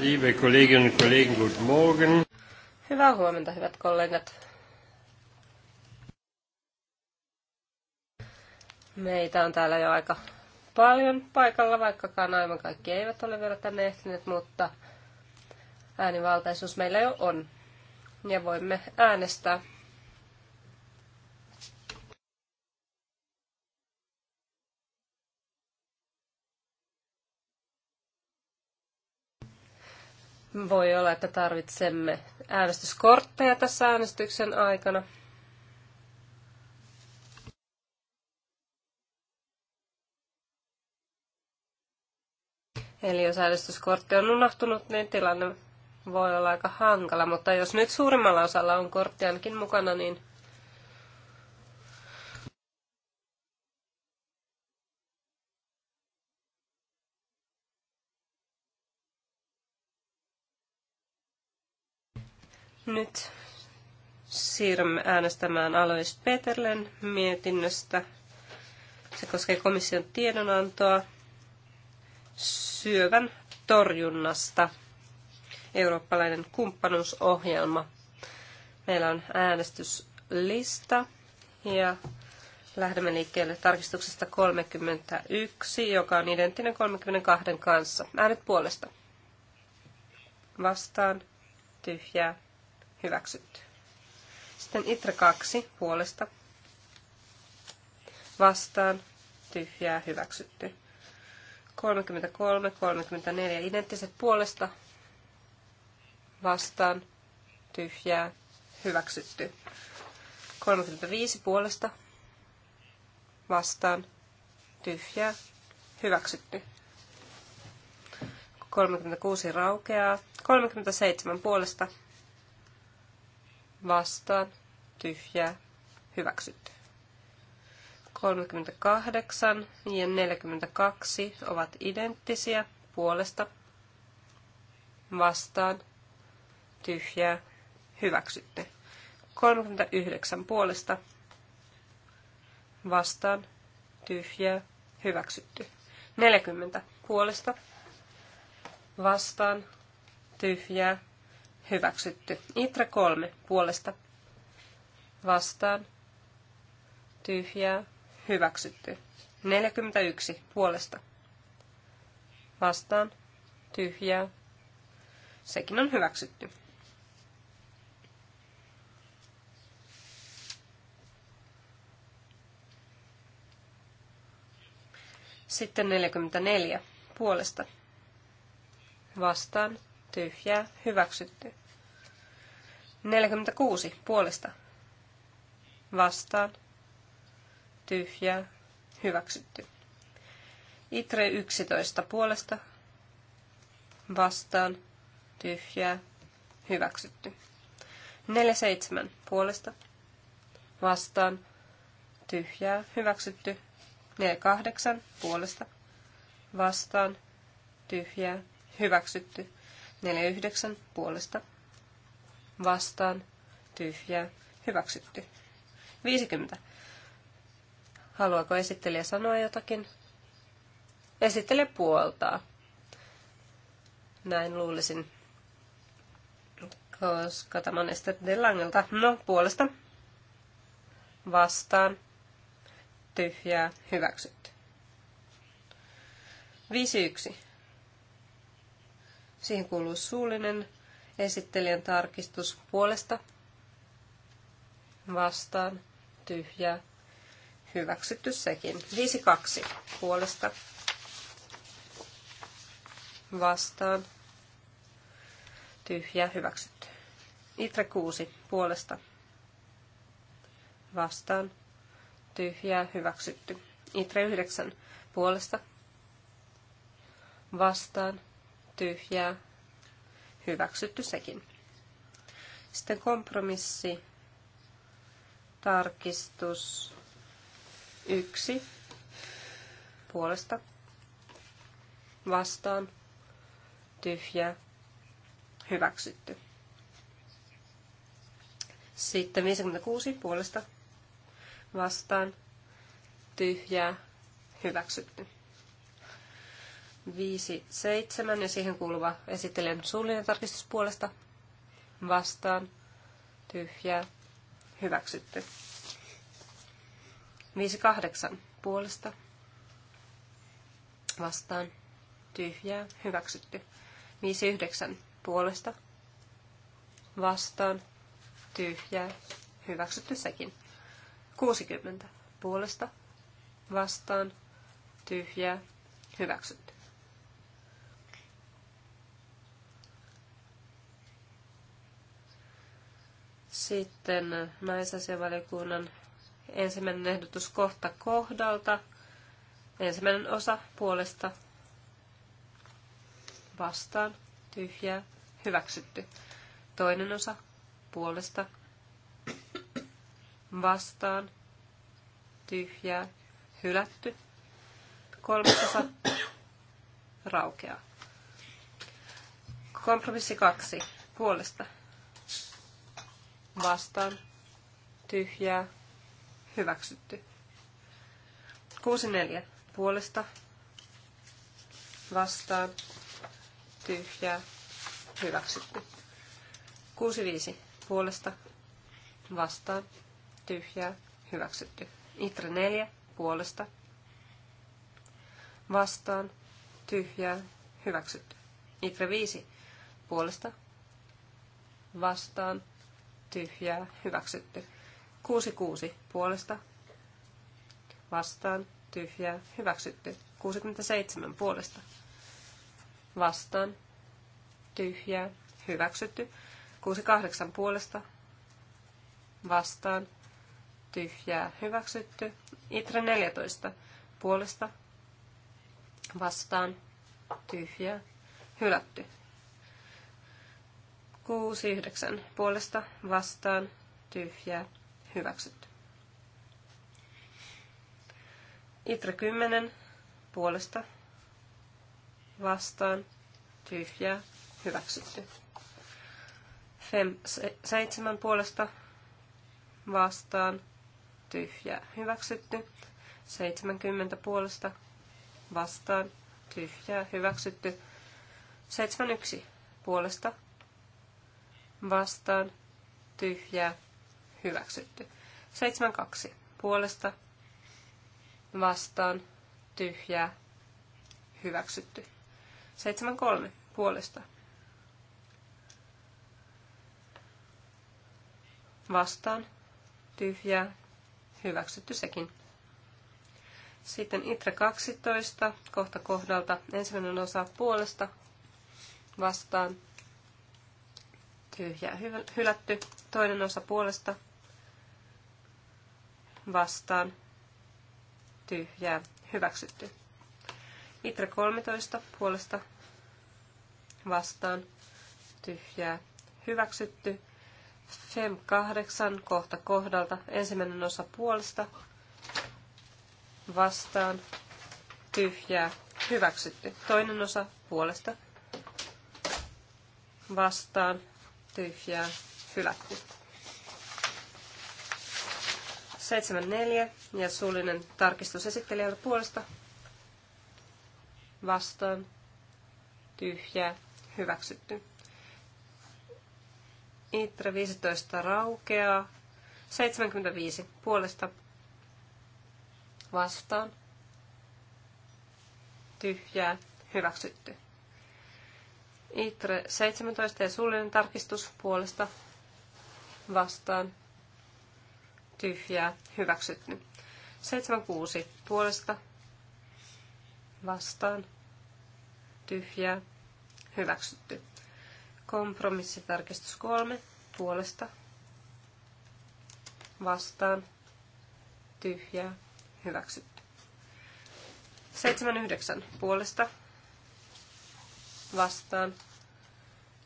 Liebe Kolleginnen und Kollegen, guten Morgen. Hyvää huomenta, hyvät kollegat. Meitä on täällä jo aika paljon paikalla, vaikkakaan aivan kaikki eivät ole vielä tänne ehtineet, mutta äänivaltaisuus meillä jo on. Ja voimme äänestää Voi olla, että tarvitsemme äänestyskortteja tässä äänestyksen aikana. Eli jos äänestyskortti on unohtunut, niin tilanne voi olla aika hankala, mutta jos nyt suurimmalla osalla on kortti ainakin mukana, niin Nyt siirrymme äänestämään Alois Peterlen mietinnöstä. Se koskee komission tiedonantoa syövän torjunnasta. Eurooppalainen kumppanuusohjelma. Meillä on äänestyslista ja lähdemme liikkeelle tarkistuksesta 31, joka on identtinen 32 kanssa. Äänet puolesta. Vastaan. Tyhjää hyväksytty. Sitten Itra 2 puolesta vastaan tyhjää hyväksytty. 33, 34 identtiset puolesta vastaan tyhjää hyväksytty. 35 puolesta vastaan tyhjää hyväksytty. 36 raukeaa. 37 puolesta vastaan, tyhjää, hyväksytty. 38 ja 42 ovat identtisiä puolesta, vastaan, tyhjää, hyväksytty. 39 puolesta, vastaan, tyhjää, hyväksytty. 40 puolesta, vastaan, tyhjää, hyväksytty. Itra 3 puolesta vastaan tyhjää hyväksytty. 41 puolesta vastaan tyhjää sekin on hyväksytty. Sitten 44 puolesta vastaan tyhjää hyväksytty. 46 puolesta. Vastaan. Tyhjää. Hyväksytty. Itre 11 puolesta. Vastaan. Tyhjää. Hyväksytty. 47 puolesta. Vastaan. Tyhjää. Hyväksytty. 48 puolesta. Vastaan. Tyhjää. Hyväksytty. 49 puolesta vastaan, tyhjää, hyväksytty. 50. Haluaako esittelijä sanoa jotakin? Esittele puoltaa. Näin luulisin, koska tämä on Ester Delangelta. No, puolesta. Vastaan. Tyhjää. Hyväksytty. 51. Siihen kuuluu suullinen Esittelijän tarkistus puolesta vastaan tyhjää. Hyväksytty sekin. 5-2 puolesta vastaan tyhjää. Hyväksytty. Itre 6 puolesta vastaan tyhjää. Hyväksytty. Itre 9 puolesta vastaan tyhjää hyväksytty sekin. Sitten kompromissi, tarkistus yksi puolesta vastaan tyhjä hyväksytty. Sitten 56 puolesta vastaan tyhjä hyväksytty. 5.7 ja siihen kuuluva esittelijän suullinen tarkistus puolesta vastaan tyhjää hyväksytty. 5.8 puolesta vastaan tyhjää hyväksytty. 5.9 puolesta vastaan tyhjää hyväksytty sekin. 60 puolesta vastaan tyhjää hyväksytty. Sitten naisasiavaliokunnan ensimmäinen ehdotus kohta kohdalta. Ensimmäinen osa puolesta vastaan, tyhjää, hyväksytty. Toinen osa puolesta vastaan, tyhjää, hylätty. Kolmas osa raukeaa. Kompromissi kaksi puolesta vastaan, tyhjää, hyväksytty. 64 puolesta, vastaan, tyhjää, hyväksytty. 65 puolesta, vastaan, tyhjää, hyväksytty. Itre 4 puolesta, vastaan, tyhjää, hyväksytty. Itre 5 puolesta, vastaan, tyhjää, hyväksytty. 66 puolesta, vastaan, tyhjää, hyväksytty. 67 puolesta, vastaan, tyhjää, hyväksytty. 68 puolesta, vastaan, tyhjää, hyväksytty. itra 14 puolesta, vastaan, tyhjää, hylätty. 6, 9 puolesta vastaan tyhjää hyväksytty. Itra 10 puolesta vastaan tyhjää hyväksytty. Fem 7 puolesta vastaan tyhjää hyväksytty. 70 puolesta vastaan tyhjää hyväksytty. 71 puolesta vastaan, tyhjää, hyväksytty. 7.2. Puolesta, vastaan, tyhjää, hyväksytty. 7.3. Puolesta, vastaan, tyhjää, hyväksytty sekin. Sitten Itra 12, kohta kohdalta, ensimmäinen osa puolesta, vastaan, tyhjää hylätty. Toinen osa puolesta vastaan tyhjää hyväksytty. Itre 13 puolesta vastaan tyhjää hyväksytty. Fem 8 kohta kohdalta ensimmäinen osa puolesta vastaan tyhjää hyväksytty. Toinen osa puolesta vastaan tyhjää, hylätty. 74 ja suullinen tarkistus esittelijältä puolesta vastaan tyhjää hyväksytty. Itre 15 raukeaa 75 puolesta vastaan tyhjää hyväksytty. ITRE 17 ja suullinen tarkistus puolesta vastaan. Tyhjää. Hyväksytty. 76 puolesta vastaan. Tyhjää. Hyväksytty. Kompromissitarkistus 3 puolesta vastaan. Tyhjää. Hyväksytty. 79 puolesta vastaan,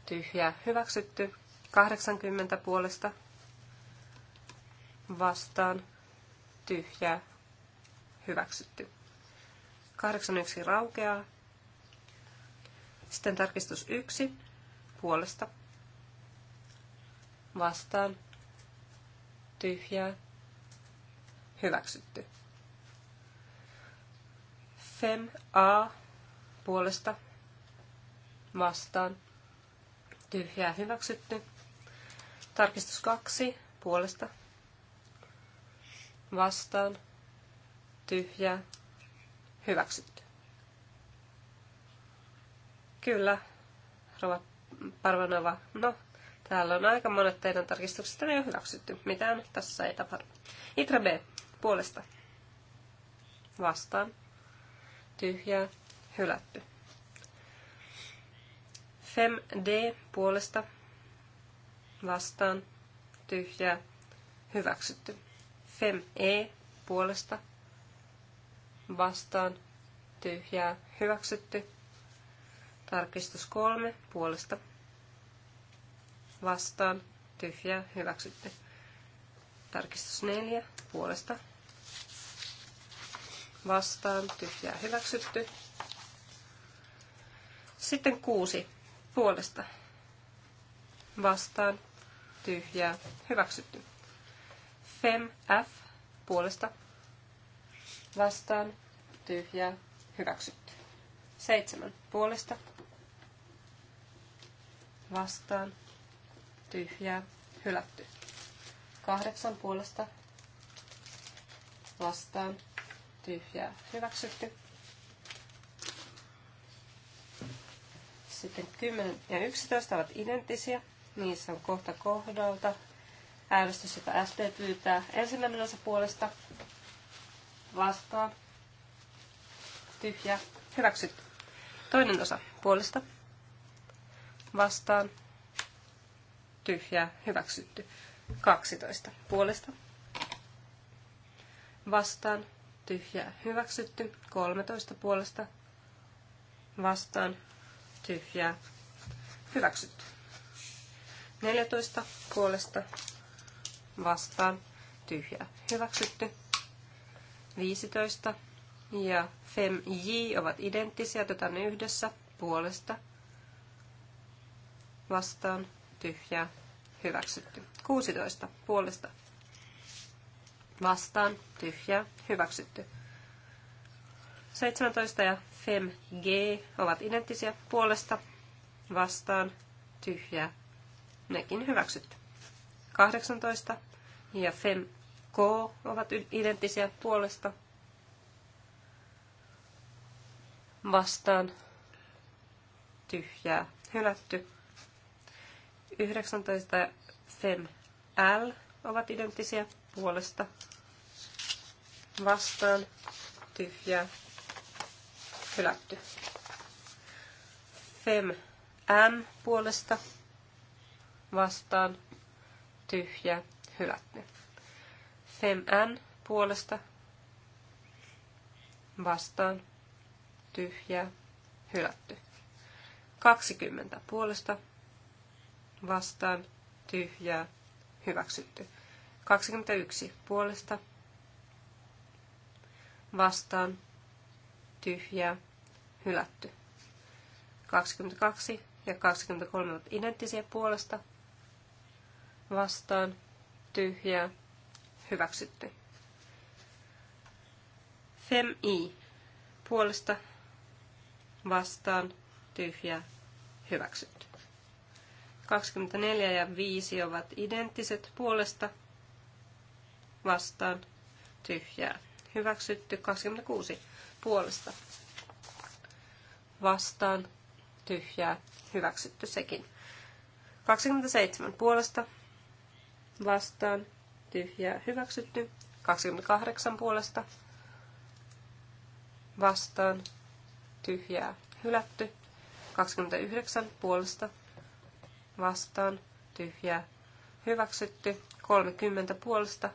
tyhjä hyväksytty. 80 puolesta vastaan, tyhjä hyväksytty. 81 raukeaa. Sitten tarkistus 1 puolesta vastaan, tyhjä hyväksytty. Fem A puolesta vastaan. Tyhjää hyväksytty. Tarkistus 2 puolesta vastaan. Tyhjää hyväksytty. Kyllä, Rova Parvanova. No, täällä on aika monet teidän tarkistuksista jo hyväksytty. Mitään tässä ei tapahdu. Itra B. Puolesta. Vastaan. Tyhjää. Hylätty. FEM D puolesta vastaan tyhjää hyväksytty. FEM E puolesta vastaan tyhjää hyväksytty. Tarkistus kolme puolesta vastaan tyhjää hyväksytty. Tarkistus neljä puolesta vastaan tyhjää hyväksytty. Sitten kuusi puolesta vastaan tyhjää hyväksytty. Fem F puolesta vastaan tyhjää hyväksytty. Seitsemän puolesta vastaan tyhjää hylätty. Kahdeksan puolesta vastaan tyhjää hyväksytty. Sitten 10 ja 11 ovat identtisiä. Niissä on kohta kohdalta äänestys, jota SD pyytää. Ensimmäinen osa puolesta vastaan. Tyhjä. Hyväksytty. Toinen osa puolesta vastaan. Tyhjä. Hyväksytty. 12 puolesta vastaan. Tyhjä. Hyväksytty. 13 puolesta vastaan tyhjää, hyväksytty. 14 puolesta vastaan, tyhjää, hyväksytty. 15 ja fem j ovat identtisiä, tätä ne yhdessä puolesta vastaan, tyhjää, hyväksytty. 16 puolesta vastaan, tyhjää, hyväksytty. 17 ja FEM, G ovat identtisiä puolesta, vastaan, tyhjää, nekin hyväksytty. 18 ja FEM, K ovat identtisiä puolesta, vastaan, tyhjää, hylätty. 19 ja FEM, L ovat identtisiä puolesta, vastaan, tyhjää, hylätty. Fem M puolesta vastaan tyhjä hylätty. Fem N puolesta vastaan tyhjä hylätty. 20 puolesta vastaan tyhjää hyväksytty. 21 puolesta vastaan tyhjää, hylätty. 22 ja 23 ovat identtisiä puolesta, vastaan, tyhjää, hyväksytty. Fem i puolesta, vastaan, tyhjää, hyväksytty. 24 ja 5 ovat identtiset puolesta, vastaan, tyhjää, hyväksytty. 26 puolesta vastaan tyhjää hyväksytty sekin. 27 puolesta vastaan tyhjää hyväksytty. 28 puolesta vastaan tyhjää hylätty. 29 puolesta vastaan tyhjää hyväksytty. 30 puolesta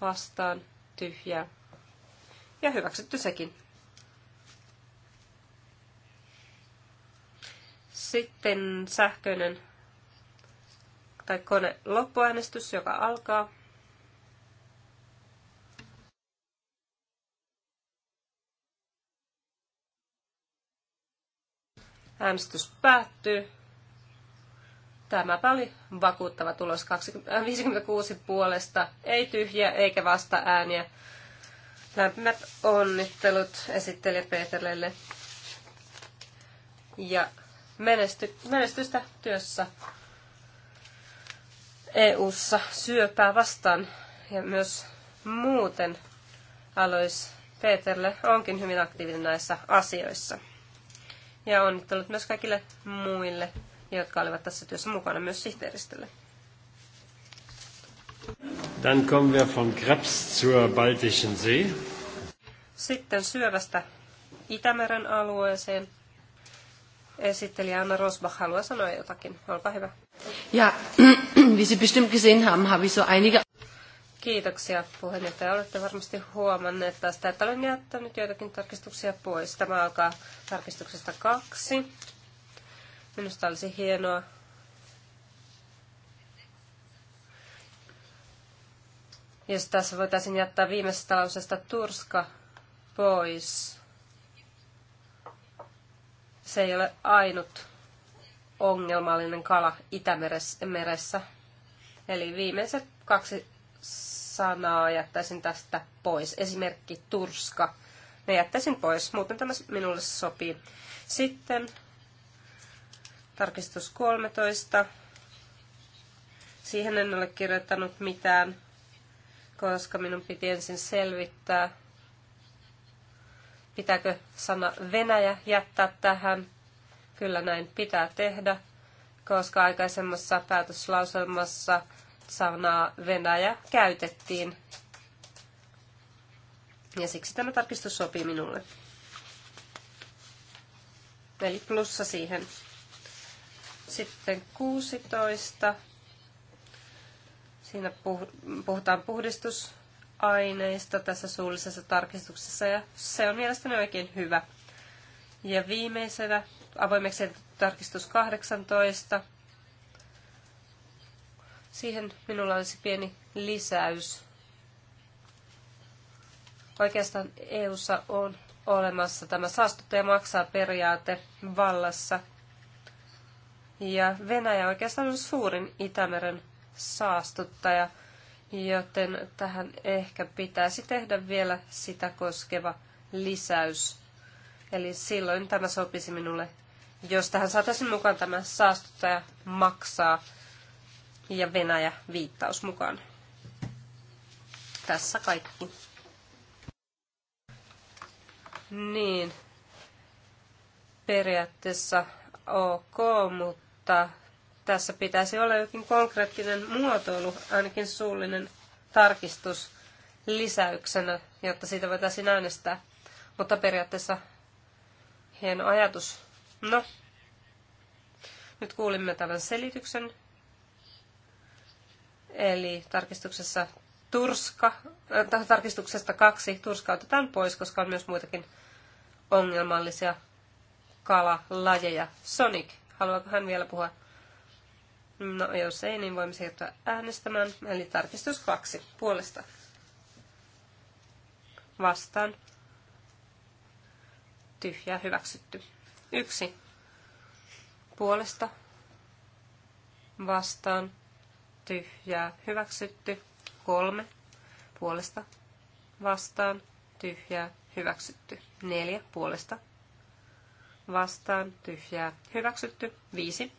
vastaan tyhjää ja hyväksytty sekin. Sitten sähköinen tai kone loppuäänestys, joka alkaa. Äänestys päättyy. Tämäpä oli vakuuttava tulos 56 äh, puolesta, ei tyhjiä eikä vasta ääniä. Lämpimät onnittelut esittelijä Peterlelle ja menesty, menestystä työssä EU-ssa syöpää vastaan ja myös muuten alois Peterle onkin hyvin aktiivinen näissä asioissa. Ja onnittelut myös kaikille muille, jotka olivat tässä työssä mukana, myös sihteeristölle. Dann kommen wir von Krebs zur Baltischen See. Sitten syövästä Itämeren alueeseen. Esittelijä Anna Rosbach haluaa sanoa jotakin. Olkaa hyvä. Ja, wie Sie bestimmt gesehen haben, habe ich so einige... Kiitoksia puheenjohtaja. Olette varmasti huomanneet tästä, että olen jättänyt joitakin tarkistuksia pois. Tämä alkaa tarkistuksesta kaksi. Minusta olisi hienoa, jos tässä voitaisiin jättää viimeisestä lausesta Turska pois. Se ei ole ainut ongelmallinen kala Itämeressä. Eli viimeiset kaksi sanaa jättäisin tästä pois. Esimerkki turska. Ne jättäisin pois, muuten tämä minulle sopii. Sitten tarkistus 13. Siihen en ole kirjoittanut mitään, koska minun piti ensin selvittää, Pitääkö sana Venäjä jättää tähän? Kyllä näin pitää tehdä, koska aikaisemmassa päätöslauselmassa sanaa Venäjä käytettiin. Ja siksi tämä tarkistus sopii minulle. Eli plussa siihen. Sitten 16. Siinä puhutaan puhdistus aineista tässä suullisessa tarkistuksessa ja se on mielestäni oikein hyvä. Ja viimeisenä avoimeksi tarkistus 18. Siihen minulla olisi pieni lisäys. Oikeastaan EU:ssa on olemassa tämä saastuttaja maksaa periaate vallassa. Ja Venäjä oikeastaan on suurin Itämeren saastuttaja – joten tähän ehkä pitäisi tehdä vielä sitä koskeva lisäys. Eli silloin tämä sopisi minulle, jos tähän saataisiin mukaan tämä saastuttaja maksaa ja Venäjä viittaus mukaan. Tässä kaikki. Niin, periaatteessa ok, mutta tässä pitäisi olla jokin konkreettinen muotoilu, ainakin suullinen tarkistus lisäyksenä, jotta siitä voitaisiin äänestää. Mutta periaatteessa hieno ajatus. No, nyt kuulimme tämän selityksen. Eli tarkistuksessa Turska, äh, tarkistuksesta kaksi Turska otetaan pois, koska on myös muitakin ongelmallisia kalalajeja. Sonic, haluaako hän vielä puhua? No jos ei, niin voimme siirtyä äänestämään. Eli tarkistus kaksi puolesta. Vastaan. Tyhjää hyväksytty. Yksi. Puolesta. Vastaan. Tyhjää hyväksytty. Kolme. Puolesta. Vastaan. Tyhjää hyväksytty. Neljä. Puolesta. Vastaan. Tyhjää hyväksytty. Viisi.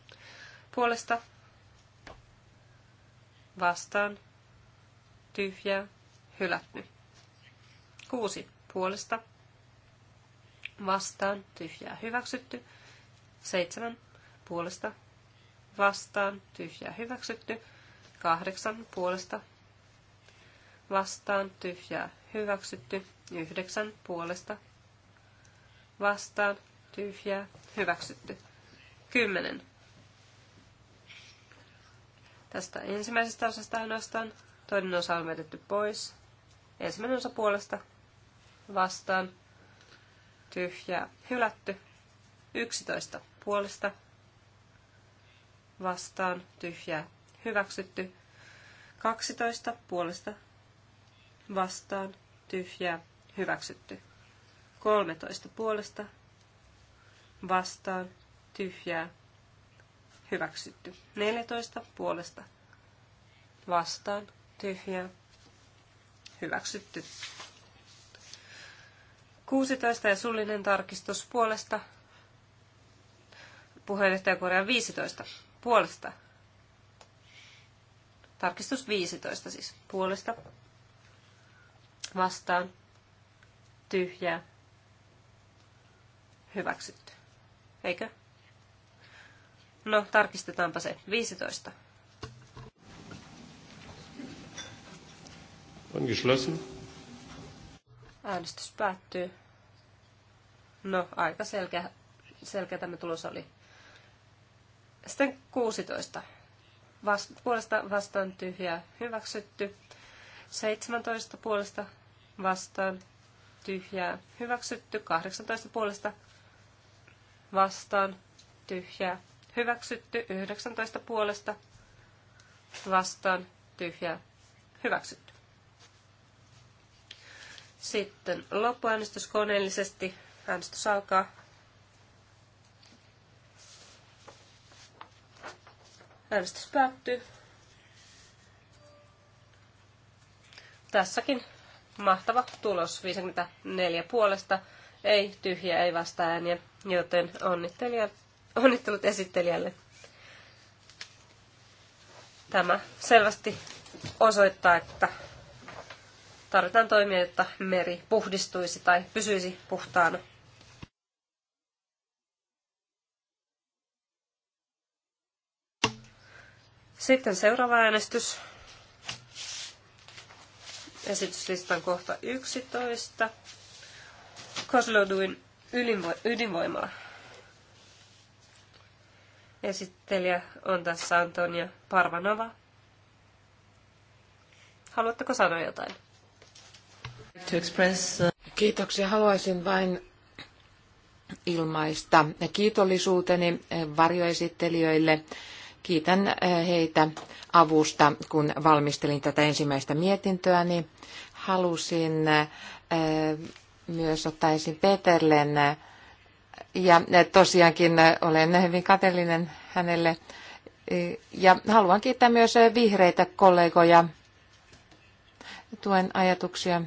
Puolesta vastaan, tyhjää, hylätty. Kuusi puolesta, vastaan, tyhjää, hyväksytty. Seitsemän puolesta, vastaan, tyhjää, hyväksytty. Kahdeksan puolesta, vastaan, tyhjää, hyväksytty. Yhdeksän puolesta, vastaan, tyhjää, hyväksytty. Kymmenen Tästä ensimmäisestä osasta ainoastaan. Toinen osa on vedetty pois. Ensimmäinen osa puolesta vastaan. Tyhjää hylätty. 11 puolesta vastaan. Tyhjää hyväksytty. 12 puolesta vastaan. Tyhjää hyväksytty. 13 puolesta vastaan. Tyhjää hyväksytty. 14 puolesta vastaan, tyhjää, hyväksytty. 16 ja sullinen tarkistus puolesta, Puheenjohtaja puheenjohtajakorjaan 15 puolesta, tarkistus 15 siis puolesta, vastaan, tyhjää, hyväksytty. Eikö? No, tarkistetaanpa se. 15. On geschlossen. Äänestys päättyy. No, aika selkeä, selkeä tämä tulos oli. Sitten 16. Vast, puolesta vastaan tyhjää hyväksytty. 17 puolesta vastaan tyhjää hyväksytty. 18 puolesta vastaan tyhjää hyväksytty. 19 puolesta vastaan tyhjää hyväksytty. Sitten loppuäänestys koneellisesti. Äänestys alkaa. Äänestys päättyy. Tässäkin mahtava tulos. 54 puolesta, ei tyhjä, ei vasta ääniä, joten onnittelijat Onnittelut esittelijälle. Tämä selvästi osoittaa, että tarvitaan toimia, jotta meri puhdistuisi tai pysyisi puhtaana. Sitten seuraava äänestys. Esityslistan kohta 11. Kosloduin ydinvoimaa. Esittelijä on tässä Antonia Parvanova. Haluatteko sanoa jotain? Uh, Kiitoksia. Haluaisin vain ilmaista kiitollisuuteni eh, varjoesittelijöille. Kiitän eh, heitä avusta, kun valmistelin tätä ensimmäistä mietintöäni. Halusin eh, myös ottaisin Peterlen ja tosiaankin olen hyvin kateellinen hänelle. Ja haluan kiittää myös vihreitä kollegoja. Tuen ajatuksia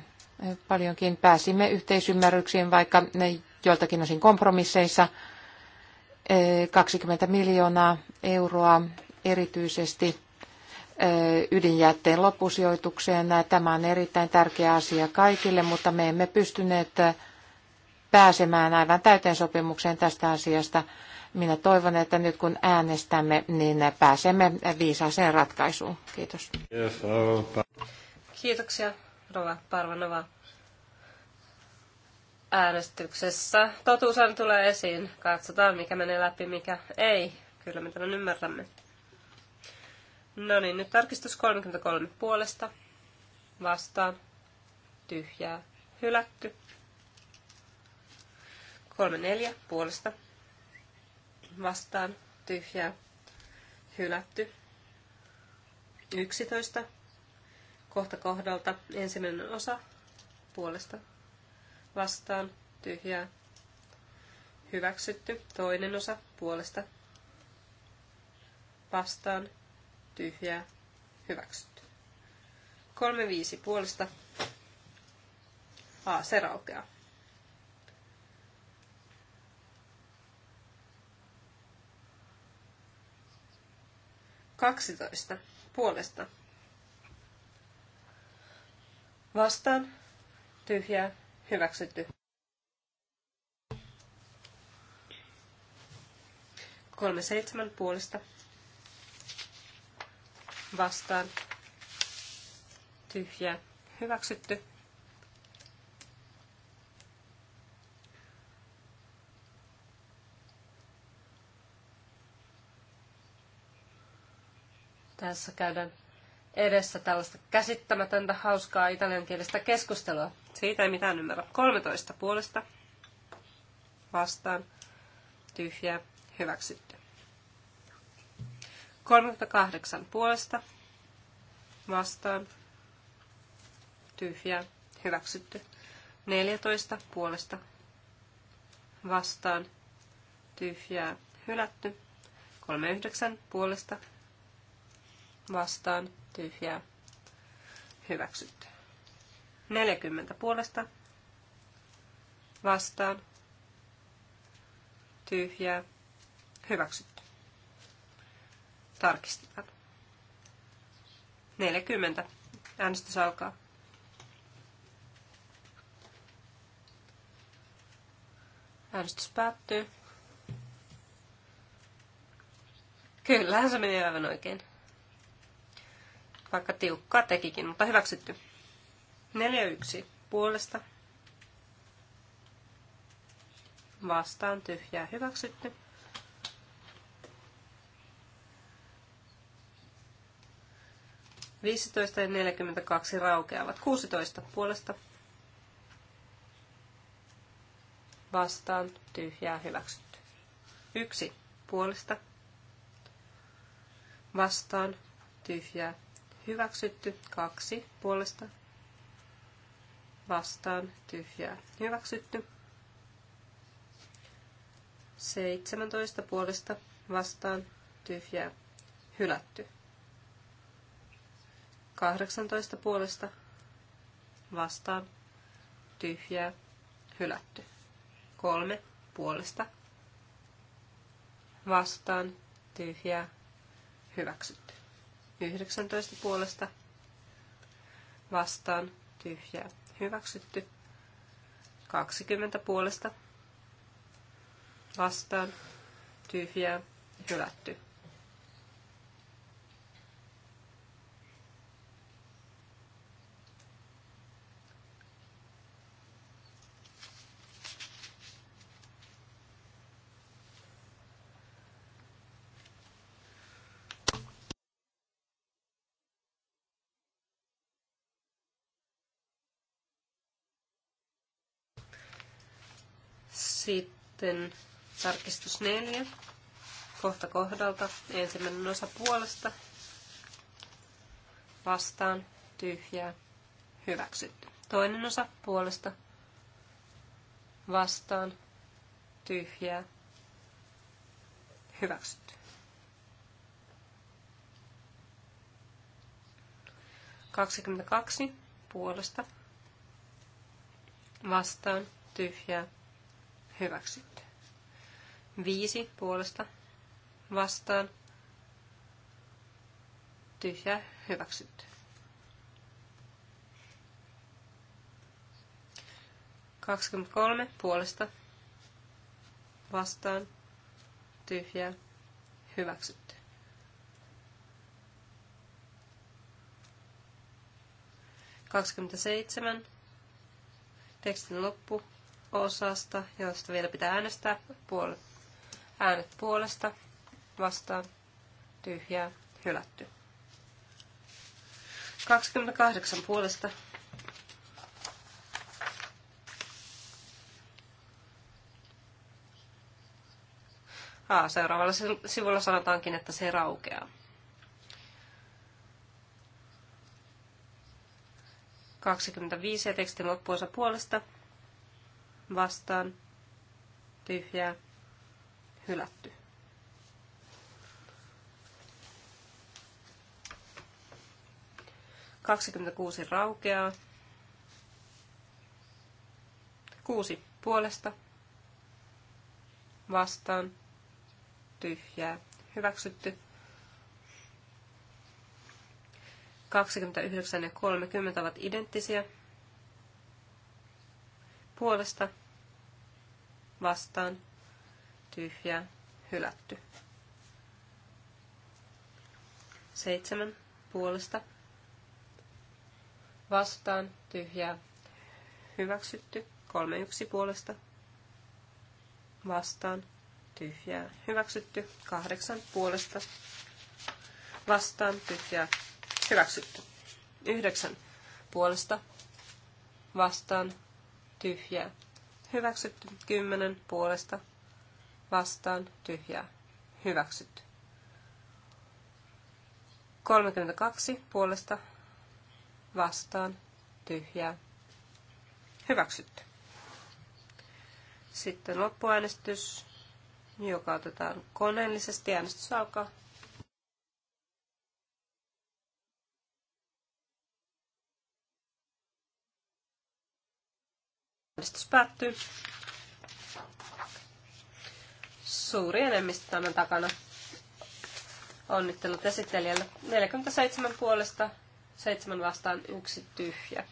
paljonkin. Pääsimme yhteisymmärryksiin, vaikka ne joiltakin osin kompromisseissa. 20 miljoonaa euroa erityisesti ydinjätteen loppusijoitukseen. Tämä on erittäin tärkeä asia kaikille, mutta me emme pystyneet pääsemään aivan täyteen sopimukseen tästä asiasta. Minä toivon, että nyt kun äänestämme, niin pääsemme viisaaseen ratkaisuun. Kiitos. Kiitoksia, Rova Parvanova. Äänestyksessä totuushan tulee esiin. Katsotaan, mikä menee läpi, mikä ei. Kyllä me tämän ymmärrämme. No niin, nyt tarkistus 33 puolesta. Vastaan. Tyhjää. Hylätty. Kolme neljä puolesta vastaan tyhjää hylätty. 11 kohta kohdalta ensimmäinen osa puolesta vastaan tyhjää hyväksytty. Toinen osa puolesta vastaan tyhjää hyväksytty. 3-5 puolesta. A, se raukeaa. 12 puolesta. Vastaan. Tyhjää. Hyväksytty. kolme seitsemän puolesta. Vastaan. Tyhjää. Hyväksytty. tässä käydään edessä tällaista käsittämätöntä, hauskaa italiankielistä keskustelua. Siitä ei mitään ymmärrä. 13 puolesta vastaan tyhjää hyväksytty. 38 puolesta vastaan tyhjää hyväksytty. 14 puolesta vastaan tyhjää hylätty. 39 puolesta vastaan tyhjää hyväksytty. 40 puolesta vastaan tyhjää hyväksytty. Tarkistetaan. 40. Äänestys alkaa. Äänestys päättyy. Kyllähän se meni aivan oikein vaikka tiukkaa tekikin, mutta hyväksytty. 4-1 puolesta. Vastaan tyhjää hyväksytty. Viisitoista ja 42 raukeavat. 16 puolesta vastaan tyhjää hyväksytty. Yksi puolesta vastaan tyhjää hyväksytty. Kaksi puolesta vastaan tyhjää hyväksytty. 17 puolesta vastaan tyhjää hylätty. 18 puolesta vastaan tyhjää hylätty. 3 puolesta vastaan tyhjää hyväksytty. 19 puolesta vastaan tyhjää hyväksytty. 20 puolesta vastaan tyhjää hylätty. Sitten tarkistus neljä. Kohta kohdalta. Ensimmäinen osa puolesta. Vastaan. Tyhjää. Hyväksytty. Toinen osa puolesta. Vastaan. Tyhjää. Hyväksytty. Kaksikymmentäkaksi puolesta vastaan, tyhjää, hyväksytty. Viisi puolesta vastaan Tyhjä hyväksytty. kolme puolesta vastaan Tyhjä hyväksytty. seitsemän tekstin loppu osasta, josta vielä pitää äänestää puol- äänet puolesta vastaan tyhjää hylätty. 28 puolesta Ah, seuraavalla sivulla sanotaankin, että se raukeaa. 25 ja tekstin loppuosa puolesta vastaan tyhjää hylätty. Kaksikymmentäkuusi raukeaa. Kuusi puolesta vastaan tyhjää hyväksytty. yhdeksän ja kolmekymmentä ovat identtisiä puolesta vastaan tyhjää hylätty. Seitsemän puolesta vastaan tyhjää hyväksytty. Kolme yksi puolesta vastaan tyhjää hyväksytty. Kahdeksan puolesta vastaan tyhjää hyväksytty. Yhdeksän puolesta vastaan tyhjää. Hyväksytty. kymmenen puolesta vastaan tyhjää. Hyväksytty. 32 puolesta vastaan tyhjää. Hyväksytty. Sitten loppuäänestys, joka otetaan koneellisesti. Äänestys alkaa. Äänestys päättyy. Suuri enemmistö tämän takana. Onnittelut esittelijälle. 47 puolesta, 7 vastaan, yksi tyhjä.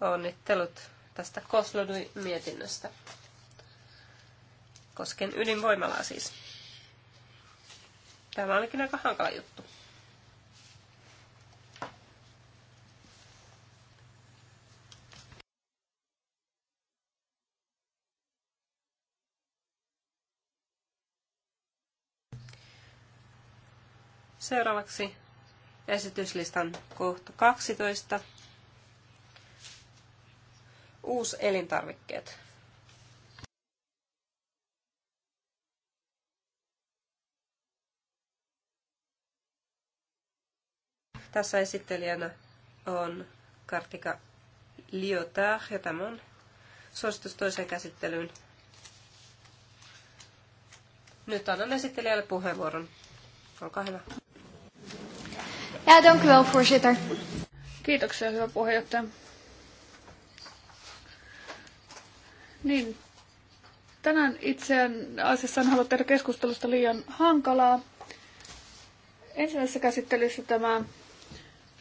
Onnittelut tästä Koslodin mietinnöstä. Kosken ydinvoimalaa siis. Tämä olikin aika hankala juttu. Seuraavaksi esityslistan kohta 12. Uus elintarvikkeet. Tässä esittelijänä on Kartika Lyotard ja tämä on suositus toiseen käsittelyyn. Nyt annan esittelijälle puheenvuoron. Olkaa hyvä. Ja, dank u wel, voorzitter. Kiitoksia, hyvä puheenjohtaja. Niin, tänään itse asiassa en halua tehdä keskustelusta liian hankalaa. Ensimmäisessä käsittelyssä tämä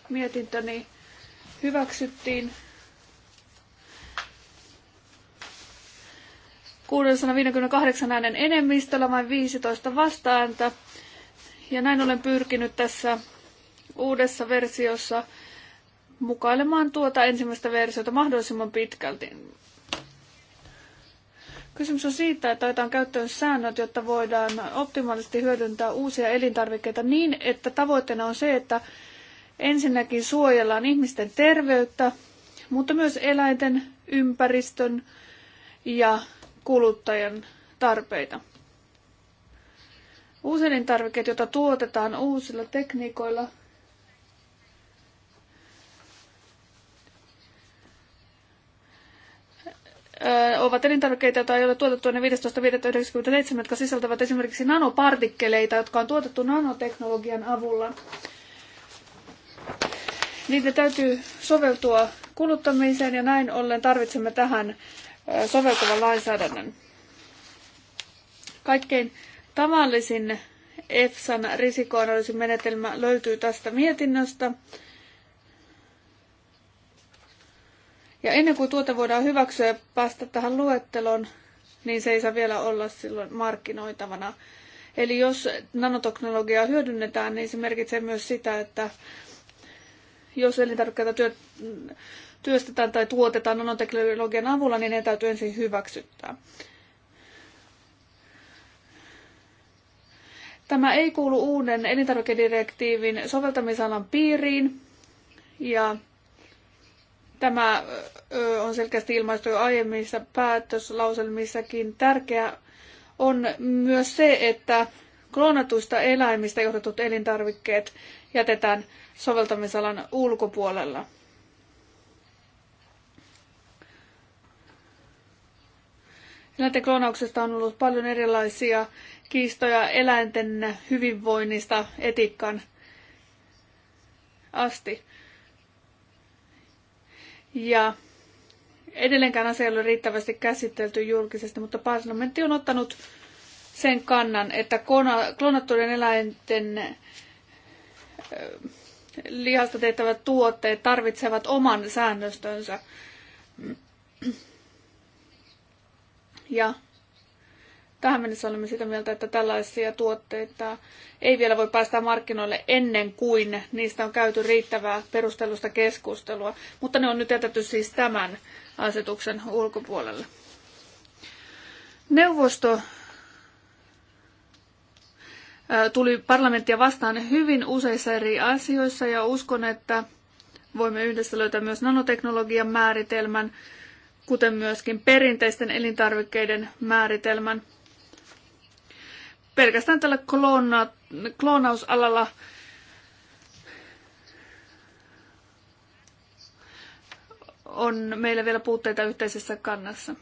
mietintöni hyväksyttiin 658 äänen enemmistöllä vain 15 vastaääntä. Ja näin olen pyrkinyt tässä uudessa versiossa mukailemaan tuota ensimmäistä versiota mahdollisimman pitkälti. Kysymys on siitä, että otetaan käyttöön säännöt, jotta voidaan optimaalisesti hyödyntää uusia elintarvikkeita niin, että tavoitteena on se, että ensinnäkin suojellaan ihmisten terveyttä, mutta myös eläinten, ympäristön ja kuluttajan tarpeita. elintarvikkeet, joita tuotetaan uusilla tekniikoilla, ovat elintarvikkeita, joita ei ole tuotettu ennen 15.5.97, jotka sisältävät esimerkiksi nanopartikkeleita, jotka on tuotettu nanoteknologian avulla. Niitä täytyy soveltua kuluttamiseen ja näin ollen tarvitsemme tähän soveltuvan lainsäädännön. Kaikkein tavallisin EFSAn risikoanalyysimenetelmä löytyy tästä mietinnöstä. Ja ennen kuin tuota voidaan hyväksyä ja päästä tähän luetteloon, niin se ei saa vielä olla silloin markkinoitavana. Eli jos nanoteknologiaa hyödynnetään, niin se merkitsee myös sitä, että jos elintarvikkeita työ, työstetään tai tuotetaan nanoteknologian avulla, niin ne täytyy ensin hyväksyttää. Tämä ei kuulu uuden elintarvikedirektiivin soveltamisalan piiriin ja Tämä on selkeästi ilmaistu jo aiemmissa päätöslauselmissakin. Tärkeää on myös se, että kloonatuista eläimistä johdetut elintarvikkeet jätetään soveltamisalan ulkopuolella. Eläinten kloonauksesta on ollut paljon erilaisia kiistoja eläinten hyvinvoinnista etiikkaan asti. Ja edelleenkään asia ei ole riittävästi käsitelty julkisesti, mutta parlamentti on ottanut sen kannan, että klonattujen eläinten lihasta tehtävät tuotteet tarvitsevat oman säännöstönsä. Ja Tähän mennessä olemme sitä mieltä, että tällaisia tuotteita ei vielä voi päästä markkinoille ennen kuin niistä on käyty riittävää perustelusta keskustelua, mutta ne on nyt jätetty siis tämän asetuksen ulkopuolelle. Neuvosto tuli parlamenttia vastaan hyvin useissa eri asioissa ja uskon, että voimme yhdessä löytää myös nanoteknologian määritelmän, kuten myöskin perinteisten elintarvikkeiden määritelmän – pelkästään tällä kloona, kloonausalalla on meillä vielä puutteita yhteisessä kannassa.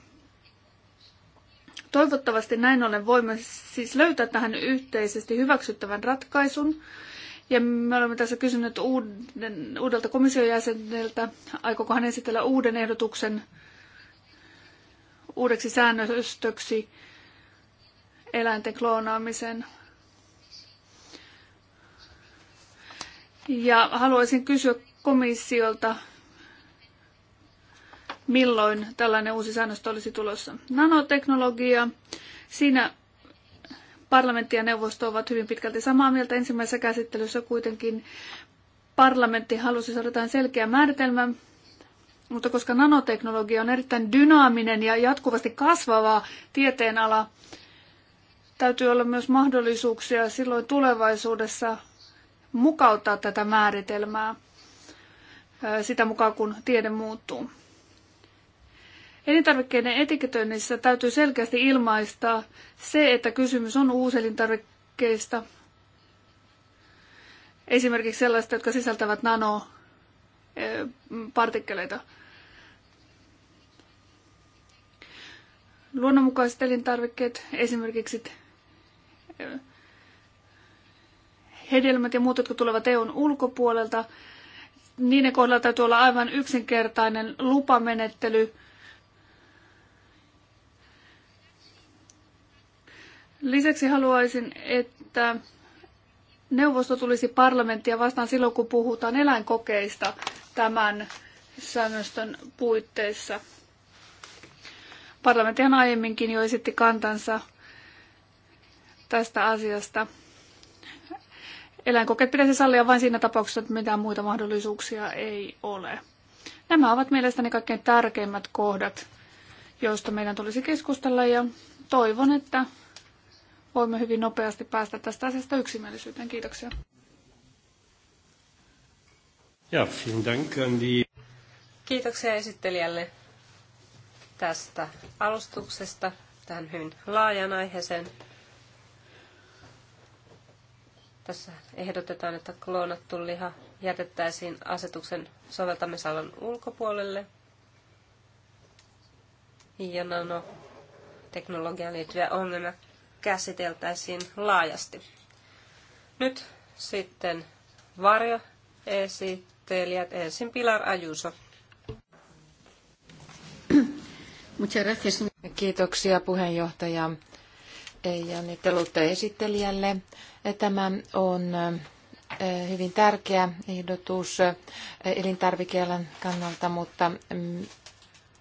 Toivottavasti näin ollen voimme siis löytää tähän yhteisesti hyväksyttävän ratkaisun. Ja me olemme tässä kysyneet uuden, uudelta komission jäseneltä, aikooko hän esitellä uuden ehdotuksen uudeksi säännöstöksi eläinten kloonaamisen. Ja haluaisin kysyä komissiolta, milloin tällainen uusi säännöstö olisi tulossa. Nanoteknologia. Siinä parlamentti ja neuvosto ovat hyvin pitkälti samaa mieltä. Ensimmäisessä käsittelyssä kuitenkin parlamentti halusi saada selkeä määritelmä, mutta koska nanoteknologia on erittäin dynaaminen ja jatkuvasti kasvava tieteenala, täytyy olla myös mahdollisuuksia silloin tulevaisuudessa mukauttaa tätä määritelmää sitä mukaan, kun tiede muuttuu. Elintarvikkeiden etiketöinnissä täytyy selkeästi ilmaista se, että kysymys on uuselintarvikkeista, esimerkiksi sellaista, jotka sisältävät nanopartikkeleita. Luonnonmukaiset elintarvikkeet, esimerkiksi hedelmät ja muut, jotka tulevat EUn ulkopuolelta, niiden kohdalla täytyy olla aivan yksinkertainen lupamenettely. Lisäksi haluaisin, että neuvosto tulisi parlamenttia vastaan silloin, kun puhutaan eläinkokeista tämän säännöstön puitteissa. Parlamenttihan aiemminkin jo esitti kantansa tästä asiasta. Eläinkokeet pitäisi sallia vain siinä tapauksessa, että mitään muita mahdollisuuksia ei ole. Nämä ovat mielestäni kaikkein tärkeimmät kohdat, joista meidän tulisi keskustella ja toivon, että voimme hyvin nopeasti päästä tästä asiasta yksimielisyyteen. Kiitoksia. Ja, vielen Dank an die... Kiitoksia esittelijälle tästä alustuksesta tähän hyvin laajan aiheeseen. Tässä ehdotetaan, että kloonattu liha jätettäisiin asetuksen soveltamisalan ulkopuolelle. Ja nanoteknologiaan liittyviä ongelmia käsiteltäisiin laajasti. Nyt sitten varjo Ensin Pilar Ajuso. Kiitoksia puheenjohtaja ja onnittelut esittelijälle. Tämä on eh, hyvin tärkeä ehdotus eh, elintarvikealan kannalta, mutta mm,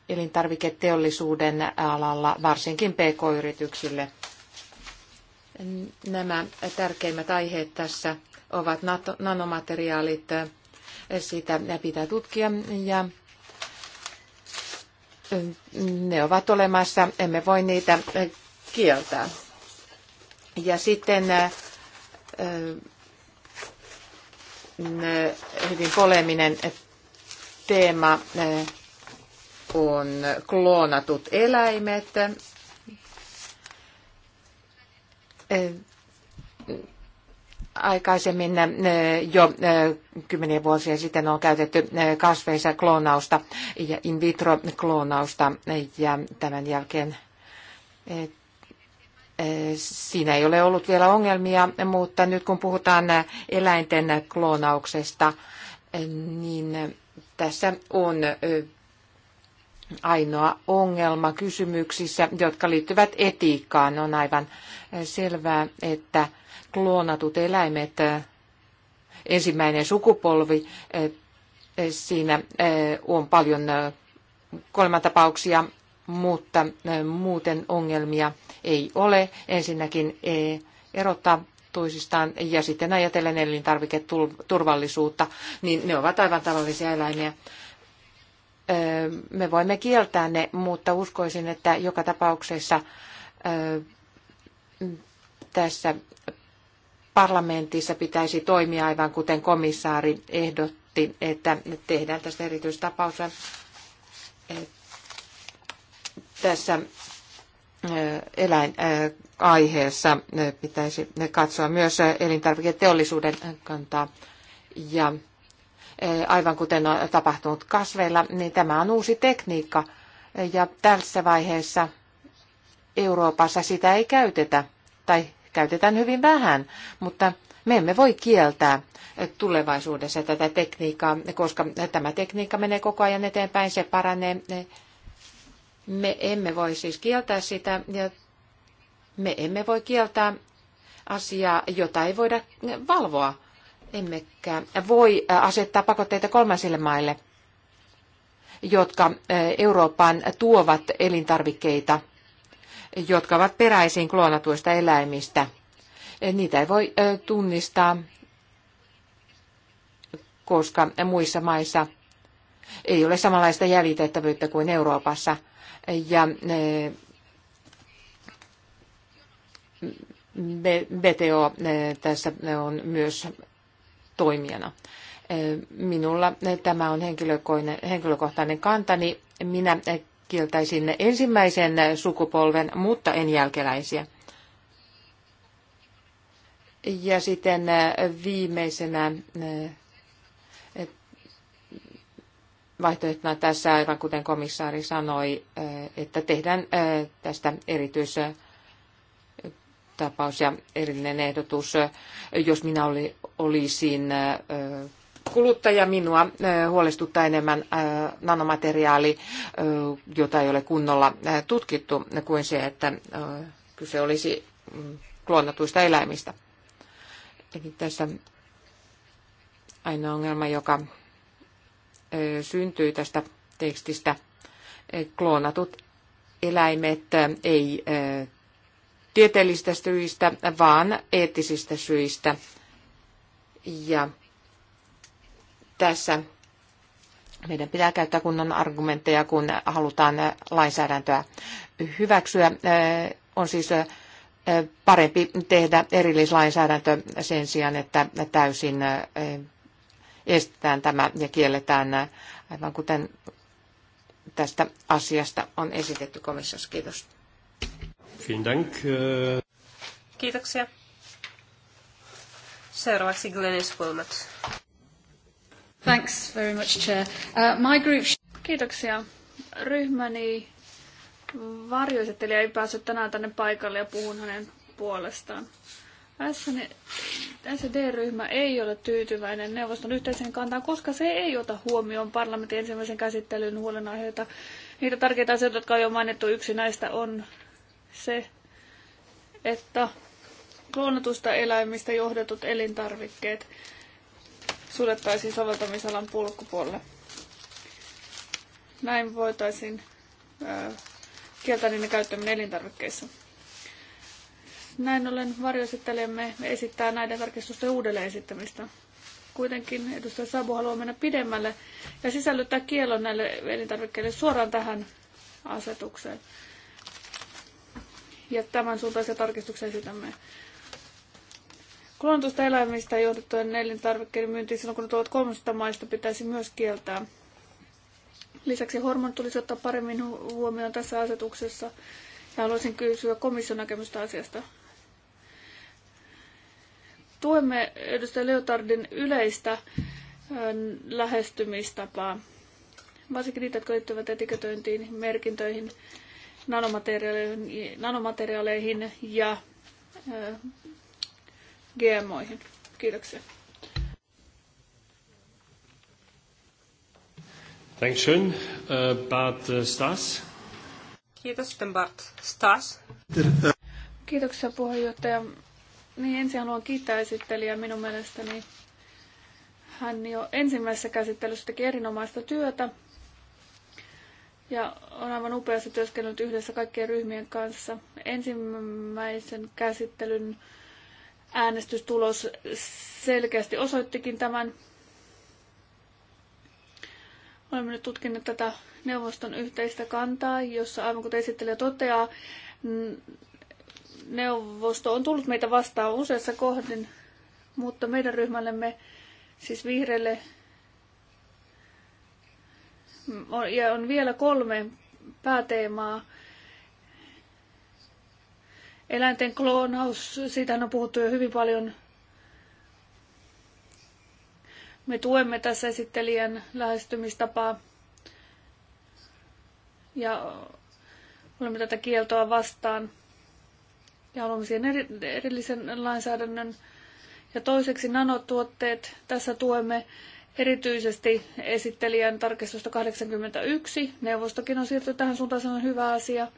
elintarviketeollisuuden alalla, varsinkin pk-yrityksille. Nämä tärkeimmät aiheet tässä ovat nanomateriaalit. Eh, sitä pitää tutkia ja ne ovat olemassa. Emme voi niitä kieltää. Ja sitten äh, äh, hyvin poleminen teema äh, on kloonatut eläimet. Aikaisemmin jo kymmeniä vuosia sitten on käytetty kasveissa kloonausta ja in vitro kloonausta ja tämän jälkeen Siinä ei ole ollut vielä ongelmia, mutta nyt kun puhutaan eläinten kloonauksesta, niin tässä on ainoa ongelma kysymyksissä, jotka liittyvät etiikkaan. On aivan selvää, että kloonatut eläimet, ensimmäinen sukupolvi, siinä on paljon kolmantapauksia mutta muuten ongelmia ei ole. Ensinnäkin e, erottaa toisistaan ja sitten ajatellen elintarviketurvallisuutta, niin ne ovat aivan tavallisia eläimiä. Me voimme kieltää ne, mutta uskoisin, että joka tapauksessa tässä parlamentissa pitäisi toimia aivan kuten komissaari ehdotti, että tehdään tästä erityistapaus tässä eläinaiheessa pitäisi katsoa myös elintarviketeollisuuden kantaa. Ja aivan kuten on tapahtunut kasveilla, niin tämä on uusi tekniikka. Ja tässä vaiheessa Euroopassa sitä ei käytetä, tai käytetään hyvin vähän, mutta me emme voi kieltää tulevaisuudessa tätä tekniikkaa, koska tämä tekniikka menee koko ajan eteenpäin, se paranee, me emme voi siis kieltää sitä ja me emme voi kieltää asiaa, jota ei voida valvoa. Emmekä voi asettaa pakotteita kolmansille maille, jotka Eurooppaan tuovat elintarvikkeita, jotka ovat peräisin kloonatuista eläimistä. E, niitä ei voi tunnistaa, koska muissa maissa ei ole samanlaista jäljitettävyyttä kuin Euroopassa – ja e, BTO e, tässä on myös toimijana. E, minulla tämä on henkilökohtainen kantani. Minä kieltäisin ensimmäisen sukupolven, mutta en jälkeläisiä. Ja sitten viimeisenä vaihtoehtona tässä, aivan kuten komissaari sanoi, että tehdään tästä erityistapaus ja erillinen ehdotus. Jos minä olisin kuluttaja, minua huolestuttaa enemmän nanomateriaali, jota ei ole kunnolla tutkittu, kuin se, että kyse olisi mm, kloonatuista eläimistä. Eli tässä aina ongelma, joka syntyi tästä tekstistä. Kloonatut eläimet ei tieteellisistä syistä, vaan eettisistä syistä. Ja tässä meidän pitää käyttää kunnon argumentteja, kun halutaan lainsäädäntöä hyväksyä. On siis parempi tehdä erillislainsäädäntö sen sijaan, että täysin estetään tämä ja kielletään nämä, aivan kuten tästä asiasta on esitetty komissiossa. Kiitos. Äh. Kiitoksia. Seuraavaksi Glenis Wilmot. Thanks very much, Chair. Uh, my group... Kiitoksia. Ryhmäni varjoesittelijä ei päässyt tänään tänne paikalle ja puhun hänen puolestaan. SD-ryhmä e, ei ole tyytyväinen neuvoston yhteiseen kantaan, koska se ei ota huomioon parlamentin ensimmäisen käsittelyn huolenaiheita. Niitä tärkeitä asioita, jotka on jo mainittu, yksi näistä on se, että kloonatusta eläimistä johdetut elintarvikkeet suljettaisiin soveltamisalan pulkkupuolelle. Näin voitaisiin kieltää niiden käyttäminen elintarvikkeissa. Näin ollen varjoesittelijämme esittää näiden tarkistusten uudelleen esittämistä. Kuitenkin edustaja Sabu haluaa mennä pidemmälle ja sisällyttää kielon näille elintarvikkeille suoraan tähän asetukseen. Ja tämän suuntaisia tarkistuksia esitämme. Klonatusta eläimistä johdettujen elintarvikkeiden myynti silloin, kun ne tuovat kolmesta maista, pitäisi myös kieltää. Lisäksi hormon tulisi ottaa paremmin huomioon tässä asetuksessa ja haluaisin kysyä komission näkemystä asiasta. Tuemme edustaja Leotardin yleistä lähestymistapaa, varsinkin niitä, jotka liittyvät etiketöintiin, merkintöihin, nanomateriaaleihin, nanomateriaaleihin ja GMOihin. Kiitoksia. Thanks uh, uh Bart Stas. Kiitos, Bart Stas. Kiitoksia puheenjohtaja. Niin ensin haluan kiittää esittelijä. minun mielestäni. Hän jo ensimmäisessä käsittelyssä teki erinomaista työtä ja on aivan upeasti työskennellyt yhdessä kaikkien ryhmien kanssa. Ensimmäisen käsittelyn äänestystulos selkeästi osoittikin tämän. Olemme nyt tutkineet tätä neuvoston yhteistä kantaa, jossa aivan kuten esittelijä toteaa, neuvosto on tullut meitä vastaan useassa kohdin, mutta meidän ryhmällemme, siis vihreille, on, ja on vielä kolme pääteemaa. Eläinten kloonaus, siitä on puhuttu jo hyvin paljon. Me tuemme tässä esittelijän lähestymistapaa ja olemme tätä kieltoa vastaan ja haluamme siihen erillisen lainsäädännön. Ja toiseksi nanotuotteet. Tässä tuemme erityisesti esittelijän tarkistusta 81. Neuvostokin on siirtynyt tähän suuntaan, se on hyvä asia.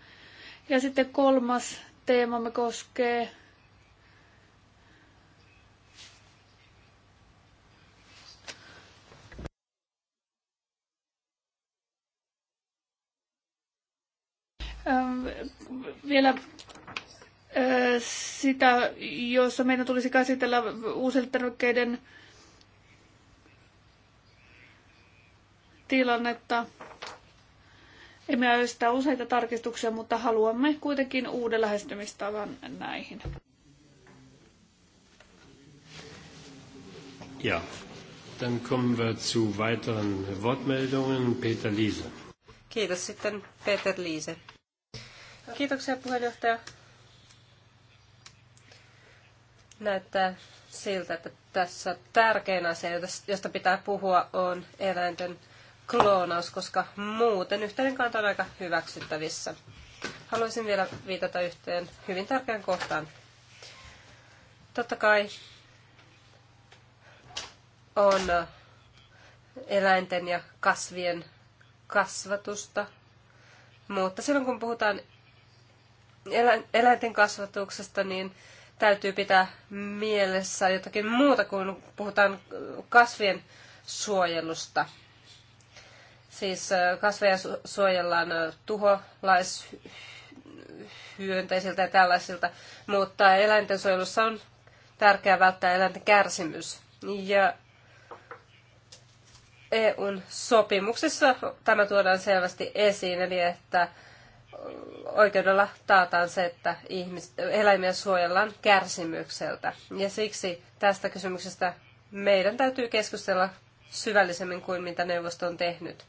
Ja sitten kolmas teemamme koskee vielä sitä, jossa meidän tulisi käsitellä uusiltarvikkeiden tilannetta. Emme aio sitä useita tarkistuksia, mutta haluamme kuitenkin uuden lähestymistavan näihin. Ja, dann kommen wir zu weiteren Wortmeldungen. Peter Liese. Kiitos sitten Peter Liese. Kiitoksia puheenjohtaja. Näyttää siltä, että tässä tärkein asia, josta pitää puhua, on eläinten kloonaus, koska muuten yhteinen kanta on aika hyväksyttävissä. Haluaisin vielä viitata yhteen hyvin tärkeään kohtaan. Totta kai on eläinten ja kasvien kasvatusta, mutta silloin kun puhutaan eläinten kasvatuksesta, niin täytyy pitää mielessä jotakin muuta kuin puhutaan kasvien suojelusta. Siis kasveja suojellaan tuholaishyönteisiltä ja tällaisilta, mutta eläinten suojelussa on tärkeää välttää eläinten kärsimys. Ja EUn sopimuksessa tämä tuodaan selvästi esiin, eli että oikeudella taataan se, että ihmis, eläimiä suojellaan kärsimykseltä. Ja siksi tästä kysymyksestä meidän täytyy keskustella syvällisemmin kuin mitä neuvosto on tehnyt.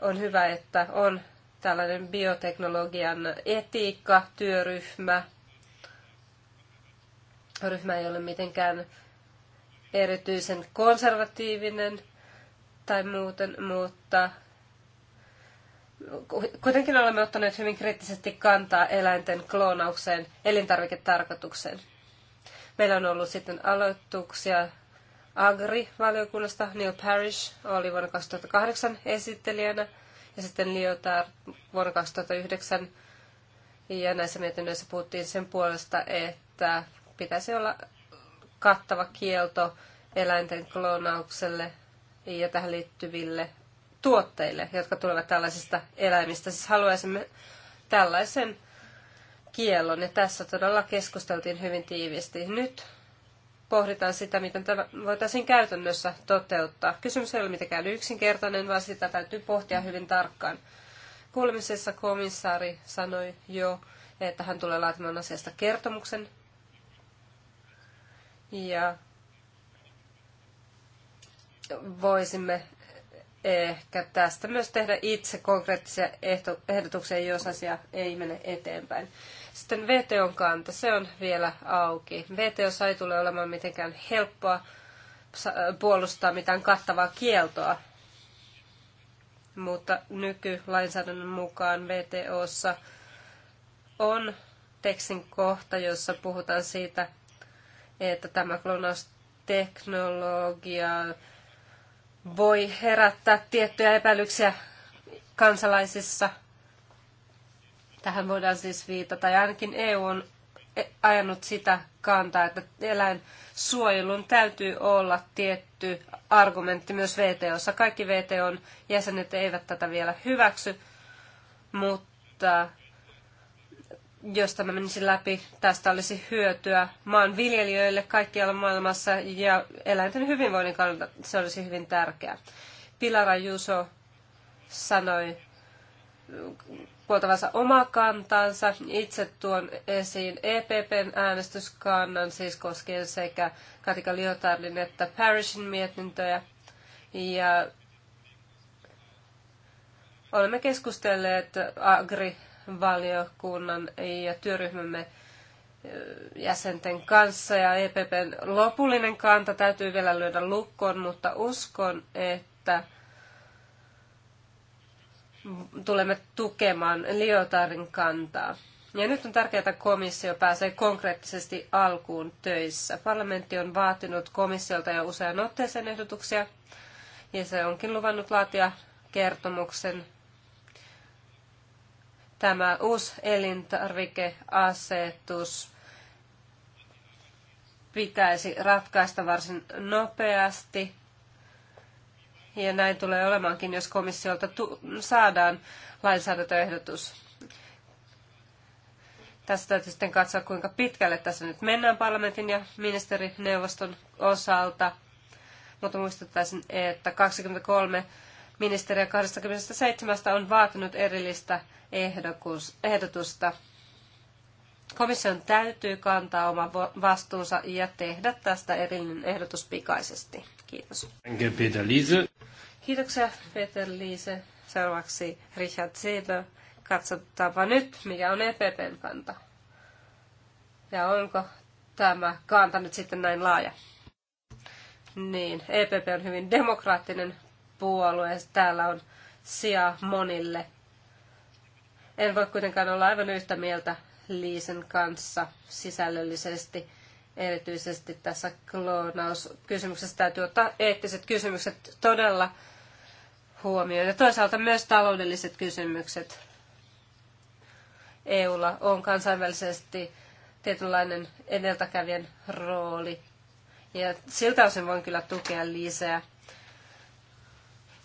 On hyvä, että on tällainen bioteknologian etiikka-työryhmä. Ryhmä ei ole mitenkään erityisen konservatiivinen tai muuten, mutta Kuitenkin olemme ottaneet hyvin kriittisesti kantaa eläinten kloonaukseen elintarviketarkoitukseen. Meillä on ollut sitten aloituksia Agri-valiokunnasta. Neil Parish oli vuonna 2008 esittelijänä ja sitten Lyotard vuonna 2009. Ja näissä mietinnöissä puhuttiin sen puolesta, että pitäisi olla kattava kielto eläinten kloonaukselle ja tähän liittyville tuotteille, jotka tulevat tällaisista eläimistä. Siis haluaisimme tällaisen kiellon, ja tässä todella keskusteltiin hyvin tiiviisti. Nyt pohditaan sitä, miten tämä voitaisiin käytännössä toteuttaa. Kysymys ei ole mitenkään yksinkertainen, vaan sitä täytyy pohtia hyvin tarkkaan. Kuulemisessa komissaari sanoi jo, että hän tulee laatimaan asiasta kertomuksen. Ja voisimme ehkä tästä myös tehdä itse konkreettisia ehdotuksia, jos asia ei mene eteenpäin. Sitten VTOn kanta, se on vielä auki. VTO sai tule olemaan mitenkään helppoa puolustaa mitään kattavaa kieltoa, mutta nykylainsäädännön mukaan VTOssa on tekstin kohta, jossa puhutaan siitä, että tämä klonausteknologia teknologia voi herättää tiettyjä epäilyksiä kansalaisissa. Tähän voidaan siis viitata, ja ainakin EU on ajanut sitä kantaa, että eläinsuojelun täytyy olla tietty argumentti myös VTOssa. Kaikki VTOn jäsenet eivät tätä vielä hyväksy, mutta josta mä menisin läpi, tästä olisi hyötyä maan viljelijöille kaikkialla maailmassa ja eläinten hyvinvoinnin kannalta se olisi hyvin tärkeää. Pilara Juso sanoi puoltavansa omaa kantansa. Itse tuon esiin EPPn äänestyskannan, siis koskien sekä Katika Liotardin että Parishin mietintöjä. Ja olemme keskustelleet agri valiokunnan ja työryhmämme jäsenten kanssa ja EPPn lopullinen kanta täytyy vielä lyödä lukkoon, mutta uskon, että tulemme tukemaan Liotardin kantaa. Ja nyt on tärkeää, että komissio pääsee konkreettisesti alkuun töissä. Parlamentti on vaatinut komissiolta jo usean otteeseen ehdotuksia, ja se onkin luvannut laatia kertomuksen tämä uusi elintarvikeasetus pitäisi ratkaista varsin nopeasti. Ja näin tulee olemaankin, jos komissiolta saadaan lainsäädäntöehdotus. Tässä täytyy sitten katsoa, kuinka pitkälle tässä nyt mennään parlamentin ja ministerineuvoston osalta. Mutta muistuttaisin, että 23 ministeriä 27 on vaatinut erillistä ehdotusta. Komission täytyy kantaa oma vastuunsa ja tehdä tästä erillinen ehdotus pikaisesti. Kiitos. Peter Liese. Kiitoksia Peter Liise. Seuraavaksi Richard Seber. Katsotaanpa nyt, mikä on EPPn kanta. Ja onko tämä kanta nyt sitten näin laaja? Niin, EPP on hyvin demokraattinen puolueessa täällä on sija monille. En voi kuitenkaan olla aivan yhtä mieltä Liisen kanssa sisällöllisesti. Erityisesti tässä kloonauskysymyksessä täytyy ottaa eettiset kysymykset todella huomioon ja toisaalta myös taloudelliset kysymykset. EUlla on kansainvälisesti tietynlainen edeltäkävijän rooli. Ja siltä osin voin kyllä tukea lisää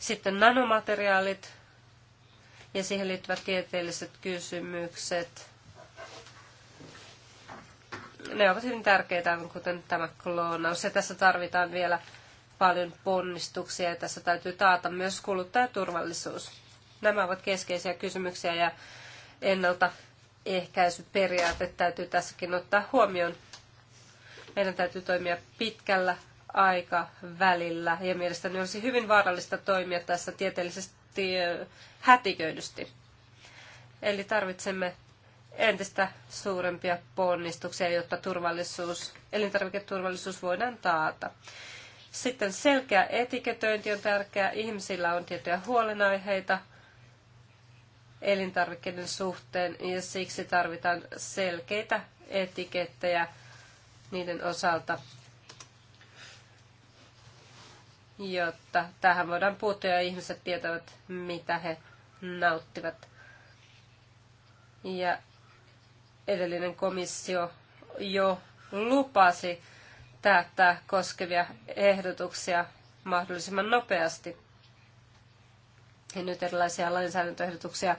sitten nanomateriaalit ja siihen liittyvät tieteelliset kysymykset. Ne ovat hyvin tärkeitä, kuten tämä kloonaus. Ja tässä tarvitaan vielä paljon ponnistuksia ja tässä täytyy taata myös kuluttajaturvallisuus. Nämä ovat keskeisiä kysymyksiä ja ennaltaehkäisyperiaate täytyy tässäkin ottaa huomioon. Meidän täytyy toimia pitkällä aikavälillä. Ja mielestäni olisi hyvin vaarallista toimia tässä tieteellisesti hätiköidysti. Eli tarvitsemme entistä suurempia ponnistuksia, jotta turvallisuus, elintarviketurvallisuus voidaan taata. Sitten selkeä etiketöinti on tärkeää. Ihmisillä on tiettyjä huolenaiheita elintarvikkeiden suhteen ja siksi tarvitaan selkeitä etikettejä niiden osalta jotta tähän voidaan puuttua ja ihmiset tietävät, mitä he nauttivat. Ja edellinen komissio jo lupasi täyttää koskevia ehdotuksia mahdollisimman nopeasti. Ja nyt erilaisia lainsäädäntöehdotuksia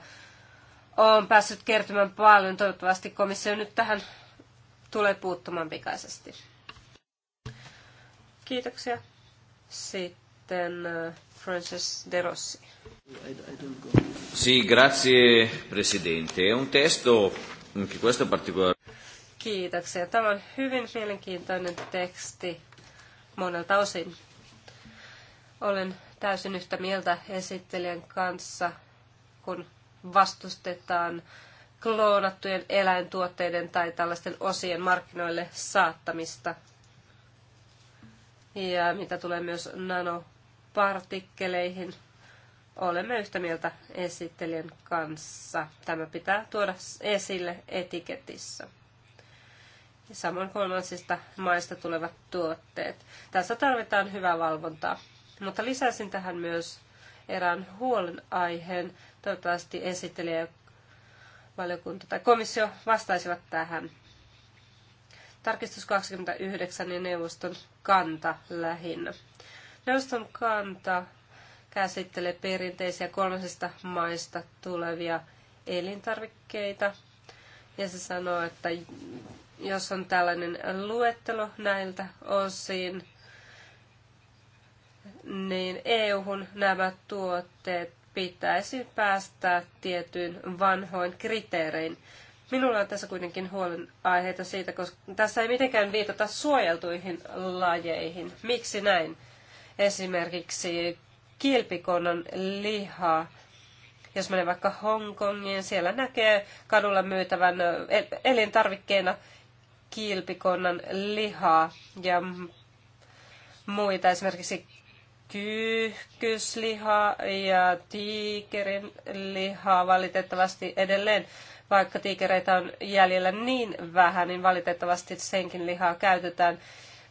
on päässyt kertymään paljon. Toivottavasti komissio nyt tähän tulee puuttumaan pikaisesti. Kiitoksia. Sitten äh, Frances De Rossi. Sì, grazie Presidente. È un testo, anche questo particolare. Kiitoksia. Tämä on hyvin mielenkiintoinen teksti monelta osin. Olen täysin yhtä mieltä esittelijän kanssa, kun vastustetaan kloonattujen eläintuotteiden tai tällaisten osien markkinoille saattamista – ja mitä tulee myös nanopartikkeleihin, olemme yhtä mieltä esittelijän kanssa. Tämä pitää tuoda esille etiketissä. Ja samoin kolmansista maista tulevat tuotteet. Tässä tarvitaan hyvää valvontaa. Mutta lisäsin tähän myös erään huolenaiheen. Toivottavasti esittelijä, valiokunta tai komissio vastaisivat tähän. Tarkistus 29 ja neuvoston kanta lähinnä. Neuvoston kanta käsittelee perinteisiä kolmesta maista tulevia elintarvikkeita. Ja se sanoo, että jos on tällainen luettelo näiltä osin, niin EU-hun nämä tuotteet pitäisi päästä tietyin vanhoin kriteerein. Minulla on tässä kuitenkin huolenaiheita siitä, koska tässä ei mitenkään viitata suojeltuihin lajeihin. Miksi näin? Esimerkiksi kilpikonnan liha, Jos menee vaikka Hongkongiin, siellä näkee kadulla myytävän elintarvikkeena kilpikonnan lihaa ja muita, esimerkiksi kyyhkyslihaa ja tiikerin lihaa valitettavasti edelleen vaikka tiikereitä on jäljellä niin vähän, niin valitettavasti senkin lihaa käytetään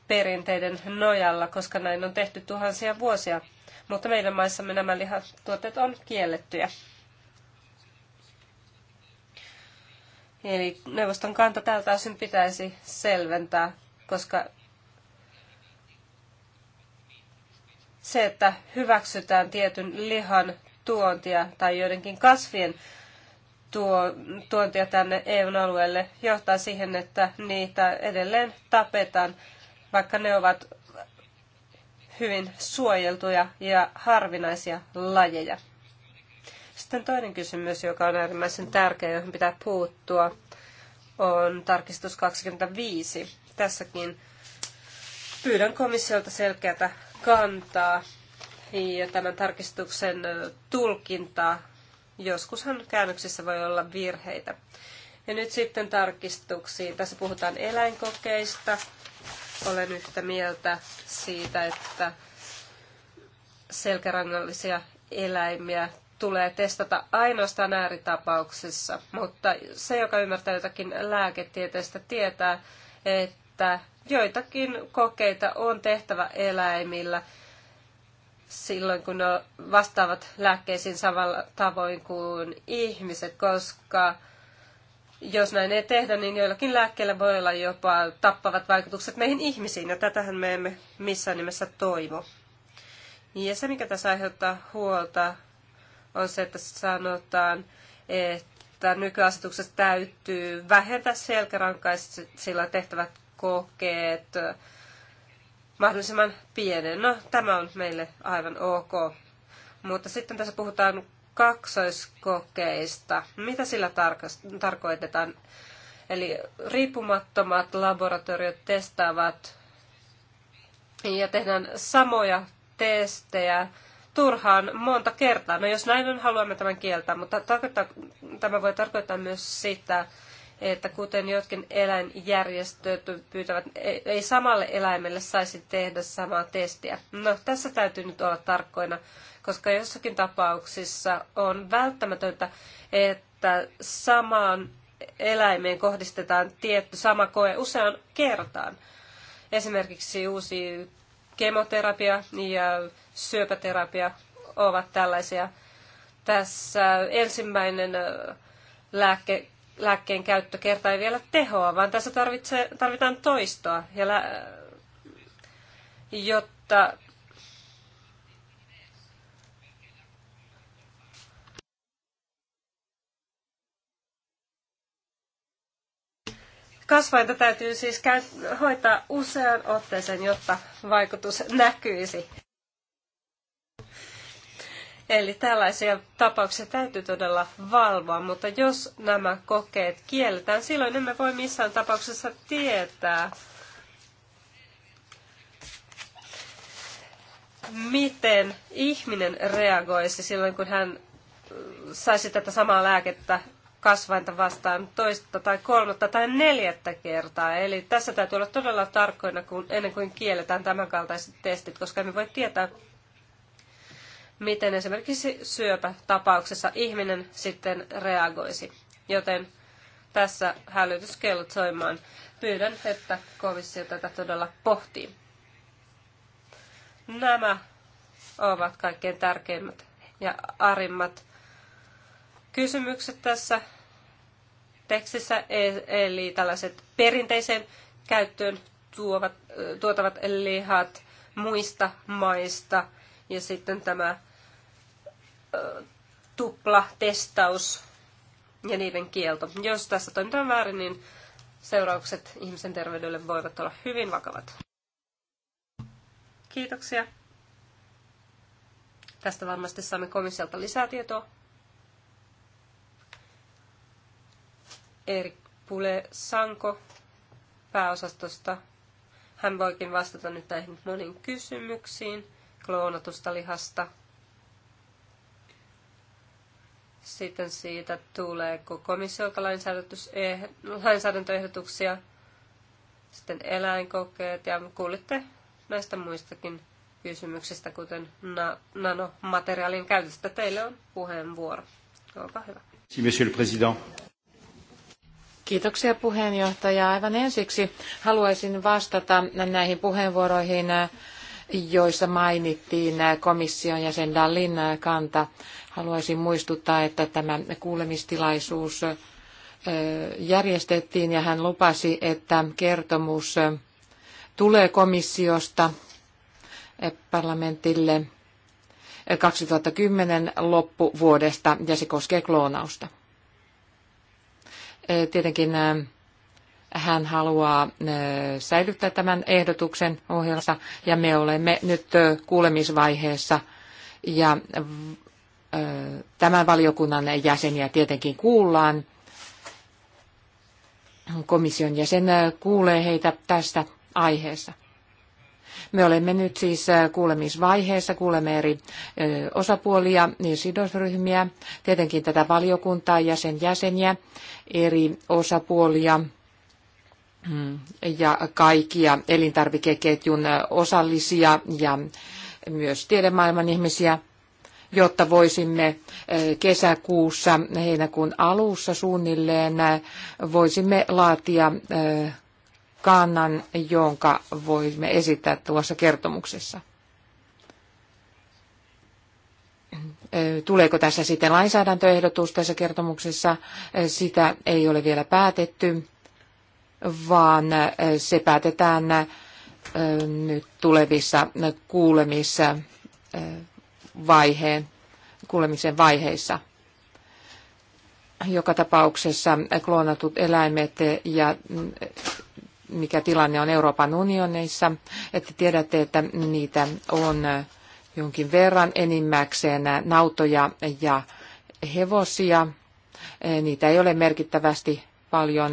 perinteiden nojalla, koska näin on tehty tuhansia vuosia. Mutta meidän maissamme nämä lihatuotteet on kiellettyjä. Eli neuvoston kanta tältä osin pitäisi selventää, koska se, että hyväksytään tietyn lihan tuontia tai joidenkin kasvien tuo, tuontia tänne EUn alueelle johtaa siihen, että niitä edelleen tapetaan, vaikka ne ovat hyvin suojeltuja ja harvinaisia lajeja. Sitten toinen kysymys, joka on äärimmäisen tärkeä, johon pitää puuttua, on tarkistus 25. Tässäkin pyydän komissiolta selkeätä kantaa ja tämän tarkistuksen tulkintaa Joskushan käännöksissä voi olla virheitä. Ja nyt sitten tarkistuksiin. Tässä puhutaan eläinkokeista. Olen yhtä mieltä siitä, että selkärangallisia eläimiä tulee testata ainoastaan ääritapauksissa, mutta se, joka ymmärtää jotakin lääketieteestä, tietää, että joitakin kokeita on tehtävä eläimillä, silloin, kun ne vastaavat lääkkeisiin samalla tavoin kuin ihmiset, koska jos näin ei tehdä, niin joillakin lääkkeillä voi olla jopa tappavat vaikutukset meihin ihmisiin, ja tätähän me emme missään nimessä toivo. Ja se, mikä tässä aiheuttaa huolta, on se, että sanotaan, että nykyasetuksessa täytyy vähentää selkärankaisilla tehtävät kokeet, mahdollisimman pienen. No, tämä on meille aivan ok. Mutta sitten tässä puhutaan kaksoiskokeista. Mitä sillä tarkoitetaan? Eli riippumattomat laboratoriot testaavat ja tehdään samoja testejä turhaan monta kertaa. No jos näin on, haluamme tämän kieltää, mutta tämä voi tarkoittaa myös sitä, että kuten jotkin eläinjärjestöt pyytävät, ei samalle eläimelle saisi tehdä samaa testiä. No, tässä täytyy nyt olla tarkkoina, koska jossakin tapauksissa on välttämätöntä, että samaan eläimeen kohdistetaan tietty sama koe useaan kertaan. Esimerkiksi uusi kemoterapia ja syöpäterapia ovat tällaisia. Tässä ensimmäinen lääke lääkkeen kerta ei vielä tehoa, vaan tässä tarvitaan toistoa, ja lä- jotta kasvainta täytyy siis käy- hoitaa usean otteeseen, jotta vaikutus näkyisi. Eli tällaisia tapauksia täytyy todella valvoa, mutta jos nämä kokeet kielletään, silloin emme voi missään tapauksessa tietää, miten ihminen reagoisi silloin, kun hän äh, saisi tätä samaa lääkettä kasvainta vastaan toista tai kolmatta tai neljättä kertaa. Eli tässä täytyy olla todella tarkkoina kun, ennen kuin kielletään tämänkaltaiset testit, koska emme voi tietää, miten esimerkiksi syöpätapauksessa ihminen sitten reagoisi. Joten tässä hälytyskellot soimaan. Pyydän, että komissio tätä todella pohtii. Nämä ovat kaikkein tärkeimmät ja arimmat kysymykset tässä tekstissä, eli tällaiset perinteiseen käyttöön tuovat, tuotavat lihat muista maista ja sitten tämä tupla testaus ja niiden kielto. Jos tässä toimitaan väärin, niin seuraukset ihmisen terveydelle voivat olla hyvin vakavat. Kiitoksia. Tästä varmasti saamme komissiolta lisää tietoa. Erik Pule Sanko pääosastosta. Hän voikin vastata nyt näihin moniin kysymyksiin kloonatusta lihasta – sitten siitä tulee komissiolta eh- lainsäädäntöehdotuksia, sitten eläinkokeet ja kuulitte näistä muistakin kysymyksistä, kuten na- nanomateriaalin käytöstä. Teille on puheenvuoro. Olkaa hyvä. Monsieur le Président. Kiitoksia puheenjohtaja. Aivan ensiksi haluaisin vastata näihin puheenvuoroihin joissa mainittiin komission jäsen Dallin kanta. Haluaisin muistuttaa, että tämä kuulemistilaisuus järjestettiin ja hän lupasi, että kertomus tulee komissiosta parlamentille 2010 loppuvuodesta ja se koskee kloonausta. Tietenkin hän haluaa säilyttää tämän ehdotuksen ohjelmassa ja me olemme nyt kuulemisvaiheessa ja tämän valiokunnan jäseniä tietenkin kuullaan. Komission jäsen kuulee heitä tästä aiheesta. Me olemme nyt siis kuulemisvaiheessa, kuulemme eri osapuolia, sidosryhmiä, tietenkin tätä valiokuntaa ja sen jäseniä, eri osapuolia, ja kaikkia elintarvikeketjun osallisia ja myös tiedemaailman ihmisiä, jotta voisimme eh, kesäkuussa, heinäkuun alussa suunnilleen, eh, voisimme laatia eh, kannan, jonka voimme esittää tuossa kertomuksessa. Tuleeko tässä sitten lainsäädäntöehdotus tässä kertomuksessa? Sitä ei ole vielä päätetty vaan äh, se päätetään äh, nyt tulevissa kuulemissa äh, vaiheen, kuulemisen vaiheissa. Joka tapauksessa kloonatut eläimet ja mm, mikä tilanne on Euroopan unionissa, että tiedätte, että niitä on jonkin verran enimmäkseen nautoja ja hevosia. Niitä ei ole merkittävästi paljon.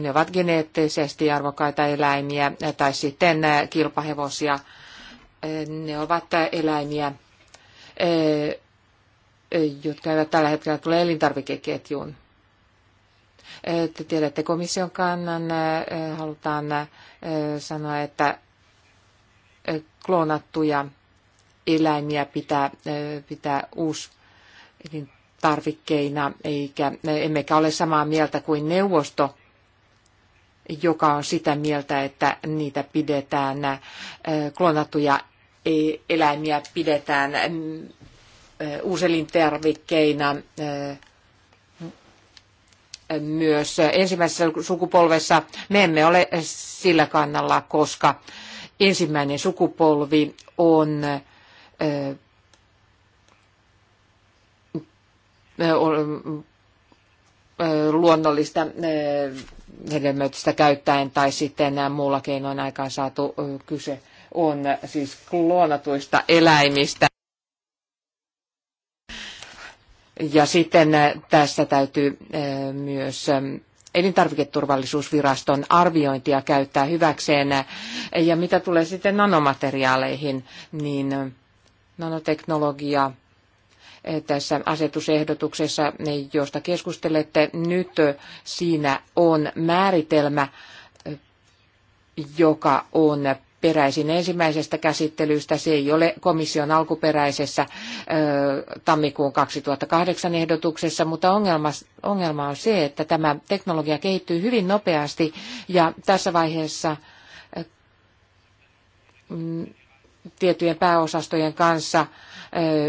Ne ovat geneettisesti arvokkaita eläimiä tai sitten kilpahevosia. Ne ovat eläimiä, jotka eivät tällä hetkellä tule elintarvikeketjuun. Te tiedätte komission kannan, halutaan sanoa, että kloonattuja eläimiä pitää, pitää uusi tarvikkeina, eikä, emmekä ole samaa mieltä kuin neuvosto, joka on sitä mieltä, että niitä pidetään, klonattuja e- eläimiä pidetään uuselintarvikkeina myös ensimmäisessä sukupolvessa. Me emme ole sillä kannalla, koska ensimmäinen sukupolvi on luonnollista hedelmöitystä käyttäen tai sitten muulla keinoin aikaan saatu kyse on siis kloonatuista eläimistä. Ja sitten tässä täytyy myös elintarviketurvallisuusviraston arviointia käyttää hyväkseen. Ja mitä tulee sitten nanomateriaaleihin, niin nanoteknologia tässä asetusehdotuksessa, josta keskustelette nyt, siinä on määritelmä, joka on peräisin ensimmäisestä käsittelystä. Se ei ole komission alkuperäisessä tammikuun 2008 ehdotuksessa, mutta ongelma, ongelma on se, että tämä teknologia kehittyy hyvin nopeasti ja tässä vaiheessa tiettyjen pääosastojen kanssa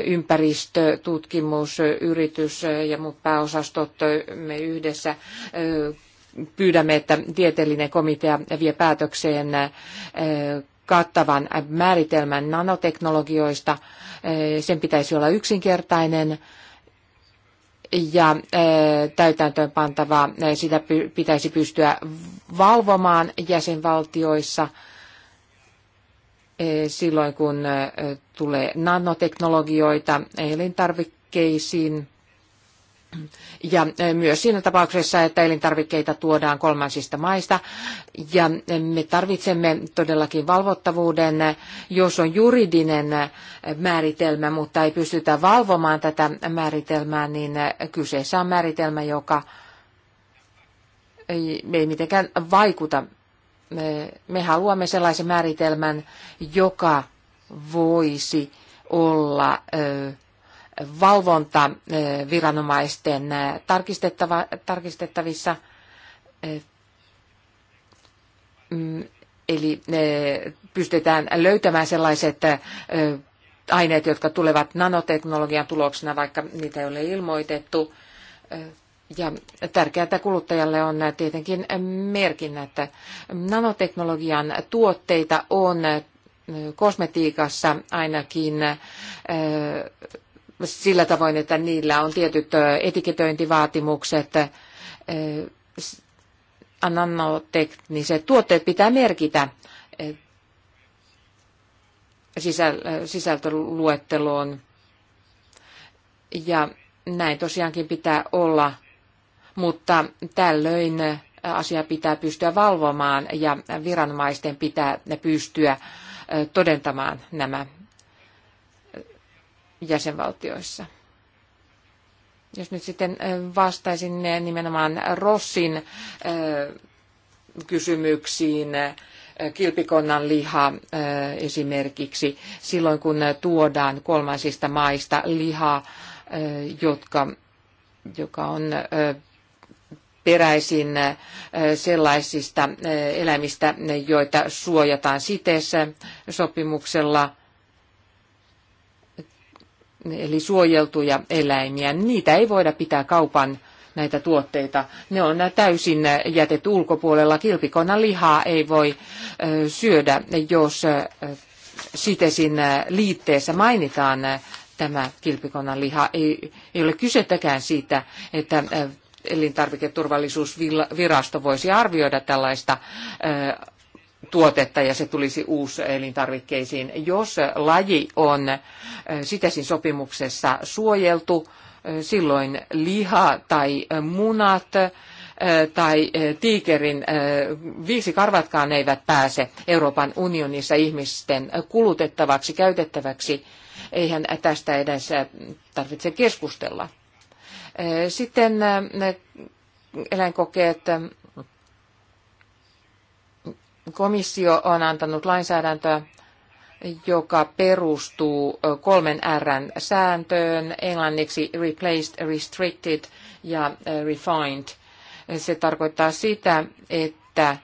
ympäristö, tutkimus, yritys ja muut pääosastot me yhdessä pyydämme, että tieteellinen komitea vie päätökseen kattavan määritelmän nanoteknologioista. Sen pitäisi olla yksinkertainen ja täytäntöönpantava. Sitä pitäisi pystyä valvomaan jäsenvaltioissa – Eh, silloin, kun eh, tulee nanoteknologioita elintarvikkeisiin. Ja eh, myös siinä tapauksessa, että elintarvikkeita tuodaan kolmansista maista. Ja me tarvitsemme todellakin valvottavuuden, jos on juridinen määritelmä, mutta ei pystytä valvomaan tätä määritelmää, niin kyseessä on määritelmä, joka ei mitenkään vaikuta me haluamme sellaisen määritelmän, joka voisi olla valvontaviranomaisten tarkistettava, tarkistettavissa. Mm, eli pystytään löytämään sellaiset aineet, jotka tulevat nanoteknologian tuloksena, vaikka niitä ei ole ilmoitettu. Ja tärkeää kuluttajalle on tietenkin merkinnät. Nanoteknologian tuotteita on kosmetiikassa ainakin sillä tavoin, että niillä on tietyt etiketöintivaatimukset. Nanotekniset tuotteet pitää merkitä sisältöluetteloon. Ja näin tosiaankin pitää olla mutta tällöin asia pitää pystyä valvomaan ja viranomaisten pitää pystyä todentamaan nämä jäsenvaltioissa. Jos nyt sitten vastaisin nimenomaan Rossin kysymyksiin, kilpikonnan liha esimerkiksi, silloin kun tuodaan kolmansista maista liha, jotka, joka on peräisin äh, sellaisista äh, eläimistä, joita suojataan siteessä sopimuksella, eli suojeltuja eläimiä. Niitä ei voida pitää kaupan näitä tuotteita. Ne on täysin jätetty ulkopuolella. Kilpikonna lihaa ei voi äh, syödä, jos sitesin liitteessä mainitaan tämä kilpikonnan liha. Ei, ei ole kysettäkään siitä, että elintarviketurvallisuusvirasto voisi arvioida tällaista tuotetta ja se tulisi uusi elintarvikkeisiin. Jos laji on sitäsin sopimuksessa suojeltu, silloin liha tai munat tai tiikerin viisi karvatkaan eivät pääse Euroopan unionissa ihmisten kulutettavaksi, käytettäväksi. Eihän tästä edes tarvitse keskustella. Sitten eläinkokeet. Komissio on antanut lainsäädäntöä, joka perustuu kolmen r sääntöön, englanniksi replaced, restricted ja refined. Se tarkoittaa sitä, että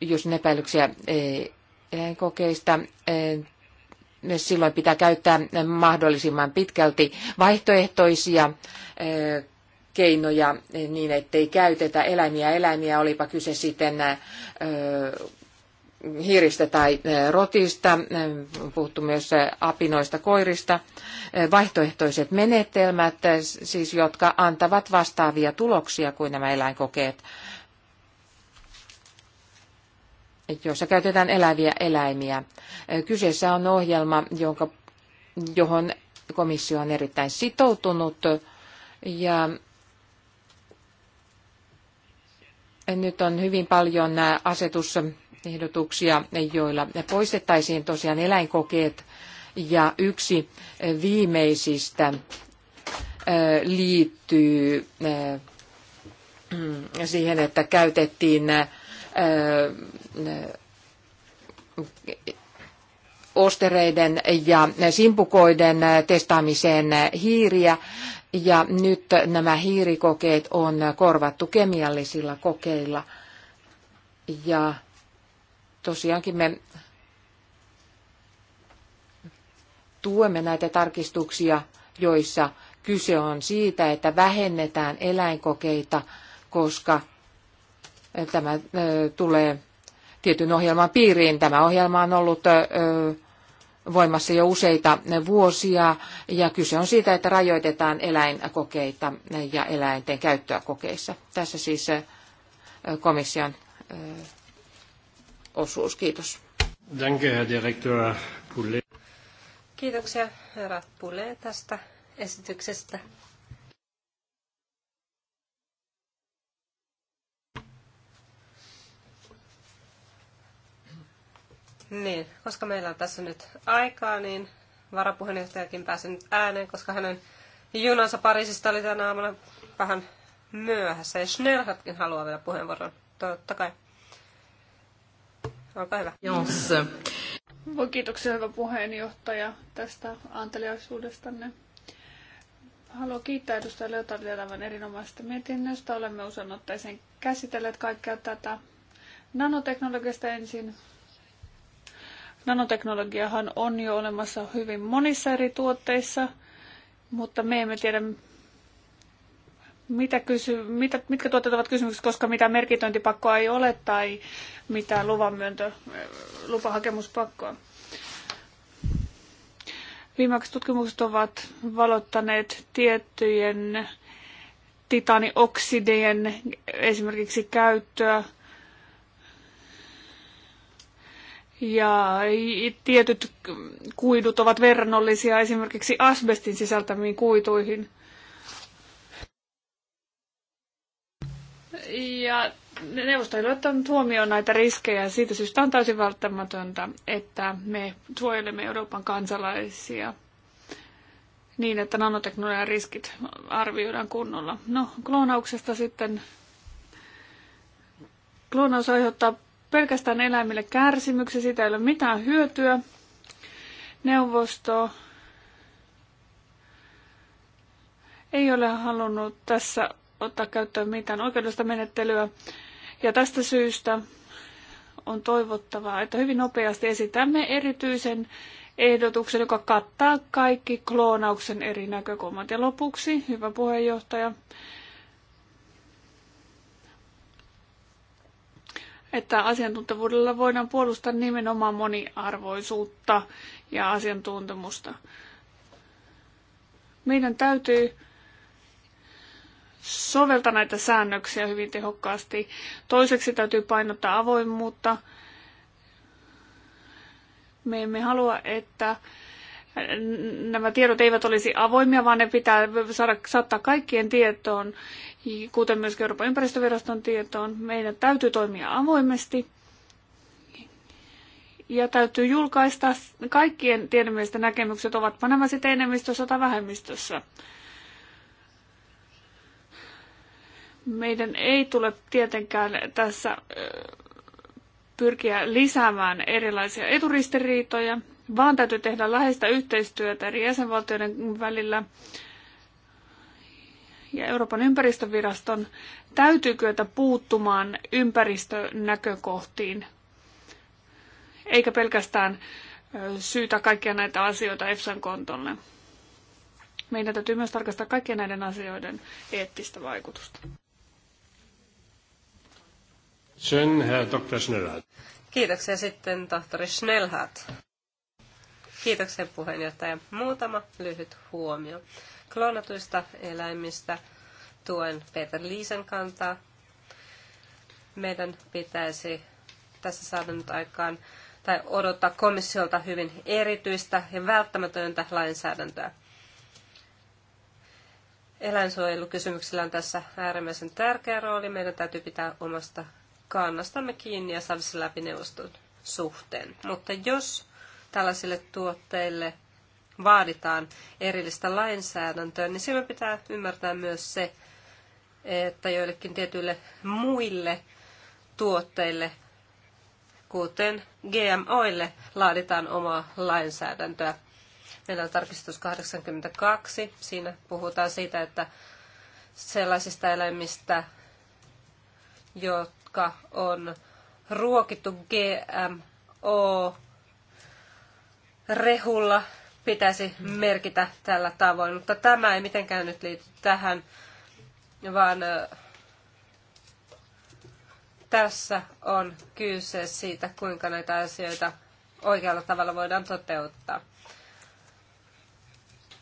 jos on epäilyksiä eläinkokeista, silloin pitää käyttää mahdollisimman pitkälti vaihtoehtoisia keinoja niin, ettei käytetä eläimiä. Eläimiä olipa kyse sitten hiiristä tai rotista, puhuttu myös apinoista koirista, vaihtoehtoiset menetelmät, siis jotka antavat vastaavia tuloksia kuin nämä eläinkokeet jossa käytetään eläviä eläimiä. Kyseessä on ohjelma, jonka, johon komissio on erittäin sitoutunut ja nyt on hyvin paljon asetusehdotuksia, joilla poistettaisiin tosiaan eläinkokeet ja yksi viimeisistä liittyy siihen, että käytettiin ostereiden ja simpukoiden testaamiseen hiiriä. Ja nyt nämä hiirikokeet on korvattu kemiallisilla kokeilla. Ja tosiaankin me tuemme näitä tarkistuksia, joissa kyse on siitä, että vähennetään eläinkokeita, koska tämä tulee tietyn ohjelman piiriin. Tämä ohjelma on ollut voimassa jo useita vuosia ja kyse on siitä, että rajoitetaan eläinkokeita ja eläinten käyttöä kokeissa. Tässä siis komission osuus. Kiitos. Danke, Direktor Kiitoksia, herra Poulet, tästä esityksestä. Niin, koska meillä on tässä nyt aikaa, niin varapuheenjohtajakin pääsi nyt ääneen, koska hänen junansa Pariisista oli tänä aamuna vähän myöhässä. Ja Schnellhatkin haluaa vielä puheenvuoron, totta kai. Olkaa hyvä. Jos. Voi kiitoksia hyvä puheenjohtaja tästä anteliaisuudestanne. Haluan kiittää edustaja Leotardia tämän erinomaisesta mietinnöstä. Olemme usein ottaisen käsitelleet kaikkea tätä nanoteknologiasta ensin Nanoteknologiahan on jo olemassa hyvin monissa eri tuotteissa, mutta me emme tiedä, mitä kysy, mitä, mitkä tuotteet ovat kysymyksessä, koska mitä merkitöintipakkoa ei ole tai mitä luvanmyöntö, lupahakemuspakkoa. Viimeksi tutkimukset ovat valottaneet tiettyjen titanioksidien esimerkiksi käyttöä ja tietyt kuidut ovat verrannollisia esimerkiksi asbestin sisältämiin kuituihin. Ja neuvosto ei ottanut huomioon näitä riskejä. Siitä syystä on täysin välttämätöntä, että me suojelemme Euroopan kansalaisia niin, että nanoteknologian riskit arvioidaan kunnolla. No, kloonauksesta sitten. Kloonaus aiheuttaa pelkästään eläimille kärsimyksiä, siitä ei ole mitään hyötyä. Neuvosto ei ole halunnut tässä ottaa käyttöön mitään oikeudellista menettelyä. Ja tästä syystä on toivottavaa, että hyvin nopeasti esitämme erityisen ehdotuksen, joka kattaa kaikki kloonauksen eri näkökulmat. Ja lopuksi, hyvä puheenjohtaja, että asiantuntevuudella voidaan puolustaa nimenomaan moniarvoisuutta ja asiantuntemusta. Meidän täytyy soveltaa näitä säännöksiä hyvin tehokkaasti. Toiseksi täytyy painottaa avoimuutta. Me emme halua, että nämä tiedot eivät olisi avoimia, vaan ne pitää saada, saattaa kaikkien tietoon, kuten myös Euroopan ympäristöviraston tietoon. Meidän täytyy toimia avoimesti ja täytyy julkaista kaikkien tiedemiesten näkemykset, ovat nämä sitten enemmistössä tai vähemmistössä. Meidän ei tule tietenkään tässä pyrkiä lisäämään erilaisia eturistiriitoja, vaan täytyy tehdä läheistä yhteistyötä eri jäsenvaltioiden välillä ja Euroopan ympäristöviraston täytyy kyetä puuttumaan ympäristönäkökohtiin, eikä pelkästään syytä kaikkia näitä asioita EFSAn kontolle. Meidän täytyy myös tarkastaa kaikkien näiden asioiden eettistä vaikutusta. Dr. Schnellhardt. Kiitoksia sitten tohtori Schnellhardt. Kiitoksia puheenjohtaja. Muutama lyhyt huomio. Kloonatuista eläimistä tuen Peter Liisen kantaa. Meidän pitäisi tässä saada nyt aikaan tai odottaa komissiolta hyvin erityistä ja välttämätöntä lainsäädäntöä. Eläinsuojelukysymyksillä on tässä äärimmäisen tärkeä rooli. Meidän täytyy pitää omasta kannastamme kiinni ja saada se läpi neuvoston suhteen. Mutta jos tällaisille tuotteille vaaditaan erillistä lainsäädäntöä, niin silloin pitää ymmärtää myös se, että joillekin tietyille muille tuotteille, kuten GMOille, laaditaan omaa lainsäädäntöä. Meillä on tarkistus 82. Siinä puhutaan siitä, että sellaisista eläimistä, jotka on ruokittu GMO rehulla pitäisi merkitä tällä tavoin, mutta tämä ei mitenkään nyt liity tähän, vaan tässä on kyse siitä, kuinka näitä asioita oikealla tavalla voidaan toteuttaa.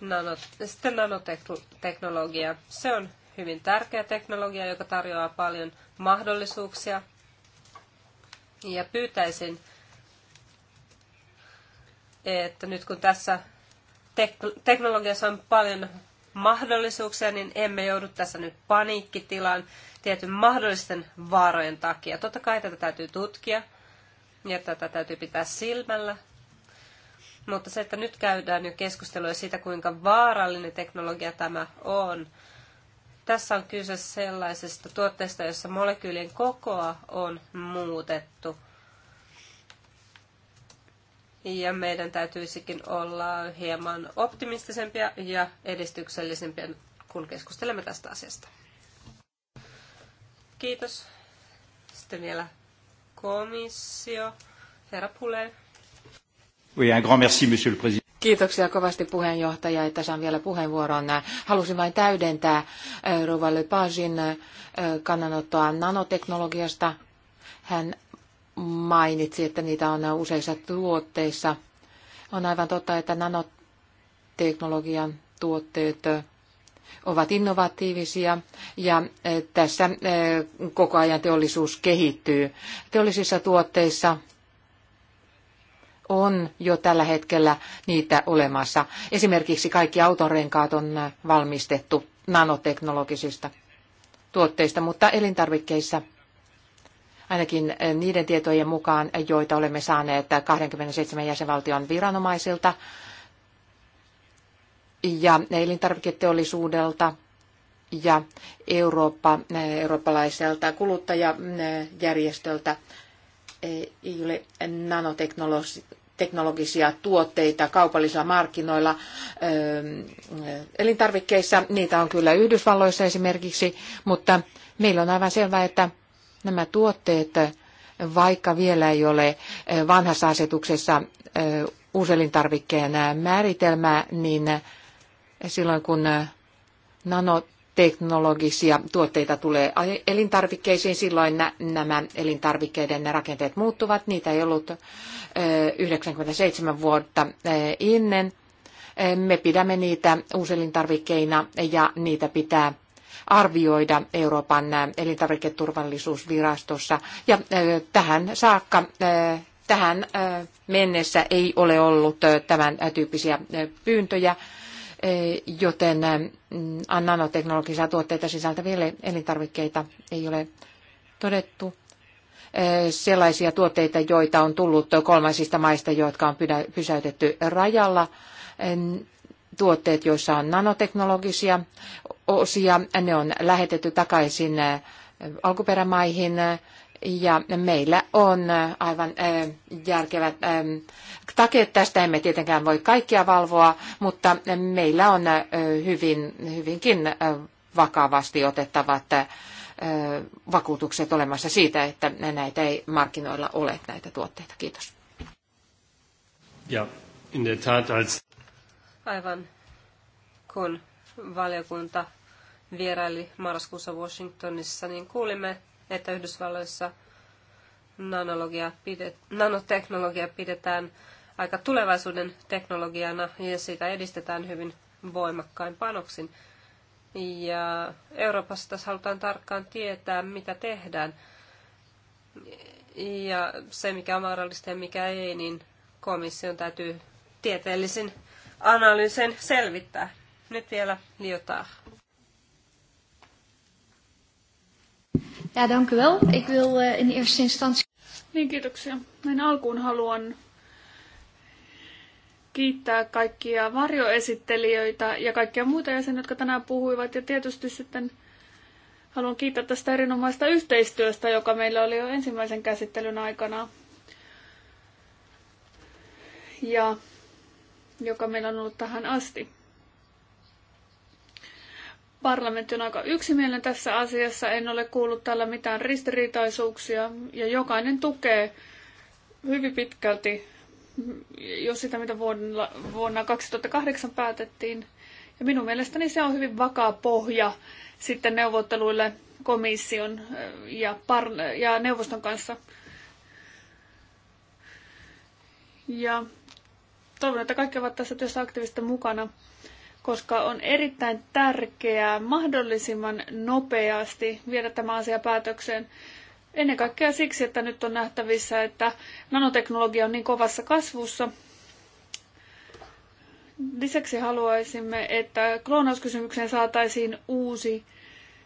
Nanot- sitten nanoteknologia. Se on hyvin tärkeä teknologia, joka tarjoaa paljon mahdollisuuksia. Ja pyytäisin, että nyt kun tässä teknologiassa on paljon mahdollisuuksia, niin emme joudu tässä nyt paniikkitilaan tietyn mahdollisten vaarojen takia. Totta kai tätä täytyy tutkia ja tätä täytyy pitää silmällä. Mutta se, että nyt käydään jo keskustelua siitä, kuinka vaarallinen teknologia tämä on, tässä on kyse sellaisesta tuotteesta, jossa molekyylien kokoa on muutettu – ja meidän täytyisikin olla hieman optimistisempia ja edistyksellisempiä, kun keskustelemme tästä asiasta. Kiitos. Sitten vielä komissio. Herra Pule. Oui, un grand merci, monsieur le président. Kiitoksia kovasti puheenjohtaja, että saan vielä puheenvuoron. Halusin vain täydentää eh, Rova Lepagin eh, kannanottoa nanoteknologiasta. Hän mainitsi, että niitä on useissa tuotteissa. On aivan totta, että nanoteknologian tuotteet ovat innovatiivisia ja eh, tässä eh, koko ajan teollisuus kehittyy. Teollisissa tuotteissa on jo tällä hetkellä niitä olemassa. Esimerkiksi kaikki autonrenkaat on valmistettu nanoteknologisista tuotteista, mutta elintarvikkeissa – ainakin eh, niiden tietojen mukaan, eh, joita olemme saaneet 27 eh, jäsenvaltion viranomaisilta ja elintarviketeollisuudelta ja Eurooppa, eurooppalaiselta kuluttajajärjestöltä ei ole nanoteknologisia tuotteita kaupallisilla markkinoilla elintarvikkeissa. Niitä on kyllä Yhdysvalloissa esimerkiksi, mutta meillä on aivan selvää, että nämä tuotteet, vaikka vielä ei ole eh, vanhassa asetuksessa eh, uuselintarvikkeen eh, määritelmää, niin silloin kun nanoteknologisia tuotteita tulee elintarvikkeisiin, silloin nämä elintarvikkeiden rakenteet muuttuvat. Niitä ei ollut 97 vuotta ennen. Me pidämme niitä uuselintarvikkeina ja niitä pitää arvioida Euroopan elintarviketurvallisuusvirastossa. Ja tähän saakka tähän mennessä ei ole ollut tämän tyyppisiä pyyntöjä, joten mm, nanoteknologisia tuotteita sisältäville elintarvikkeita ei ole todettu sellaisia tuotteita, joita on tullut kolmansista maista, jotka on pysäytetty rajalla. Tuotteet, joissa on nanoteknologisia osia, ne on lähetetty takaisin äh, alkuperämaihin ja meillä on äh, aivan äh, järkevät takeet tästä. Emme tietenkään voi kaikkia valvoa, mutta meillä on hyvin, hyvinkin vakavasti otettavat vakuutukset olemassa siitä, että näitä ei markkinoilla ole näitä tuotteita. Kiitos. Ja, in der Tat als... Aivan kun valiokunta vieraili marraskuussa Washingtonissa, niin kuulimme, että Yhdysvalloissa pidet, nanoteknologia pidetään aika tulevaisuuden teknologiana ja sitä edistetään hyvin voimakkain panoksin. Ja Euroopassa tässä halutaan tarkkaan tietää, mitä tehdään. Ja se, mikä on mahdollista ja mikä ei, niin komission täytyy tieteellisin analyysin selvittää. Nyt vielä liotaa. Ja, dank u wel. Ik wil uh, in eerste instantie... Niin, kiitoksia. Mijn alkuun haluan kiittää kaikkia varjoesittelijöitä ja kaikkia muita jäseniä, jotka tänään puhuivat. Ja tietysti sitten haluan kiittää tästä erinomaista yhteistyöstä, joka meillä oli jo ensimmäisen käsittelyn aikana. Ja joka meillä on ollut tähän asti. Parlamentti on aika yksimielinen tässä asiassa, en ole kuullut täällä mitään ristiriitaisuuksia ja jokainen tukee hyvin pitkälti jo sitä, mitä vuonna, vuonna 2008 päätettiin. Ja minun mielestäni se on hyvin vakaa pohja sitten neuvotteluille komission ja, par- ja neuvoston kanssa. Ja toivon, että kaikki ovat tässä työssä aktiivisesti mukana koska on erittäin tärkeää mahdollisimman nopeasti viedä tämä asia päätökseen. Ennen kaikkea siksi, että nyt on nähtävissä, että nanoteknologia on niin kovassa kasvussa. Lisäksi haluaisimme, että kloonauskysymykseen saataisiin uusi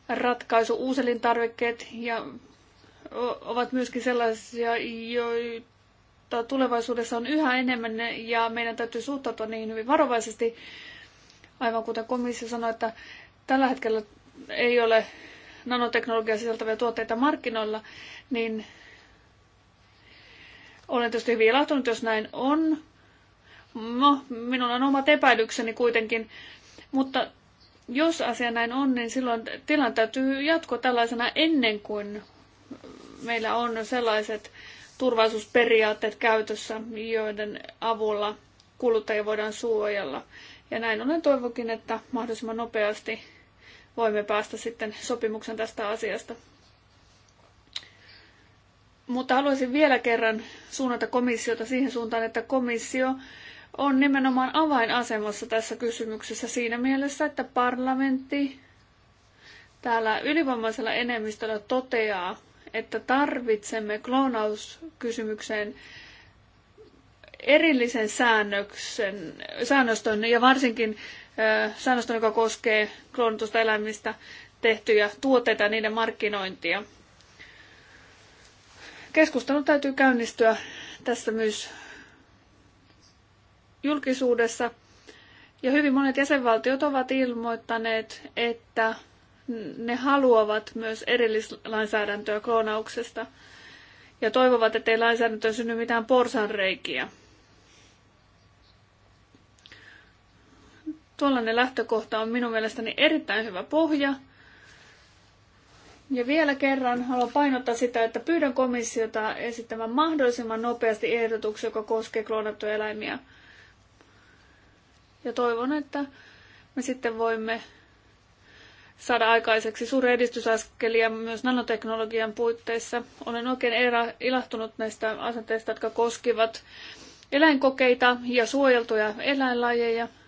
ratkaisu. Uuselintarvikkeet ja ovat myöskin sellaisia, joita tulevaisuudessa on yhä enemmän ja meidän täytyy suhtautua niihin hyvin varovaisesti, Aivan kuten komissio sanoi, että tällä hetkellä ei ole nanoteknologiaa sisältäviä tuotteita markkinoilla, niin olen tietysti hyvin ilahtunut, jos näin on. No, minulla on omat epäilykseni kuitenkin, mutta jos asia näin on, niin silloin tilanne täytyy jatkoa tällaisena ennen kuin meillä on sellaiset turvallisuusperiaatteet käytössä, joiden avulla kuluttajia voidaan suojella. Ja näin ollen toivokin, että mahdollisimman nopeasti voimme päästä sitten sopimuksen tästä asiasta. Mutta haluaisin vielä kerran suunnata komissiota siihen suuntaan, että komissio on nimenomaan avainasemassa tässä kysymyksessä siinä mielessä, että parlamentti täällä ylivoimaisella enemmistöllä toteaa, että tarvitsemme kloonauskysymykseen erillisen säännöksen, säännöstön ja varsinkin säännöstön, joka koskee kloonitusta eläimistä tehtyjä tuotteita ja niiden markkinointia. Keskustelun täytyy käynnistyä tässä myös julkisuudessa. Ja hyvin monet jäsenvaltiot ovat ilmoittaneet, että ne haluavat myös erillislainsäädäntöä kloonauksesta ja toivovat, ettei lainsäädäntöön synny mitään porsanreikiä. Tuollainen lähtökohta on minun mielestäni erittäin hyvä pohja. Ja vielä kerran haluan painottaa sitä, että pyydän komissiota esittämään mahdollisimman nopeasti ehdotuksia, joka koskee kloonattuja eläimiä. Ja toivon, että me sitten voimme saada aikaiseksi suuri edistysaskelia myös nanoteknologian puitteissa. Olen oikein ilahtunut näistä asenteista, jotka koskivat eläinkokeita ja suojeltuja eläinlajeja –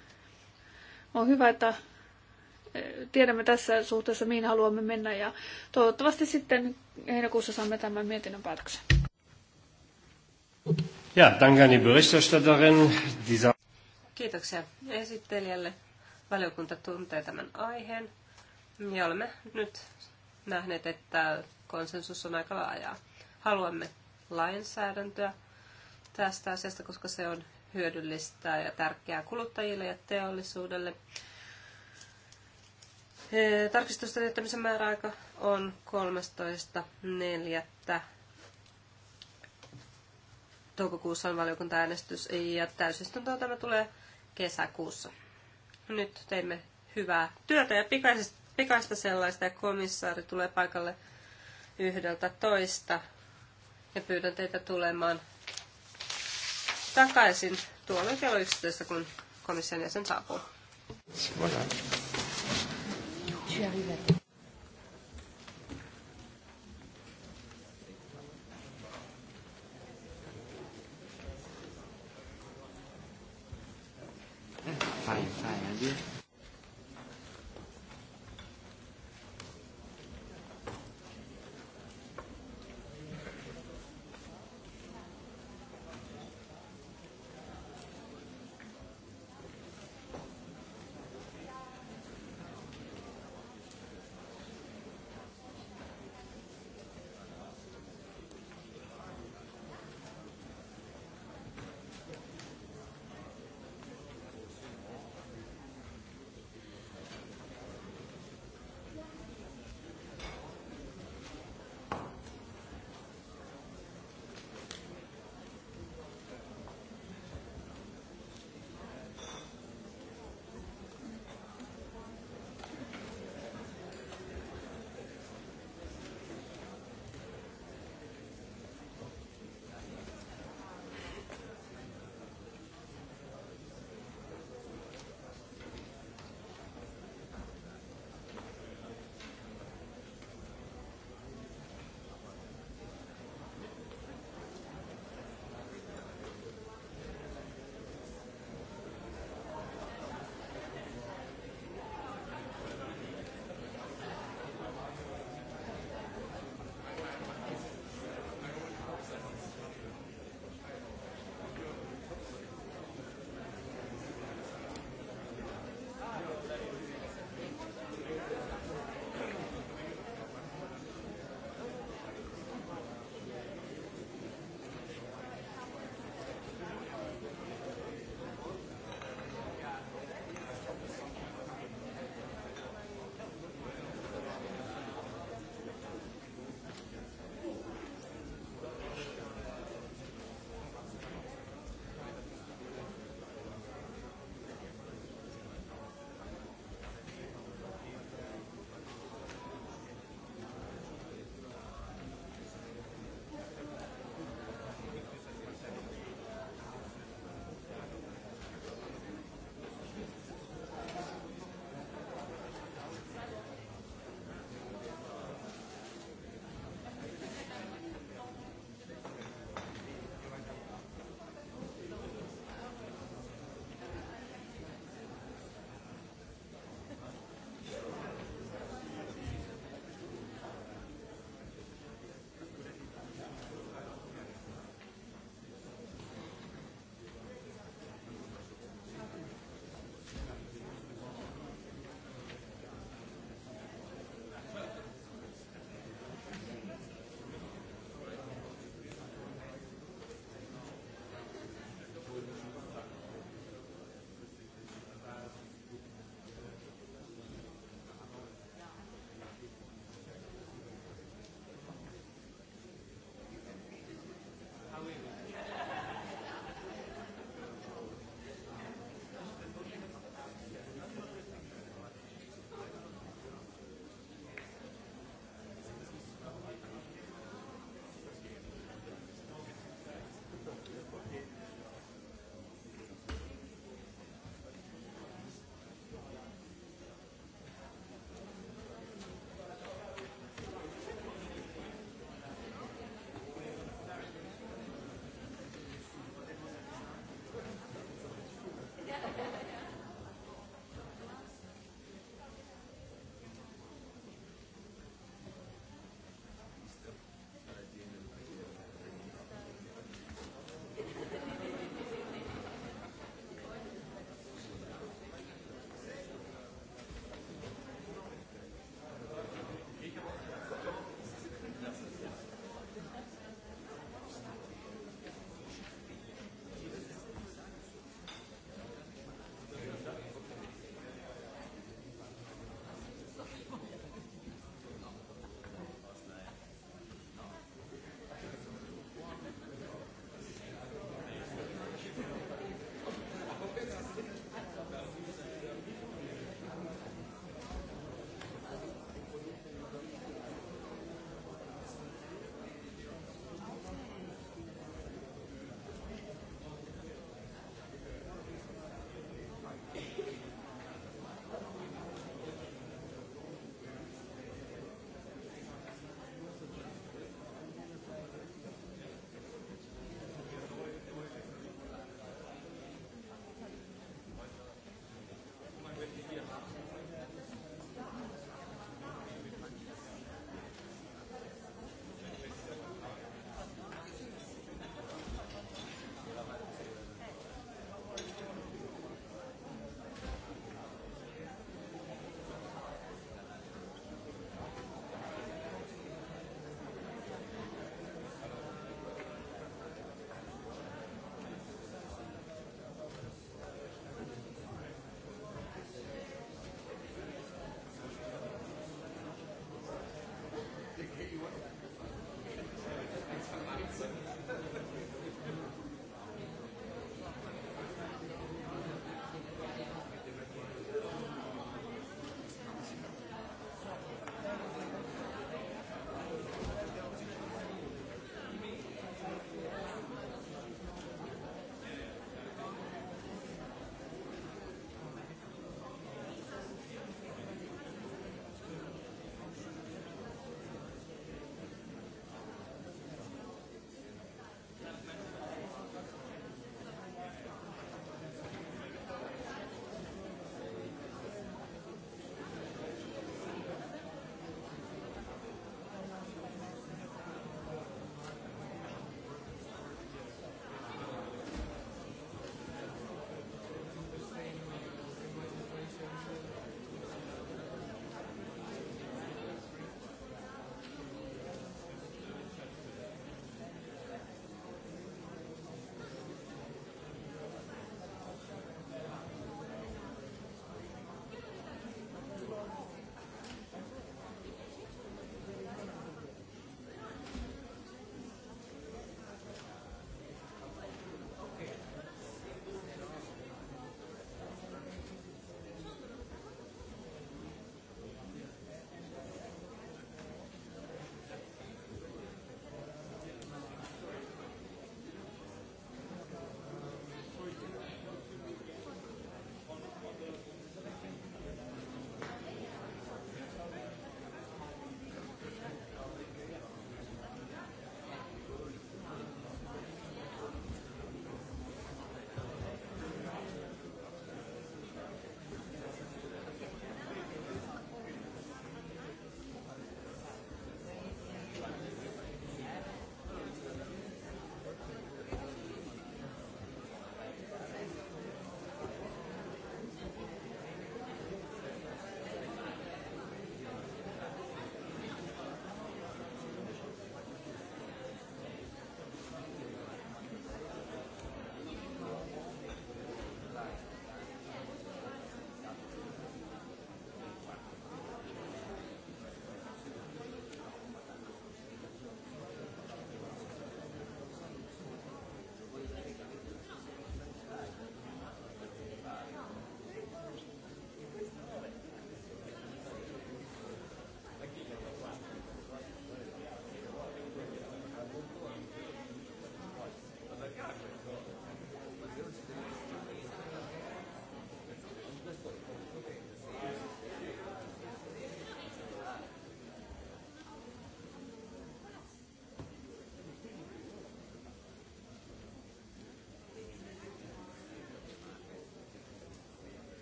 on hyvä, että eh, tiedämme tässä suhteessa, mihin haluamme mennä ja toivottavasti sitten heinäkuussa saamme tämän mietinnön päätöksen. Ja, danke an Kiitoksia esittelijälle. Valiokunta tuntee tämän aiheen ja olemme nyt nähneet, että konsensus on aika laajaa. Haluamme lainsäädäntöä tästä asiasta, koska se on hyödyllistä ja tärkeää kuluttajille ja teollisuudelle. Tarkistusten jättämisen määräaika on 13.4. Toukokuussa on valiokuntaäänestys ja täysistunto tämä tulee kesäkuussa. Nyt teimme hyvää työtä ja pikaisesti pikaista sellaista ja komissaari tulee paikalle yhdeltä toista. Ja pyydän teitä tulemaan takaisin tuolle kello 11, kun komission jäsen saapuu. Voilà.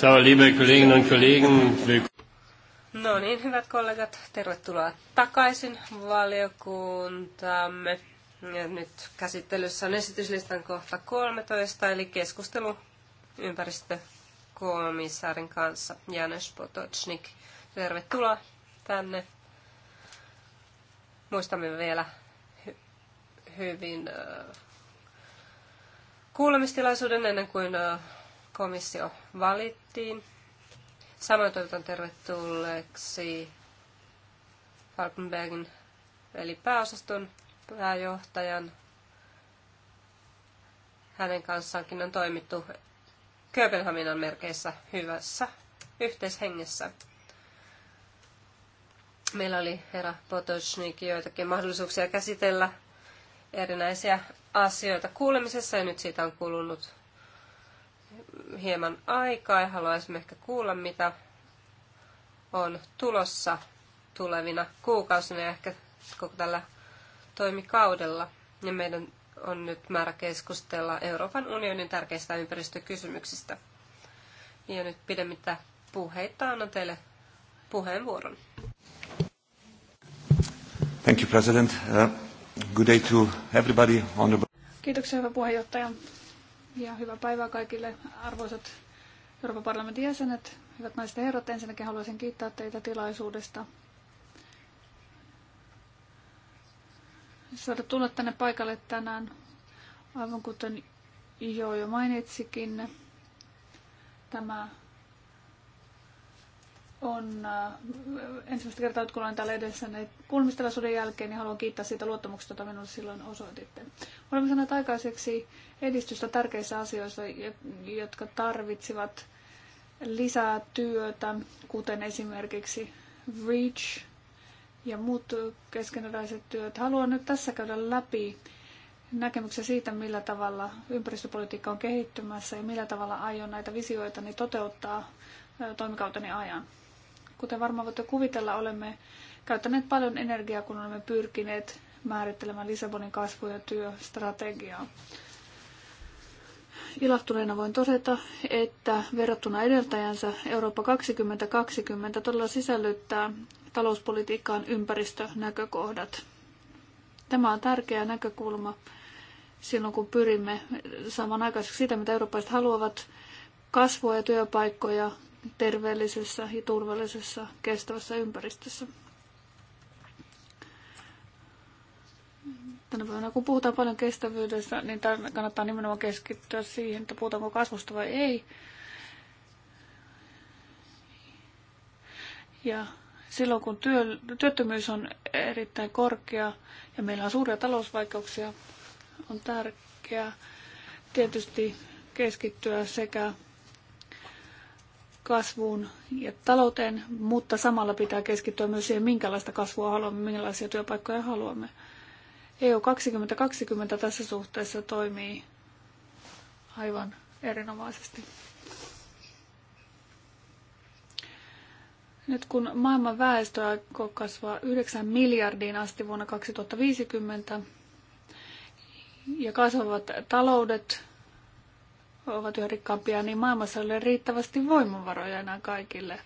So, liebe Kolleginnen und Kollegen, No niin, hyvät kollegat, tervetuloa takaisin valiokuntamme. Ja nyt käsittelyssä on esityslistan kohta 13, eli keskustelu ympäristökomissaarin kanssa. Janes Potocznik. tervetuloa tänne. Muistamme vielä hy- hyvin uh, kuulemistilaisuuden ennen kuin komissio valittiin. Samoin toivotan tervetulleeksi Falkenbergin eli pääosaston pääjohtajan. Hänen kanssaankin on toimittu Kööpenhaminan merkeissä hyvässä yhteishengessä. Meillä oli herra Potosnik joitakin mahdollisuuksia käsitellä erinäisiä asioita kuulemisessa ja nyt siitä on kulunut hieman aikaa ja haluaisimme ehkä kuulla, mitä on tulossa tulevina kuukausina ja ehkä koko tällä toimikaudella. Ja meidän on nyt määrä keskustella Euroopan unionin tärkeistä ympäristökysymyksistä. Ja nyt pidemmittä puheita annan teille puheenvuoron. Thank you, President. Uh, good day to everybody on the... Kiitoksia, hyvä puheenjohtaja ja hyvää päivää kaikille arvoisat Euroopan parlamentin jäsenet, hyvät naiset ja herrat. Ensinnäkin haluaisin kiittää teitä tilaisuudesta saada tulla tänne paikalle tänään, aivan kuten jo jo mainitsikin. Tämä on äh, ensimmäistä kertaa, kun olen täällä edessä niin kulmistelaisuuden jälkeen, niin haluan kiittää siitä luottamuksesta, jota minulle silloin osoititte. Olemme saaneet aikaiseksi edistystä tärkeissä asioissa, jotka tarvitsivat lisää työtä, kuten esimerkiksi REACH ja muut keskeneräiset työt. Haluan nyt tässä käydä läpi näkemyksiä siitä, millä tavalla ympäristöpolitiikka on kehittymässä ja millä tavalla aion näitä visioita toteuttaa toimikauteni ajan. Kuten varmaan voitte kuvitella, olemme käyttäneet paljon energiaa, kun olemme pyrkineet määrittelemään Lissabonin kasvu- ja työstrategiaa. Ilahtuneena voin todeta, että verrattuna edeltäjänsä Eurooppa 2020 todella sisällyttää talouspolitiikkaan ympäristönäkökohdat. Tämä on tärkeä näkökulma silloin, kun pyrimme samanaikaiseksi sitä, mitä eurooppalaiset haluavat, kasvua ja työpaikkoja, terveellisessä ja turvallisessa kestävässä ympäristössä. Tänä päivänä kun puhutaan paljon kestävyydestä, niin kannattaa nimenomaan keskittyä siihen, että puhutaanko kasvusta vai ei. Ja silloin kun työ, työttömyys on erittäin korkea ja meillä on suuria talousvaikeuksia, on tärkeää tietysti keskittyä sekä kasvuun ja talouteen, mutta samalla pitää keskittyä myös siihen, minkälaista kasvua haluamme, minkälaisia työpaikkoja haluamme. EU 2020 tässä suhteessa toimii aivan erinomaisesti. Nyt kun maailman väestö aikoo kasvaa 9 miljardiin asti vuonna 2050 ja kasvavat taloudet ovat yhä rikkaampia, niin maailmassa ei ole riittävästi voimavaroja enää kaikille.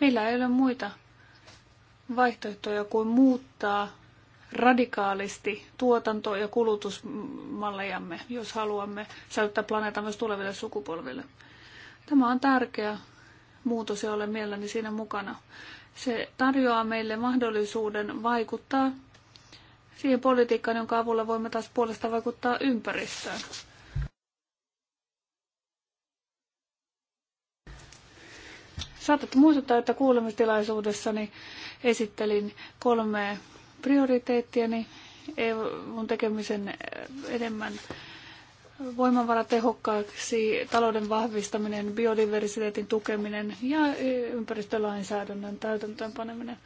Meillä ei ole muita vaihtoehtoja kuin muuttaa radikaalisti tuotanto- ja kulutusmallejamme, jos haluamme säilyttää planeetan myös tuleville sukupolville. Tämä on tärkeä muutos ja olen mielelläni siinä mukana. Se tarjoaa meille mahdollisuuden vaikuttaa siihen politiikkaan, jonka avulla voimme taas puolesta vaikuttaa ympäristöön. Saatatte muistuttaa, että kuulemistilaisuudessani esittelin kolme prioriteettiani e, mun tekemisen e, enemmän voimavaratehokkaaksi, talouden vahvistaminen, biodiversiteetin tukeminen ja ympäristölainsäädännön täytäntöönpaneminen.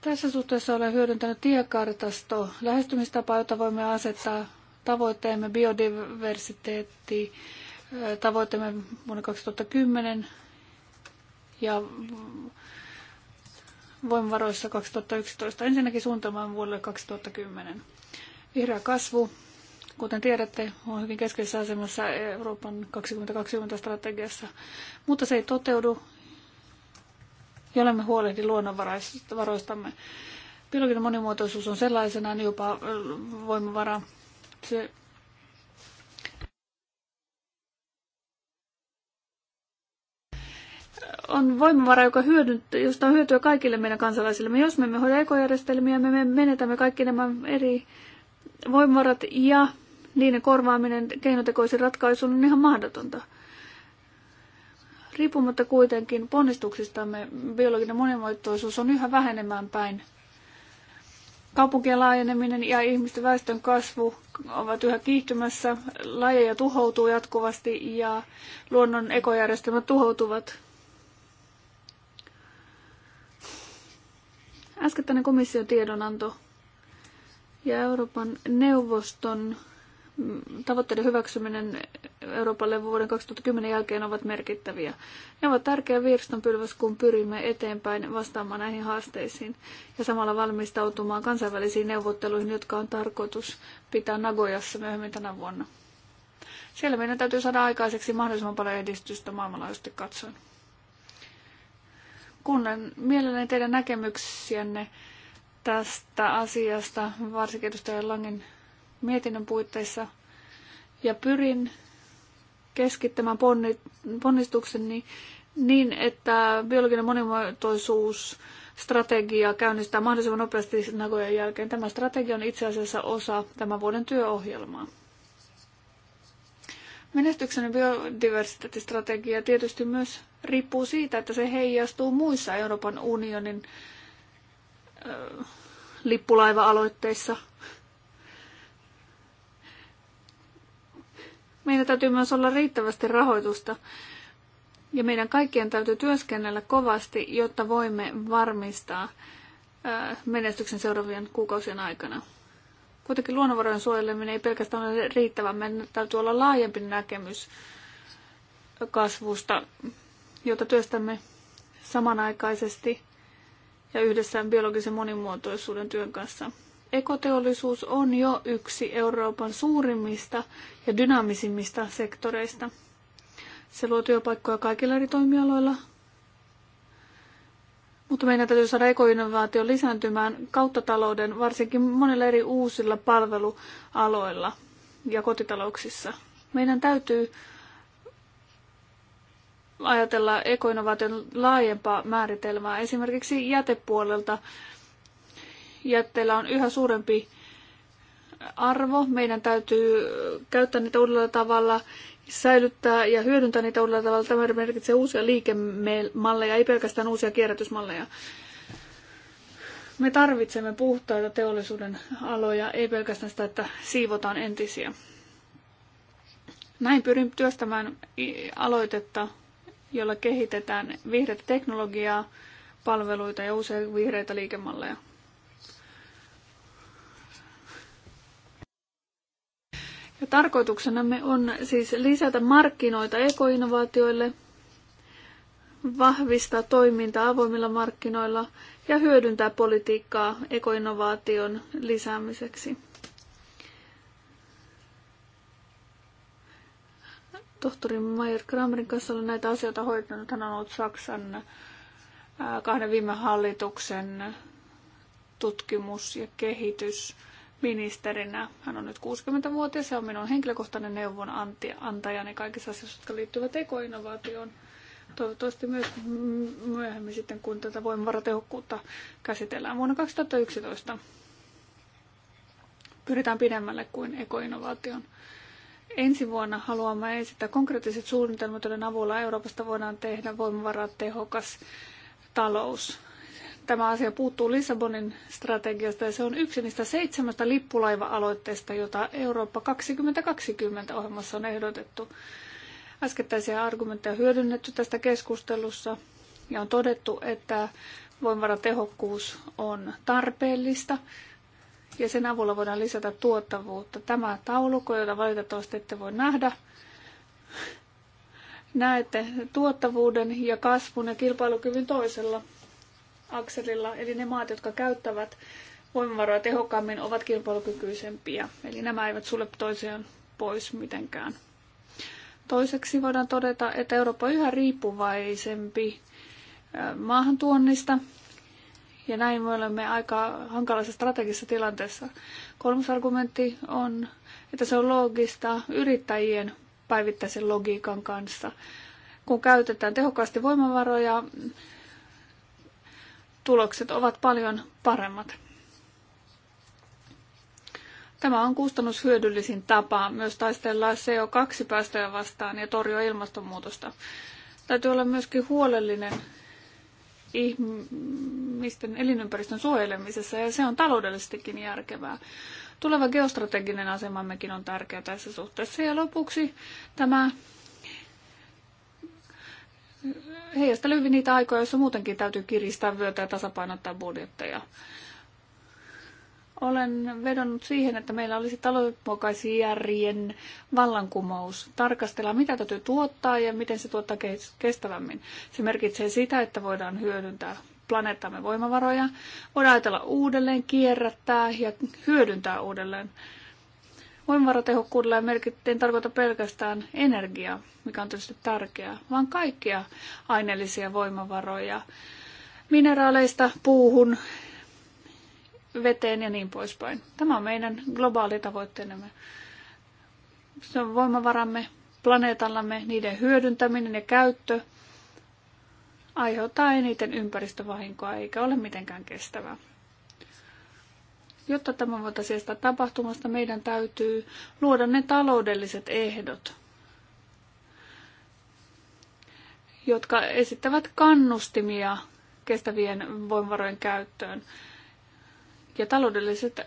Tässä suhteessa olen hyödyntänyt tiekartasto lähestymistapa, jota voimme asettaa tavoitteemme biodiversiteetti, e, tavoitteemme vuonna 2010 ja voimavaroissa 2011. Ensinnäkin suuntaamaan vuodelle 2010. Vihreä kasvu, kuten tiedätte, on hyvin keskeisessä asemassa Euroopan 2020-strategiassa, mutta se ei toteudu, jolle me huolehdi luonnonvaroistamme. Biologinen monimuotoisuus on sellaisenaan jopa voimavara. Se on voimavara, joka hyödyntää, josta on hyötyä kaikille meidän kansalaisillemme. Jos me emme hoida ekojärjestelmiä, me menetämme kaikki nämä eri voimavarat ja niiden korvaaminen keinotekoisin ratkaisun on ihan mahdotonta. Riippumatta kuitenkin ponnistuksistamme biologinen monimuotoisuus on yhä vähenemään päin. Kaupunkien laajeneminen ja ihmisten väestön kasvu ovat yhä kiihtymässä, lajeja tuhoutuu jatkuvasti ja luonnon ekojärjestelmät tuhoutuvat. Äskettäinen komission tiedonanto ja Euroopan neuvoston tavoitteiden hyväksyminen Euroopalle vuoden 2010 jälkeen ovat merkittäviä. Ne ovat tärkeä virstanpylväs, kun pyrimme eteenpäin vastaamaan näihin haasteisiin ja samalla valmistautumaan kansainvälisiin neuvotteluihin, jotka on tarkoitus pitää Nagojassa myöhemmin tänä vuonna. Siellä meidän täytyy saada aikaiseksi mahdollisimman paljon edistystä maailmanlaajuisesti katsoen kuunnan mielelläni teidän näkemyksiänne tästä asiasta, varsinkin edustaja Langin mietinnön puitteissa. Ja pyrin keskittämään ponnistukseni niin, että biologinen monimuotoisuus strategia käynnistää mahdollisimman nopeasti Nagojan jälkeen. Tämä strategia on itse asiassa osa tämän vuoden työohjelmaa. Menestyksen biodiversiteettistrategia tietysti myös riippuu siitä, että se heijastuu muissa Euroopan unionin äh, lippulaiva-aloitteissa. Meidän täytyy myös olla riittävästi rahoitusta ja meidän kaikkien täytyy työskennellä kovasti, jotta voimme varmistaa menestyksen seuraavien kuukausien aikana. Kuitenkin luonnonvarojen suojeleminen ei pelkästään ole riittävä. Meidän täytyy olla laajempi näkemys kasvusta, jota työstämme samanaikaisesti ja yhdessä biologisen monimuotoisuuden työn kanssa. Ekoteollisuus on jo yksi Euroopan suurimmista ja dynaamisimmista sektoreista. Se luo työpaikkoja kaikilla eri toimialoilla, mutta meidän täytyy saada ekoinnovaatio lisääntymään kautta talouden, varsinkin monilla eri uusilla palvelualoilla ja kotitalouksissa. Meidän täytyy ajatella ekoinnovaation laajempaa määritelmää. Esimerkiksi jätepuolelta jätteellä on yhä suurempi arvo. Meidän täytyy käyttää niitä uudella tavalla säilyttää ja hyödyntää niitä uudella tavalla. Tämä merkitsee uusia liikemalleja, ei pelkästään uusia kierrätysmalleja. Me tarvitsemme puhtaita teollisuuden aloja, ei pelkästään sitä, että siivotaan entisiä. Näin pyrin työstämään aloitetta, jolla kehitetään vihreitä teknologiaa, palveluita ja uusia vihreitä liikemalleja. Ja tarkoituksenamme on siis lisätä markkinoita ekoinnovaatioille, vahvistaa toimintaa avoimilla markkinoilla ja hyödyntää politiikkaa ekoinnovaation lisäämiseksi. Tohtori Mayer Kramerin kanssa olen näitä asioita hoitanut. Hän on ollut Saksan kahden viime hallituksen tutkimus- ja kehitys- ministerinä. Hän on nyt 60-vuotias ja on minun henkilökohtainen neuvonantajani kaikissa asioissa, jotka liittyvät ekoinnovaatioon. Toivottavasti myös myöhemmin sitten, kun tätä voimavaratehokkuutta käsitellään vuonna 2011. Pyritään pidemmälle kuin ekoinnovaation. Ensi vuonna haluamme esittää konkreettiset suunnitelmat, joiden avulla Euroopasta voidaan tehdä voimavaratehokas talous tämä asia puuttuu Lissabonin strategiasta ja se on yksi niistä seitsemästä lippulaiva-aloitteesta, jota Eurooppa 2020 ohjelmassa on ehdotettu. Äskettäisiä argumentteja on hyödynnetty tästä keskustelussa ja on todettu, että voimavaratehokkuus on tarpeellista ja sen avulla voidaan lisätä tuottavuutta. Tämä taulukko, jota valitettavasti ette voi nähdä, näette tuottavuuden ja kasvun ja kilpailukyvyn toisella akselilla, eli ne maat, jotka käyttävät voimavaroja tehokkaammin, ovat kilpailukykyisempiä. Eli nämä eivät sulle toisiaan pois mitenkään. Toiseksi voidaan todeta, että Eurooppa on yhä riippuvaisempi maahantuonnista, ja näin me olemme aika hankalassa strategisessa tilanteessa. Kolmas argumentti on, että se on loogista yrittäjien päivittäisen logiikan kanssa. Kun käytetään tehokkaasti voimavaroja, tulokset ovat paljon paremmat. Tämä on kustannushyödyllisin tapa myös taistella CO2-päästöjä vastaan ja torjua ilmastonmuutosta. Täytyy olla myöskin huolellinen ihmisten elinympäristön suojelemisessa ja se on taloudellisestikin järkevää. Tuleva geostrateginen asemammekin on tärkeä tässä suhteessa. Ja lopuksi tämä heijastelee hyvin niitä aikoja, joissa muutenkin täytyy kiristää vyötä ja tasapainottaa budjetteja. Olen vedonnut siihen, että meillä olisi talousmuokaisjärjen vallankumous. Tarkastella, mitä täytyy tuottaa ja miten se tuottaa kestävämmin. Se merkitsee sitä, että voidaan hyödyntää planeettamme voimavaroja, voidaan ajatella uudelleen, kierrättää ja hyödyntää uudelleen voimavaratehokkuudella ei merkittiin tarkoita pelkästään energiaa, mikä on tietysti tärkeää, vaan kaikkia aineellisia voimavaroja, mineraaleista puuhun, veteen ja niin poispäin. Tämä on meidän globaali tavoitteemme. Se on voimavaramme planeetallamme, niiden hyödyntäminen ja käyttö aiheuttaa eniten ympäristövahinkoa eikä ole mitenkään kestävää. Jotta tämä voitaisiin estää tapahtumasta, meidän täytyy luoda ne taloudelliset ehdot, jotka esittävät kannustimia kestävien voimavarojen käyttöön. Ja taloudelliset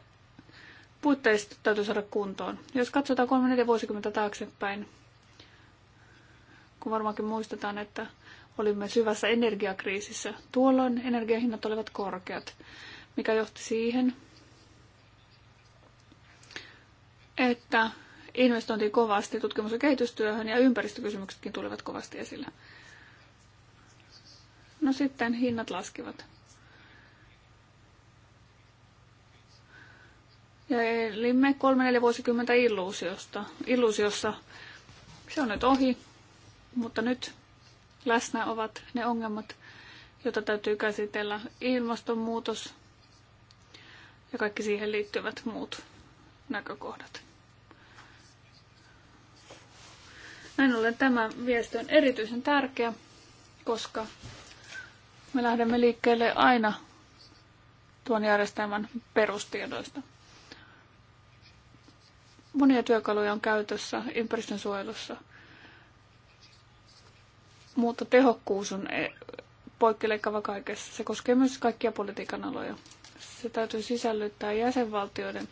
puitteista täytyy saada kuntoon. Jos katsotaan 3-4 vuosikymmentä taaksepäin, kun varmaankin muistetaan, että olimme syvässä energiakriisissä. Tuolloin energiahinnat olivat korkeat, mikä johti siihen, että investointi kovasti tutkimus- ja kehitystyöhön ja ympäristökysymyksetkin tulivat kovasti esille. No sitten hinnat laskivat. Ja elimme kolme neljä vuosikymmentä illuusiosta, illuusiossa. Se on nyt ohi, mutta nyt läsnä ovat ne ongelmat, joita täytyy käsitellä. Ilmastonmuutos ja kaikki siihen liittyvät muut näkökohdat. Näin ollen tämä viesti on erityisen tärkeä, koska me lähdemme liikkeelle aina tuon järjestelmän perustiedoista. Monia työkaluja on käytössä ympäristönsuojelussa, mutta tehokkuus on eh, poikkileikkaava kaikessa. Se koskee myös kaikkia politiikan aloja. Se täytyy sisällyttää jäsenvaltioiden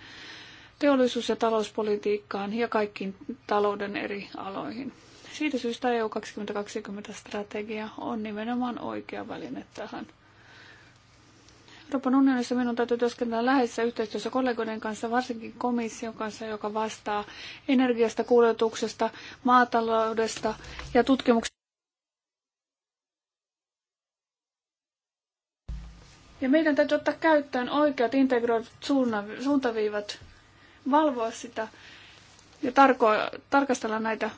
teollisuus- ja talouspolitiikkaan ja kaikkiin talouden eri aloihin. Siitä syystä EU 2020-strategia on nimenomaan oikea väline tähän. Euroopan unionissa minun täytyy työskennellä läheisessä yhteistyössä kollegoiden kanssa, varsinkin komission kanssa, joka vastaa energiasta, kuljetuksesta, maataloudesta ja tutkimuksesta. Ja meidän täytyy ottaa käyttöön oikeat integroidut suuntaviivat valvoa sitä ja tarko- tarkastella näitä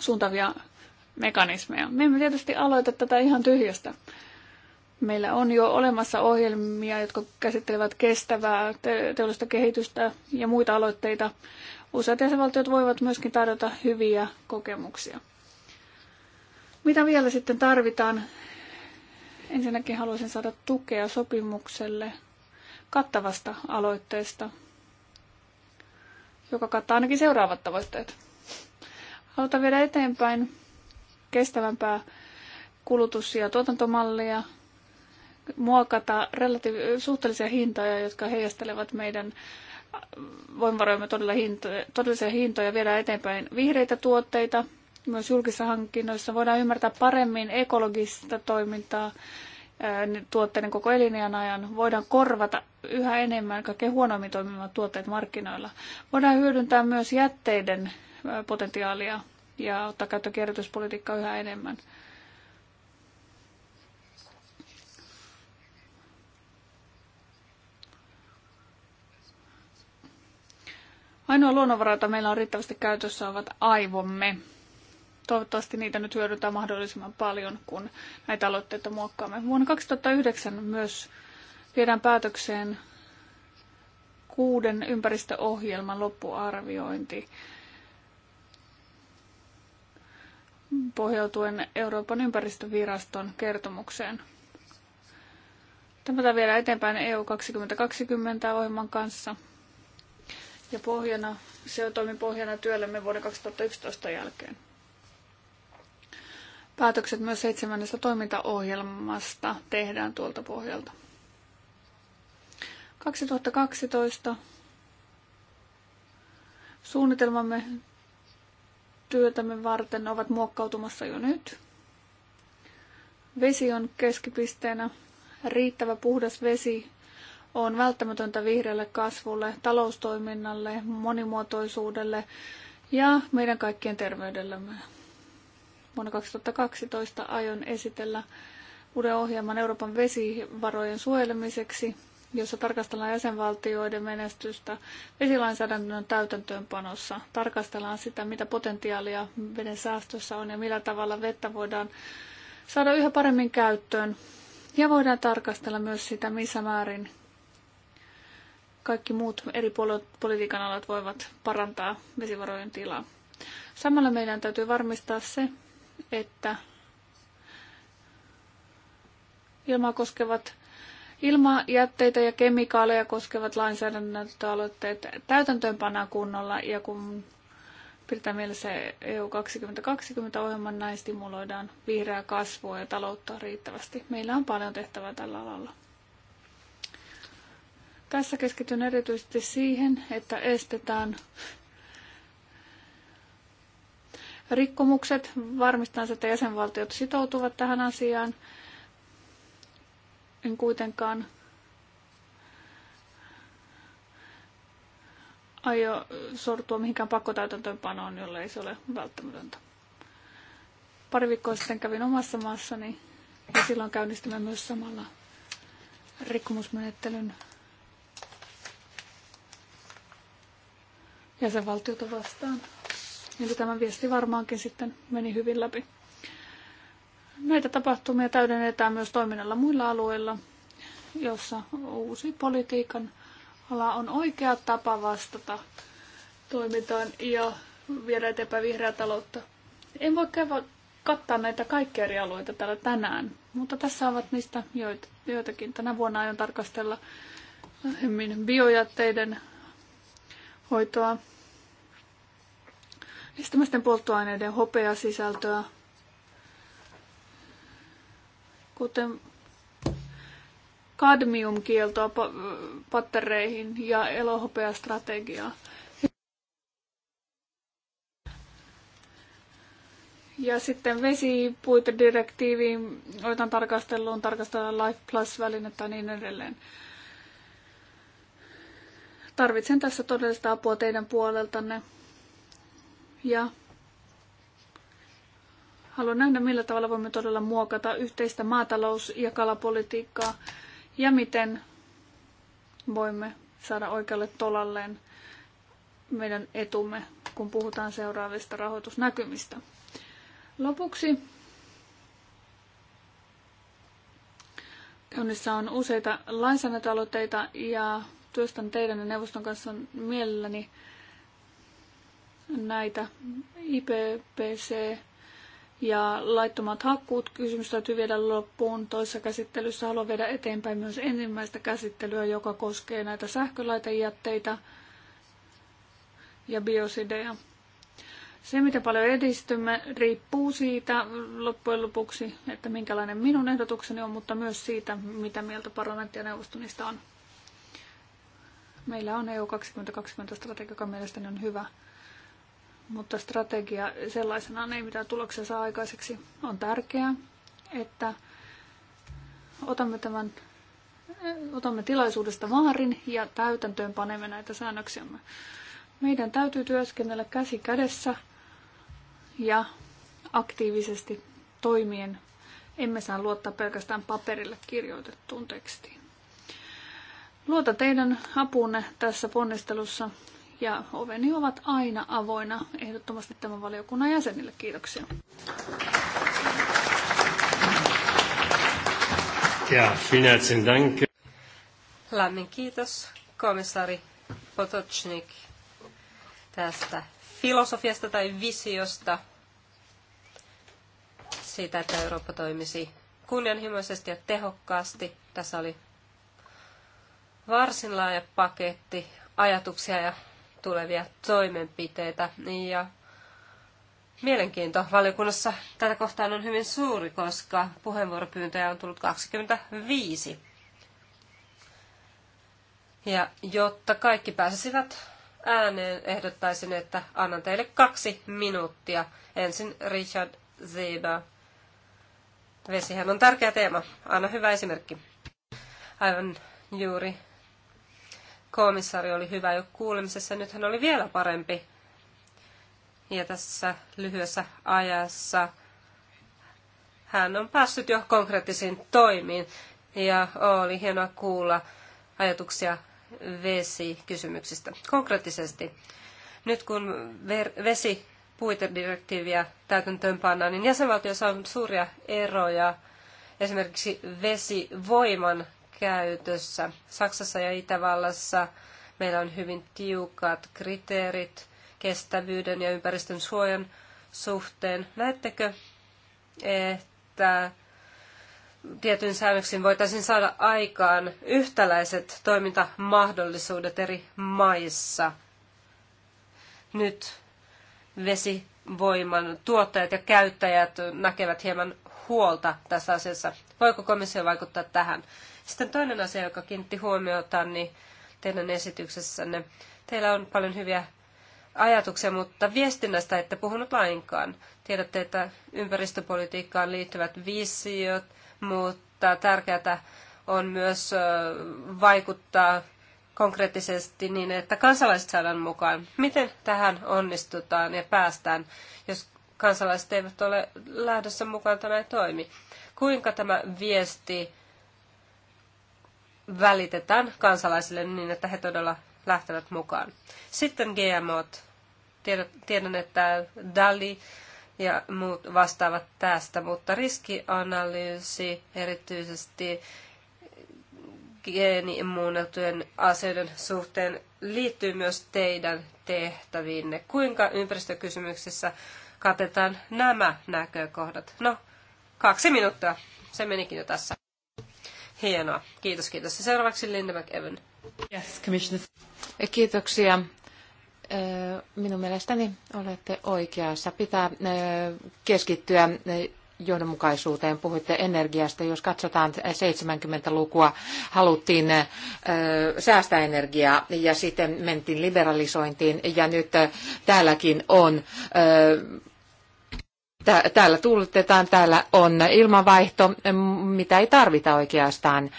suuntavia mekanismeja. Me emme tietysti aloita tätä ihan tyhjästä. Meillä on jo olemassa ohjelmia, jotka käsittelevät kestävää te- teollista kehitystä ja muita aloitteita. Useat jäsenvaltiot voivat myöskin tarjota hyviä kokemuksia. Mitä vielä sitten tarvitaan? Ensinnäkin haluaisin saada tukea sopimukselle kattavasta aloitteesta joka kattaa ainakin seuraavat tavoitteet. Halutaan viedä eteenpäin kestävämpää kulutus- ja tuotantomallia, muokata relatiiv- suhteellisia hintoja, jotka heijastelevat meidän äh, voimavaroimme todella hinto- todellisia hintoja, viedä eteenpäin vihreitä tuotteita, myös julkisissa hankinnoissa voidaan ymmärtää paremmin ekologista toimintaa, tuotteiden koko elinajan ajan voidaan korvata yhä enemmän kaikkein huonommin toimivat tuotteet markkinoilla. Voidaan hyödyntää myös jätteiden potentiaalia ja ottaa käyttöön kierrätyspolitiikkaa yhä enemmän. Ainoa luonnonvara, jota meillä on riittävästi käytössä, ovat aivomme. Toivottavasti niitä nyt hyödyntää mahdollisimman paljon, kun näitä aloitteita muokkaamme. Vuonna 2009 myös viedään päätökseen kuuden ympäristöohjelman loppuarviointi pohjautuen Euroopan ympäristöviraston kertomukseen. Tämä vielä eteenpäin EU 2020-ohjelman kanssa. Ja pohjana, se on toimin pohjana työllemme vuoden 2011 jälkeen päätökset myös seitsemännestä toimintaohjelmasta tehdään tuolta pohjalta. 2012 suunnitelmamme työtämme varten ovat muokkautumassa jo nyt. Vesi on keskipisteenä. Riittävä puhdas vesi on välttämätöntä vihreälle kasvulle, taloustoiminnalle, monimuotoisuudelle ja meidän kaikkien terveydellämme vuonna 2012 aion esitellä uuden ohjelman Euroopan vesivarojen suojelemiseksi, jossa tarkastellaan jäsenvaltioiden menestystä vesilainsäädännön täytäntöönpanossa. Tarkastellaan sitä, mitä potentiaalia veden säästössä on ja millä tavalla vettä voidaan saada yhä paremmin käyttöön. Ja voidaan tarkastella myös sitä, missä määrin kaikki muut eri politiikan alat voivat parantaa vesivarojen tilaa. Samalla meidän täytyy varmistaa se, että ilmaa koskevat ilmajätteitä ja kemikaaleja koskevat lainsäädäntöaloitteet täytäntöönpanaa kunnolla ja kun pidetään mielessä EU 2020-ohjelman, näin stimuloidaan vihreää kasvua ja taloutta riittävästi. Meillä on paljon tehtävää tällä alalla. Tässä keskityn erityisesti siihen, että estetään rikkomukset. Varmistetaan se, että jäsenvaltiot sitoutuvat tähän asiaan. En kuitenkaan aio sortua mihinkään pakkotäytäntöönpanoon, jolle ei se ole välttämätöntä. Pari viikkoa sitten kävin omassa maassani ja silloin käynnistimme myös samalla rikkomusmenettelyn jäsenvaltiota vastaan niin tämä viesti varmaankin sitten meni hyvin läpi. Näitä tapahtumia täydennetään myös toiminnalla muilla alueilla, jossa uusi politiikan ala on oikea tapa vastata toimintaan ja viedä eteenpäin vihreää taloutta. En voi käydä kattaa näitä kaikkia eri alueita täällä tänään, mutta tässä ovat niistä joit, joitakin. Tänä vuonna aion tarkastella lähemmin biojätteiden hoitoa, nestemäisten polttoaineiden hopeasisältöä, kuten kadmiumkieltoa pattereihin ja elohopeastrategiaa. Ja sitten vesipuitedirektiiviin otan tarkasteluun, tarkastella Life Plus-välinettä ja niin edelleen. Tarvitsen tässä todellista apua teidän puoleltanne. Ja haluan nähdä, millä tavalla voimme todella muokata yhteistä maatalous- ja kalapolitiikkaa ja miten voimme saada oikealle tolalleen meidän etumme, kun puhutaan seuraavista rahoitusnäkymistä. Lopuksi käynnissä on useita lainsäädäntöaloitteita ja työstän teidän ja neuvoston kanssa mielelläni näitä IPPC ja laittomat hakkuut. Kysymys täytyy viedä loppuun. Toisessa käsittelyssä haluan viedä eteenpäin myös ensimmäistä käsittelyä, joka koskee näitä sähkölaitejätteitä ja biosideja. Se, miten paljon edistymme, riippuu siitä loppujen lopuksi, että minkälainen minun ehdotukseni on, mutta myös siitä, mitä mieltä parlamentti ja neuvosto niistä on. Meillä on EU 2020-strategia, joka mielestäni on hyvä mutta strategia sellaisenaan ei mitään tuloksia saa aikaiseksi. On tärkeää, että otamme tämän otamme tilaisuudesta vaarin ja täytäntöön panemme näitä säännöksiämme. Meidän täytyy työskennellä käsi kädessä ja aktiivisesti toimien. Emme saa luottaa pelkästään paperille kirjoitettuun tekstiin. Luota teidän apunne tässä ponnistelussa ja oveni ovat aina avoina ehdottomasti tämän valiokunnan jäsenille. Kiitoksia. Ja, vielen dank. Lämmin kiitos komissaari Potocnik tästä filosofiasta tai visiosta siitä, että Eurooppa toimisi kunnianhimoisesti ja tehokkaasti. Tässä oli varsin laaja paketti ajatuksia ja tulevia toimenpiteitä. Ja mielenkiinto valiokunnassa tätä kohtaa on hyvin suuri, koska puheenvuoropyyntöjä on tullut 25. Ja jotta kaikki pääsisivät ääneen, ehdottaisin, että annan teille kaksi minuuttia. Ensin Richard Zeba. Vesihän on tärkeä teema. Anna hyvä esimerkki. Aivan juuri komissaari oli hyvä jo kuulemisessa, nyt hän oli vielä parempi. Ja tässä lyhyessä ajassa hän on päässyt jo konkreettisiin toimiin. Ja oli hienoa kuulla ajatuksia vesikysymyksistä konkreettisesti. Nyt kun ver- vesi puitedirektiiviä pannaan, niin jäsenvaltioissa on suuria eroja esimerkiksi vesivoiman käytössä. Saksassa ja Itävallassa meillä on hyvin tiukat kriteerit kestävyyden ja ympäristön suojan suhteen. Näettekö, että tietyn säännöksin voitaisiin saada aikaan yhtäläiset toimintamahdollisuudet eri maissa? Nyt vesivoiman tuottajat ja käyttäjät näkevät hieman huolta tässä asiassa. Voiko komissio vaikuttaa tähän? Sitten toinen asia, joka kiinnitti huomiota, niin teidän esityksessänne. Teillä on paljon hyviä ajatuksia, mutta viestinnästä ette puhunut lainkaan. Tiedätte, että ympäristöpolitiikkaan liittyvät visiot, mutta tärkeää on myös vaikuttaa konkreettisesti niin, että kansalaiset saadaan mukaan. Miten tähän onnistutaan ja päästään, jos kansalaiset eivät ole lähdössä mukaan tai toimi? Kuinka tämä viesti välitetään kansalaisille niin, että he todella lähtevät mukaan. Sitten GMOt. Tiedän, että Dali ja muut vastaavat tästä, mutta riskianalyysi erityisesti geenimuunneltujen asioiden suhteen liittyy myös teidän tehtäviinne. Kuinka ympäristökysymyksissä katetaan nämä näkökohdat? No, kaksi minuuttia. Se menikin jo tässä. Hienoa. Kiitos, kiitos. Ja seuraavaksi Linda McEwen. Yes, commissioner. Kiitoksia. Minun mielestäni olette oikeassa. Pitää keskittyä johdonmukaisuuteen. Puhuitte energiasta. Jos katsotaan 70-lukua, haluttiin säästää energiaa ja sitten mentiin liberalisointiin. Ja nyt täälläkin on Täällä tuuletetaan, täällä on ilmanvaihto, mitä ei tarvita oikeastaan.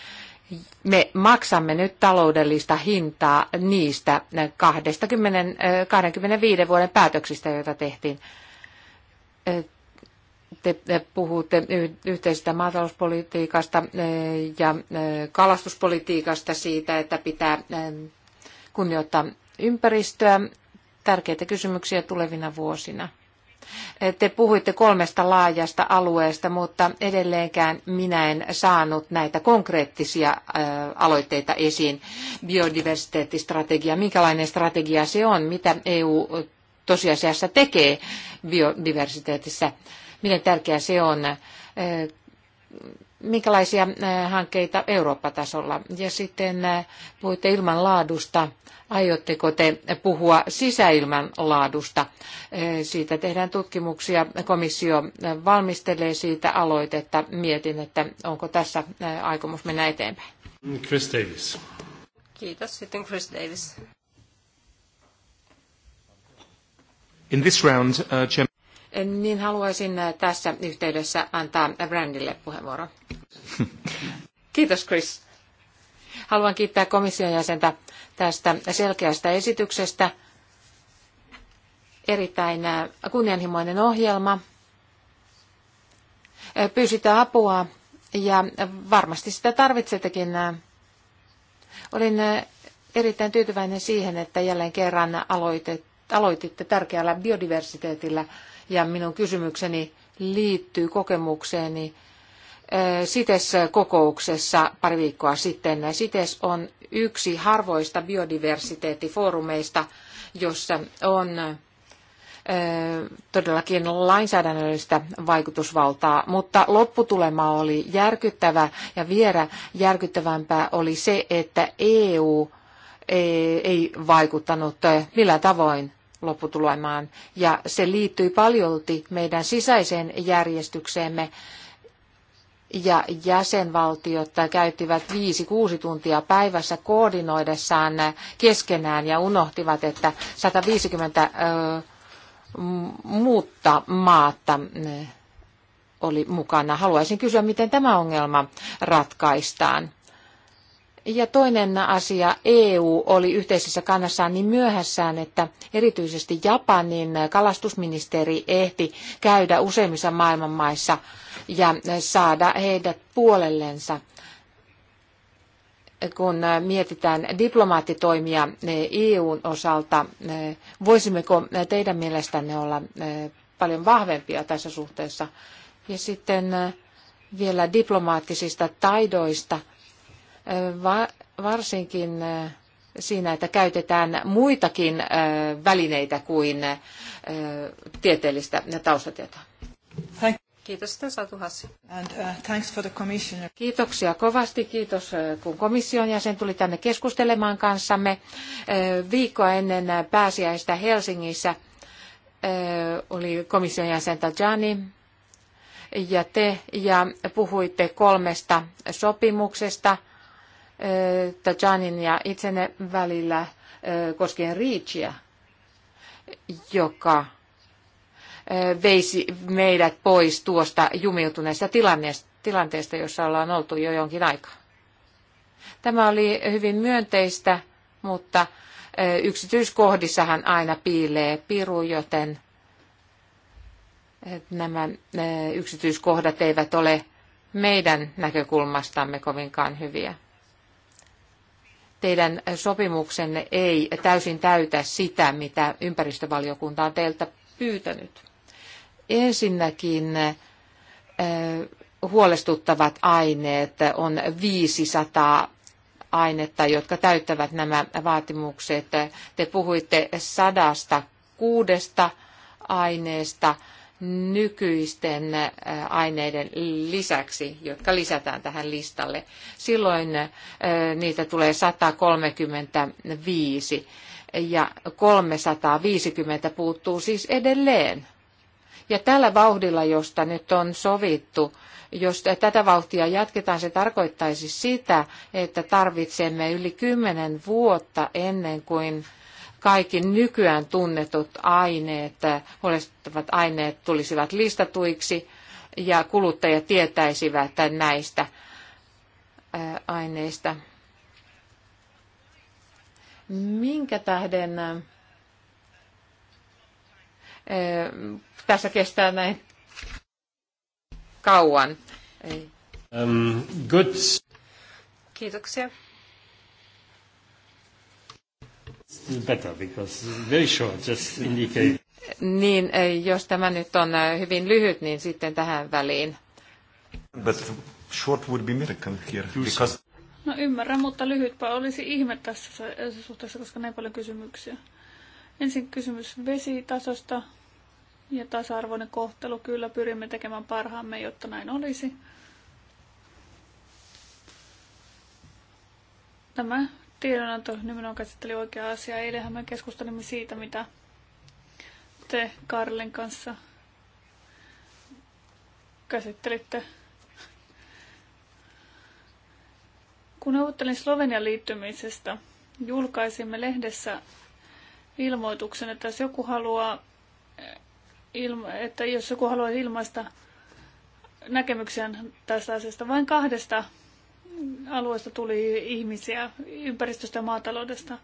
Me maksamme nyt taloudellista hintaa niistä 20, 25 vuoden päätöksistä, joita tehtiin. Te puhutte yhteisestä maatalouspolitiikasta ja kalastuspolitiikasta siitä, että pitää kunnioittaa ympäristöä. Tärkeitä kysymyksiä tulevina vuosina. Te puhuitte kolmesta laajasta alueesta, mutta edelleenkään minä en saanut näitä konkreettisia aloitteita esiin. Biodiversiteettistrategia, minkälainen strategia se on, mitä EU tosiasiassa tekee biodiversiteetissä, miten tärkeää se on minkälaisia eh, hankkeita Eurooppa-tasolla? Ja sitten eh, puhuitte ilmanlaadusta. Aiotteko te puhua sisäilmanlaadusta? Eh, siitä tehdään tutkimuksia. Komissio valmistelee siitä aloitetta. Mietin, että onko tässä aikomus mennä eteenpäin. Chris Davis. Kiitos. Sitten Chris Davis. In this round, uh, niin haluaisin äh, tässä yhteydessä antaa Brandille puheenvuoron. Kiitos Chris. Haluan kiittää komission jäsentä tästä selkeästä esityksestä. Erittäin äh, kunnianhimoinen ohjelma. Äh, pyysitte apua ja varmasti sitä tarvitsettekin. Olin erittäin tyytyväinen siihen, että jälleen kerran aloititte tärkeällä biodiversiteetillä – ja minun kysymykseni liittyy kokemukseeni sites kokouksessa pari viikkoa sitten. Sites on yksi harvoista biodiversiteettifoorumeista, jossa on todellakin lainsäädännöllistä vaikutusvaltaa, mutta lopputulema oli järkyttävä ja vielä järkyttävämpää oli se, että EU e, ei vaikuttanut millään tavoin lopputulemaan. Ja se liittyi paljolti meidän sisäiseen järjestykseemme. Ja jäsenvaltiot käyttivät 5-6 tuntia päivässä koordinoidessaan keskenään ja unohtivat, että 150 ö, muutta maata oli mukana. Haluaisin kysyä, miten tämä ongelma ratkaistaan ja toinen asia, EU oli yhteisessä kannassaan niin myöhässään, että erityisesti Japanin kalastusministeri ehti käydä useimmissa maailman maissa ja saada heidät puolellensa. Kun mietitään diplomaattitoimia EUn osalta, voisimmeko teidän mielestänne olla paljon vahvempia tässä suhteessa? Ja sitten vielä diplomaattisista taidoista – varsinkin siinä, että käytetään muitakin välineitä kuin tieteellistä taustatietoa. Kiitos, Satu Hassi. And, uh, Kiitoksia kovasti. Kiitos, kun komission jäsen tuli tänne keskustelemaan kanssamme. Viikkoa ennen pääsiäistä Helsingissä oli komission jäsen Tajani ja te, ja puhuitte kolmesta sopimuksesta – Tajanin ja itsenne välillä koskien Riichiä, joka veisi meidät pois tuosta jumiutuneesta tilanteesta, jossa ollaan oltu jo jonkin aikaa. Tämä oli hyvin myönteistä, mutta yksityiskohdissahan aina piilee piru, joten nämä yksityiskohdat eivät ole meidän näkökulmastamme kovinkaan hyviä teidän sopimuksenne ei täysin täytä sitä, mitä ympäristövaliokunta on teiltä pyytänyt. Ensinnäkin huolestuttavat aineet on 500 ainetta, jotka täyttävät nämä vaatimukset. Te puhuitte sadasta kuudesta aineesta nykyisten aineiden lisäksi, jotka lisätään tähän listalle. Silloin niitä tulee 135 ja 350 puuttuu siis edelleen. Ja tällä vauhdilla, josta nyt on sovittu, jos tätä vauhtia jatketaan, se tarkoittaisi sitä, että tarvitsemme yli kymmenen vuotta ennen kuin kaikki nykyään tunnetut aineet, huolestuttavat aineet tulisivat listatuiksi ja kuluttajat tietäisivät näistä äh, aineista. Minkä tähden äh, tässä kestää näin kauan? Ei. Um, good. Kiitoksia. better because very short, just indicate. Niin, eh, jos tämä nyt on eh, hyvin lyhyt, niin sitten tähän väliin. But short would be miracle here because... No ymmärrän, mutta lyhytpä olisi ihme tässä eh, suhteessa, koska näin paljon kysymyksiä. Ensin kysymys vesitasosta ja tasa-arvoinen kohtelu. Kyllä pyrimme tekemään parhaamme, jotta näin olisi. Tämä tiedonanto nimenomaan käsitteli oikeaa asiaa. Eilenhän me keskustelimme siitä, mitä te Karlen kanssa käsittelitte. Kun neuvottelin Slovenian liittymisestä, julkaisimme lehdessä ilmoituksen, että jos joku haluaa, ilma, että jos joku haluaa ilmaista näkemyksiä tästä asiasta vain kahdesta alueesta tuli ihmisiä ympäristöstä ja maataloudesta.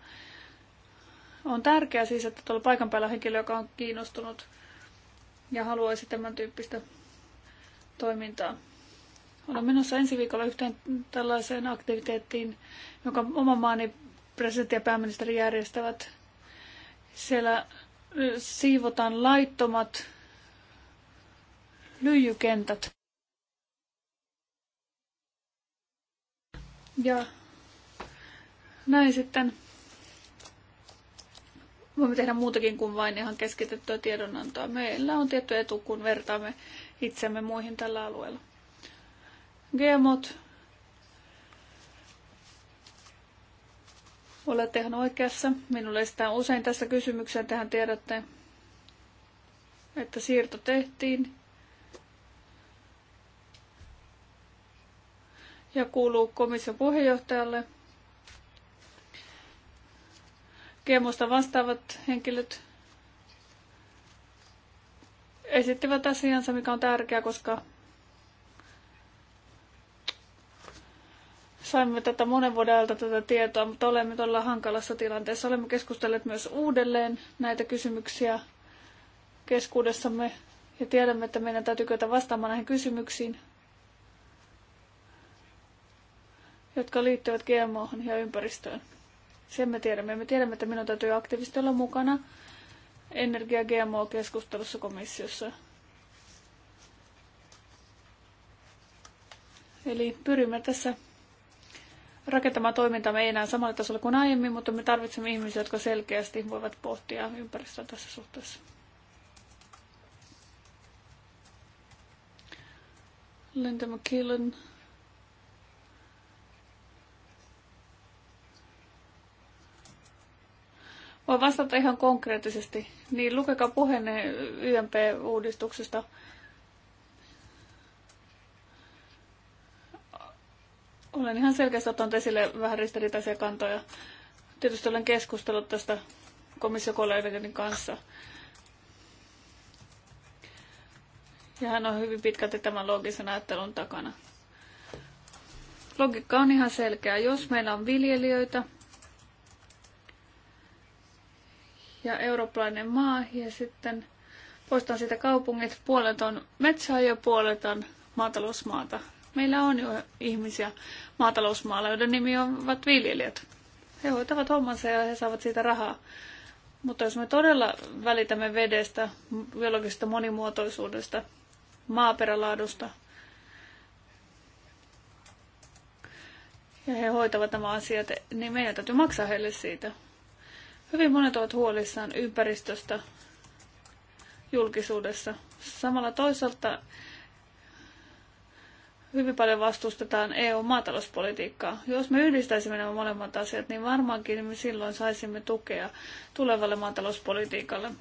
On tärkeää siis, että tuolla paikan päällä on henkilö, joka on kiinnostunut ja haluaisi tämän tyyppistä toimintaa. Olen menossa ensi viikolla yhteen tällaiseen aktiviteettiin, jonka oman maani presidentti ja pääministeri järjestävät. Siellä siivotaan laittomat lyijykentät. Ja näin sitten voimme tehdä muutakin kuin vain ihan keskitettyä tiedonantoa. Meillä on tietty etu, kun vertaamme itsemme muihin tällä alueella. Gemot. Olet ihan oikeassa. Minulle sitä usein tässä kysymykseen, tähän tiedätte, että siirto tehtiin ja kuuluu komission puheenjohtajalle. Gemusta vastaavat henkilöt esittivät asiansa, mikä on tärkeää, koska saimme tätä monen vuoden ajalta tätä tietoa, mutta olemme todella hankalassa tilanteessa. Olemme keskustelleet myös uudelleen näitä kysymyksiä keskuudessamme ja tiedämme, että meidän täytyy kyetä vastaamaan näihin kysymyksiin. jotka liittyvät gmo ja ympäristöön. Sen me tiedämme. Me tiedämme, että minun täytyy aktiivisesti olla mukana energia- GMO-keskustelussa komissiossa. Eli pyrimme tässä rakentamaan me ei enää samalla tasolla kuin aiemmin, mutta me tarvitsemme ihmisiä, jotka selkeästi voivat pohtia ympäristöä tässä suhteessa. Linda McKillen Voin vastata ihan konkreettisesti. Niin lukekaa puheenne YMP-uudistuksesta. Olen ihan selkeästi ottanut esille vähän ristiriitaisia kantoja. Tietysti olen keskustellut tästä komissiokollegoiden kanssa. Ja hän on hyvin pitkälti tämän loogisen ajattelun takana. Logiikka on ihan selkeä. Jos meillä on viljelijöitä, ja eurooppalainen maa ja sitten poistan siitä kaupungit, puolet on metsää ja puolet on maatalousmaata. Meillä on jo ihmisiä maatalousmaalla, joiden nimi ovat viljelijät. He hoitavat hommansa ja he saavat siitä rahaa. Mutta jos me todella välitämme vedestä, biologisesta monimuotoisuudesta, maaperälaadusta, ja he hoitavat nämä asiat, niin meidän täytyy maksaa heille siitä. Hyvin monet ovat huolissaan ympäristöstä julkisuudessa. Samalla toisaalta hyvin paljon vastustetaan EU-maatalouspolitiikkaa. Jos me yhdistäisimme nämä molemmat asiat, niin varmaankin me silloin saisimme tukea tulevalle maatalouspolitiikalle,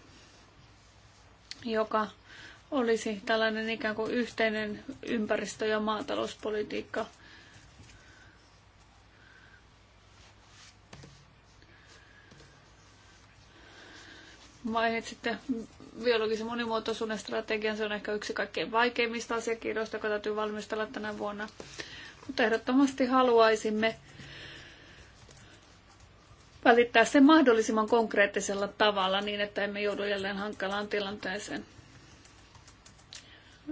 joka olisi tällainen ikään kuin yhteinen ympäristö- ja maatalouspolitiikka – mainitsitte biologisen monimuotoisuuden strategian. Se on ehkä yksi kaikkein vaikeimmista asiakirjoista, joka täytyy valmistella tänä vuonna. Mutta ehdottomasti haluaisimme välittää sen mahdollisimman konkreettisella tavalla niin, että emme joudu jälleen hankalaan tilanteeseen.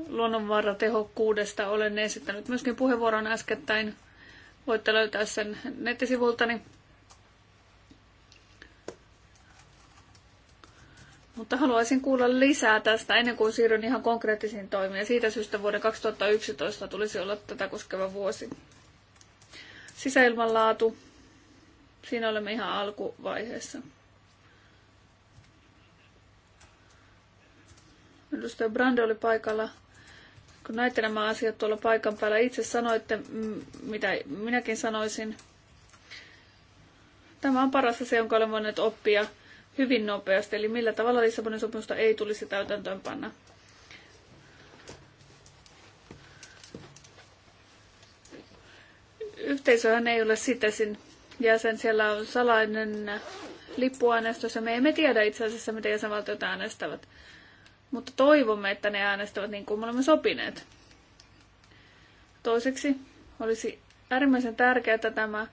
Luonnonvaratehokkuudesta olen esittänyt myöskin puheenvuoron äskettäin. Voitte löytää sen nettisivultani. Mutta haluaisin kuulla lisää tästä ennen kuin siirryn ihan konkreettisiin toimiin. Siitä syystä vuoden 2011 tulisi olla tätä koskeva vuosi. Sisäilmanlaatu. Siinä olemme ihan alkuvaiheessa. Edustaja Brande oli paikalla. Kun näitte nämä asiat tuolla paikan päällä, itse sanoitte, mitä minäkin sanoisin. Tämä on paras asia, jonka olen voinut oppia – hyvin nopeasti, eli millä tavalla Lissabonin sopimusta ei tulisi täytäntöönpanna. Yhteisöhän ei ole sitäsin jäsen, siellä on salainen lippuäänestys ja me emme tiedä itse asiassa, mitä jäsenvaltiot äänestävät. Mutta toivomme, että ne äänestävät niin kuin me olemme sopineet. Toiseksi olisi äärimmäisen tärkeää, että tämä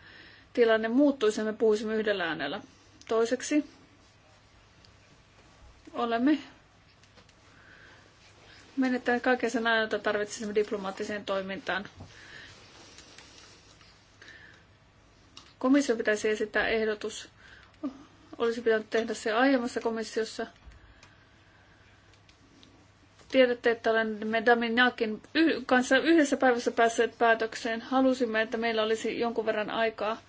tilanne muuttuisi ja me puhuisimme yhdellä äänellä. Toiseksi olemme Menettää kaiken sen ajan, jota tarvitsisimme diplomaattiseen toimintaan. Komissio pitäisi esittää ehdotus. Olisi pitänyt tehdä se aiemmassa komissiossa. Tiedätte, että olemme Daminakin kanssa yhdessä päivässä päässeet päätökseen. Halusimme, että meillä olisi jonkun verran aikaa –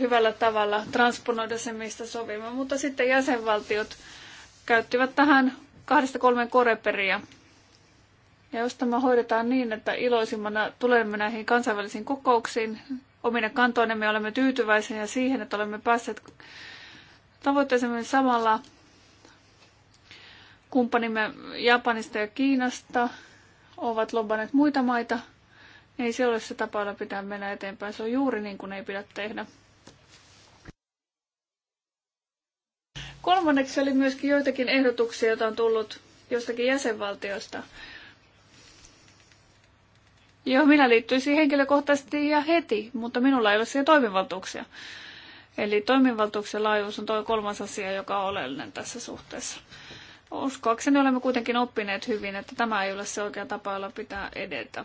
hyvällä tavalla transponoida se, mistä sovimme. Mutta sitten jäsenvaltiot käyttivät tähän kahdesta kolmeen koreperia. Ja jos tämä hoidetaan niin, että iloisimmana tulemme näihin kansainvälisiin kokouksiin, omine me olemme tyytyväisiä siihen, että olemme päässeet tavoitteeseen samalla kumppanimme Japanista ja Kiinasta ovat lobanneet muita maita, ei se ole se tapa, jolla pitää mennä eteenpäin. Se on juuri niin kuin ei pidä tehdä. Kolmanneksi oli myöskin joitakin ehdotuksia, joita on tullut jostakin jäsenvaltiosta. Joo, minä liittyisin henkilökohtaisesti ja heti, mutta minulla ei ole siihen toimivaltuuksia. Eli toimivaltuuksien laajuus on tuo kolmas asia, joka on oleellinen tässä suhteessa. Uskoakseni olemme kuitenkin oppineet hyvin, että tämä ei ole se oikea tapa, jolla pitää edetä.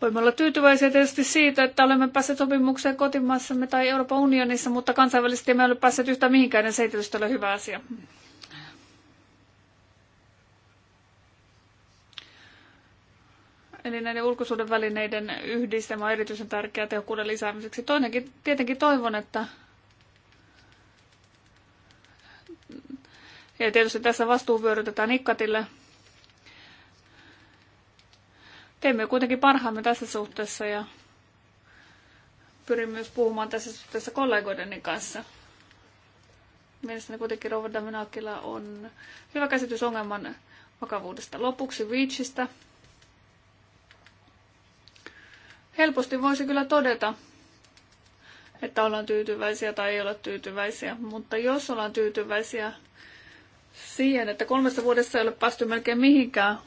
Voimme olla tyytyväisiä tietysti siitä, että olemme päässeet sopimukseen kotimaassamme tai Euroopan unionissa, mutta kansainvälisesti emme ole päässeet yhtään mihinkään, ja niin se ei tietysti ole hyvä asia. Eli näiden ulkosuuden välineiden yhdistelmä on erityisen tärkeää tehokkuuden lisäämiseksi. Toinenkin, tietenkin toivon, että ja tietysti tässä vastuu vyörytetään Ikkatille, Teemme kuitenkin parhaamme tässä suhteessa ja pyrin myös puhumaan tässä suhteessa kollegoideni kanssa. Mielestäni kuitenkin Rova Daminakilla on hyvä käsitys ongelman vakavuudesta. Lopuksi Reachista. Helposti voisi kyllä todeta, että ollaan tyytyväisiä tai ei ole tyytyväisiä, mutta jos ollaan tyytyväisiä siihen, että kolmessa vuodessa ei ole päästy melkein mihinkään,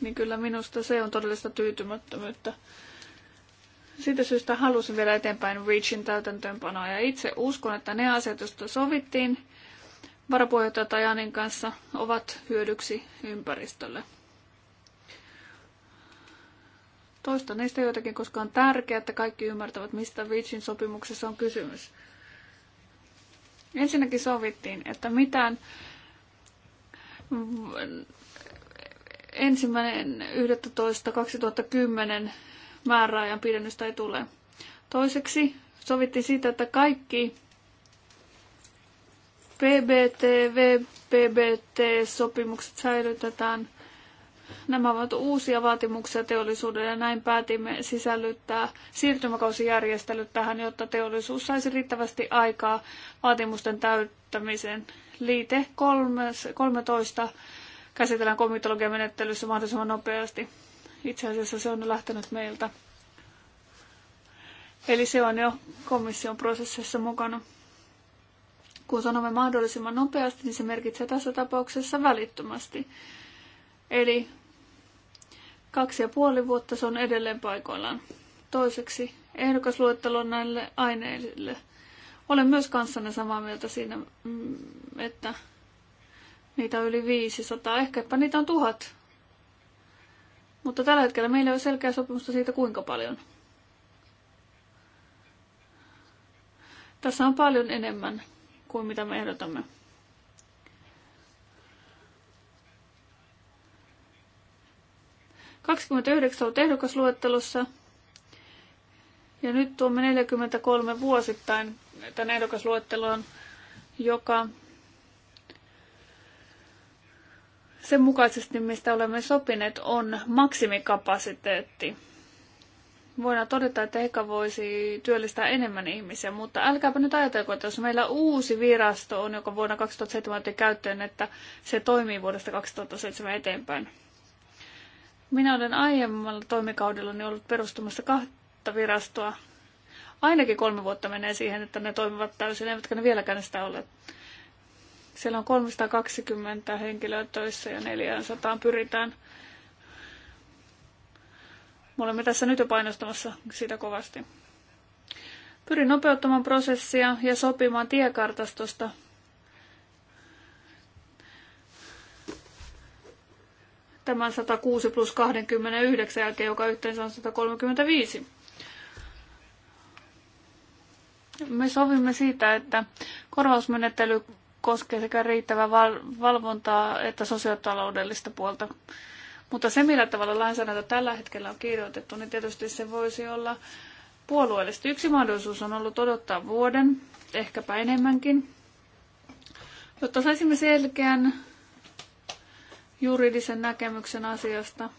niin kyllä minusta se on todellista tyytymättömyyttä. Siitä syystä halusin vielä eteenpäin REACHin täytäntöönpanoa ja itse uskon, että ne asiat, joista sovittiin varapuheenjohtaja Tajanin kanssa, ovat hyödyksi ympäristölle. Toista niistä joitakin, koska on tärkeää, että kaikki ymmärtävät, mistä REACHin sopimuksessa on kysymys. Ensinnäkin sovittiin, että mitään ensimmäinen 11.2010 määräajan pidennystä ei tule. Toiseksi sovittiin siitä, että kaikki PBT, VPBT-sopimukset säilytetään. Nämä ovat uusia vaatimuksia teollisuudelle ja näin päätimme sisällyttää siirtymäkausijärjestelyt tähän, jotta teollisuus saisi riittävästi aikaa vaatimusten täyttämiseen. Liite 13 käsitellään komitologiamenettelyssä mahdollisimman nopeasti. Itse asiassa se on lähtenyt meiltä. Eli se on jo komission prosessissa mukana. Kun sanomme mahdollisimman nopeasti, niin se merkitsee tässä tapauksessa välittömästi. Eli kaksi ja puoli vuotta se on edelleen paikoillaan. Toiseksi ehdokasluettelo näille aineille. Olen myös kanssanne samaa mieltä siinä, mm, että Niitä on yli 500, ehkäpä niitä on tuhat. Mutta tällä hetkellä meillä ei ole selkeää sopimusta siitä, kuinka paljon. Tässä on paljon enemmän kuin mitä me ehdotamme. Kaksikymmentäyhdeksän on ehdokasluettelossa ja nyt tuomme 43 vuosittain tämän ehdokasluetteloon, joka sen mukaisesti, mistä olemme sopineet, on maksimikapasiteetti. Voidaan todeta, että Heka voisi työllistää enemmän ihmisiä, mutta älkääpä nyt ajatelko, että jos meillä uusi virasto on, joka vuonna 2007 käyttöön, että se toimii vuodesta 2007 eteenpäin. Minä olen aiemmalla toimikaudellani ollut perustumassa kahta virastoa. Ainakin kolme vuotta menee siihen, että ne toimivat täysin, eivätkä ne vieläkään sitä ole. Siellä on 320 henkilöä töissä ja 400 pyritään. Me olemme tässä nyt jo painostamassa sitä kovasti. Pyrin nopeuttamaan prosessia ja sopimaan tiekartastosta tämän 106 plus 29 jälkeen, joka yhteensä on 135. Me sovimme siitä, että korvausmenettely koskee sekä riittävää valvontaa että sosiotaloudellista puolta. Mutta se, millä tavalla lainsäädäntö tällä hetkellä on kirjoitettu, niin tietysti se voisi olla puolueellisesti. Yksi mahdollisuus on ollut odottaa vuoden, ehkäpä enemmänkin, jotta saisimme selkeän juridisen näkemyksen asiasta.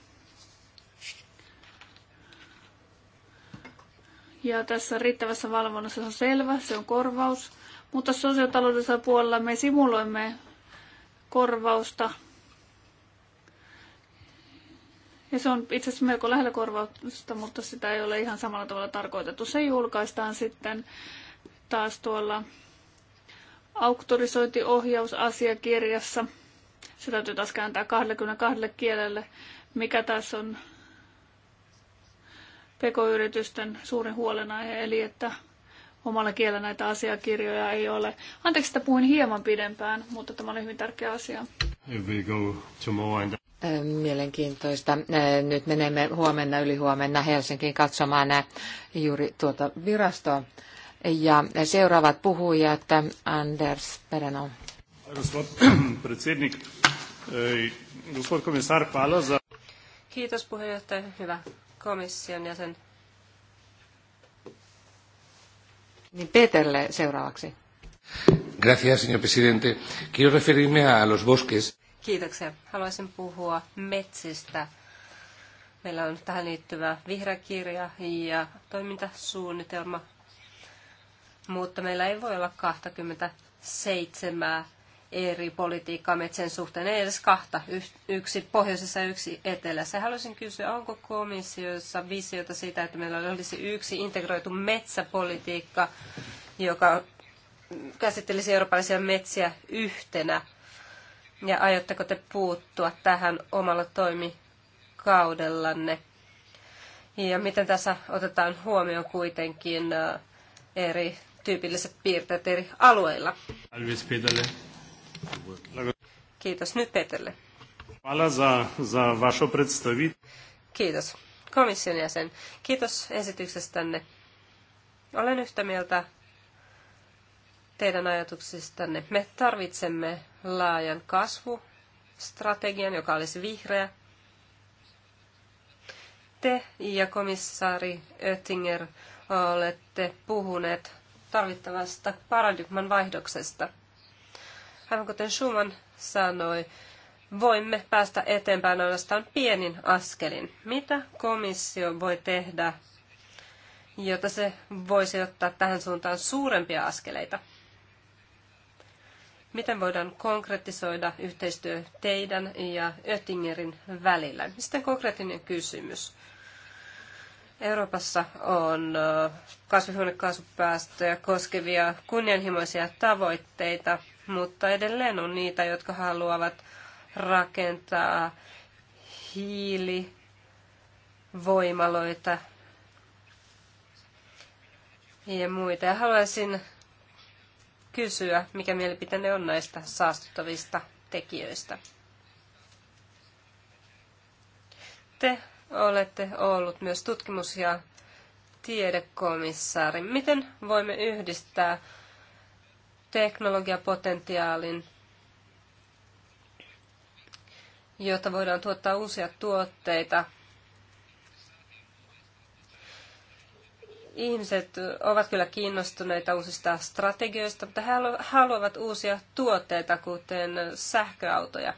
Ja tässä riittävässä valvonnassa se on selvä, se on korvaus. Mutta sosiotaloudellisella puolella me simuloimme korvausta. Ja se on itse asiassa melko lähellä korvausta, mutta sitä ei ole ihan samalla tavalla tarkoitettu. Se julkaistaan sitten taas tuolla auktorisointiohjausasiakirjassa. Se täytyy taas kääntää 22 kielelle, mikä tässä on pk-yritysten suurin huolenaihe, eli että omalla kielellä näitä asiakirjoja ei ole. Anteeksi, että puhuin hieman pidempään, mutta tämä oli hyvin tärkeä asia. Mielenkiintoista. Nyt menemme huomenna yli huomenna Helsinkiin katsomaan juuri tuota virastoa. Ja seuraavat puhujat, Anders Pereno. Kiitos puheenjohtaja, hyvä komission jäsen Niin Peterle seuraavaksi. Gracias, señor presidente. Quiero referirme a los bosques. Kiitoksia. Haluaisin puhua metsistä. Meillä on tähän liittyvä vihreä ja toimintasuunnitelma, mutta meillä ei voi olla 27 eri politiikkaa metsän suhteen, ei edes kahta, yksi pohjoisessa ja yksi etelässä. Haluaisin kysyä, onko komissiossa visiota siitä, että meillä olisi yksi integroitu metsäpolitiikka, joka käsittelisi eurooppalaisia metsiä yhtenä, ja aiotteko te puuttua tähän omalla toimikaudellanne? Ja miten tässä otetaan huomioon kuitenkin äh, eri tyypilliset piirteet eri alueilla? Alvis Pidale. Kiitos nyt Peterille. Kiitos komission jäsen. Kiitos esityksestänne. Olen yhtä mieltä teidän ajatuksistanne. Me tarvitsemme laajan kasvustrategian, joka olisi vihreä. Te ja komissaari Oettinger olette puhuneet tarvittavasta paradigman vaihdoksesta – Aivan kuten Schumann sanoi, voimme päästä eteenpäin ainoastaan pienin askelin. Mitä komissio voi tehdä, jotta se voisi ottaa tähän suuntaan suurempia askeleita? Miten voidaan konkretisoida yhteistyö teidän ja Oettingerin välillä? Sitten konkreettinen kysymys. Euroopassa on kasvihuonekaasupäästöjä koskevia kunnianhimoisia tavoitteita – mutta edelleen on niitä, jotka haluavat rakentaa hiilivoimaloita ja muita. Ja haluaisin kysyä, mikä mielipiteenne on näistä saastuttavista tekijöistä. Te olette ollut myös tutkimus- ja tiedekomissaari. Miten voimme yhdistää teknologiapotentiaalin, jotta voidaan tuottaa uusia tuotteita. Ihmiset ovat kyllä kiinnostuneita uusista strategioista, mutta he haluavat uusia tuotteita, kuten sähköautoja.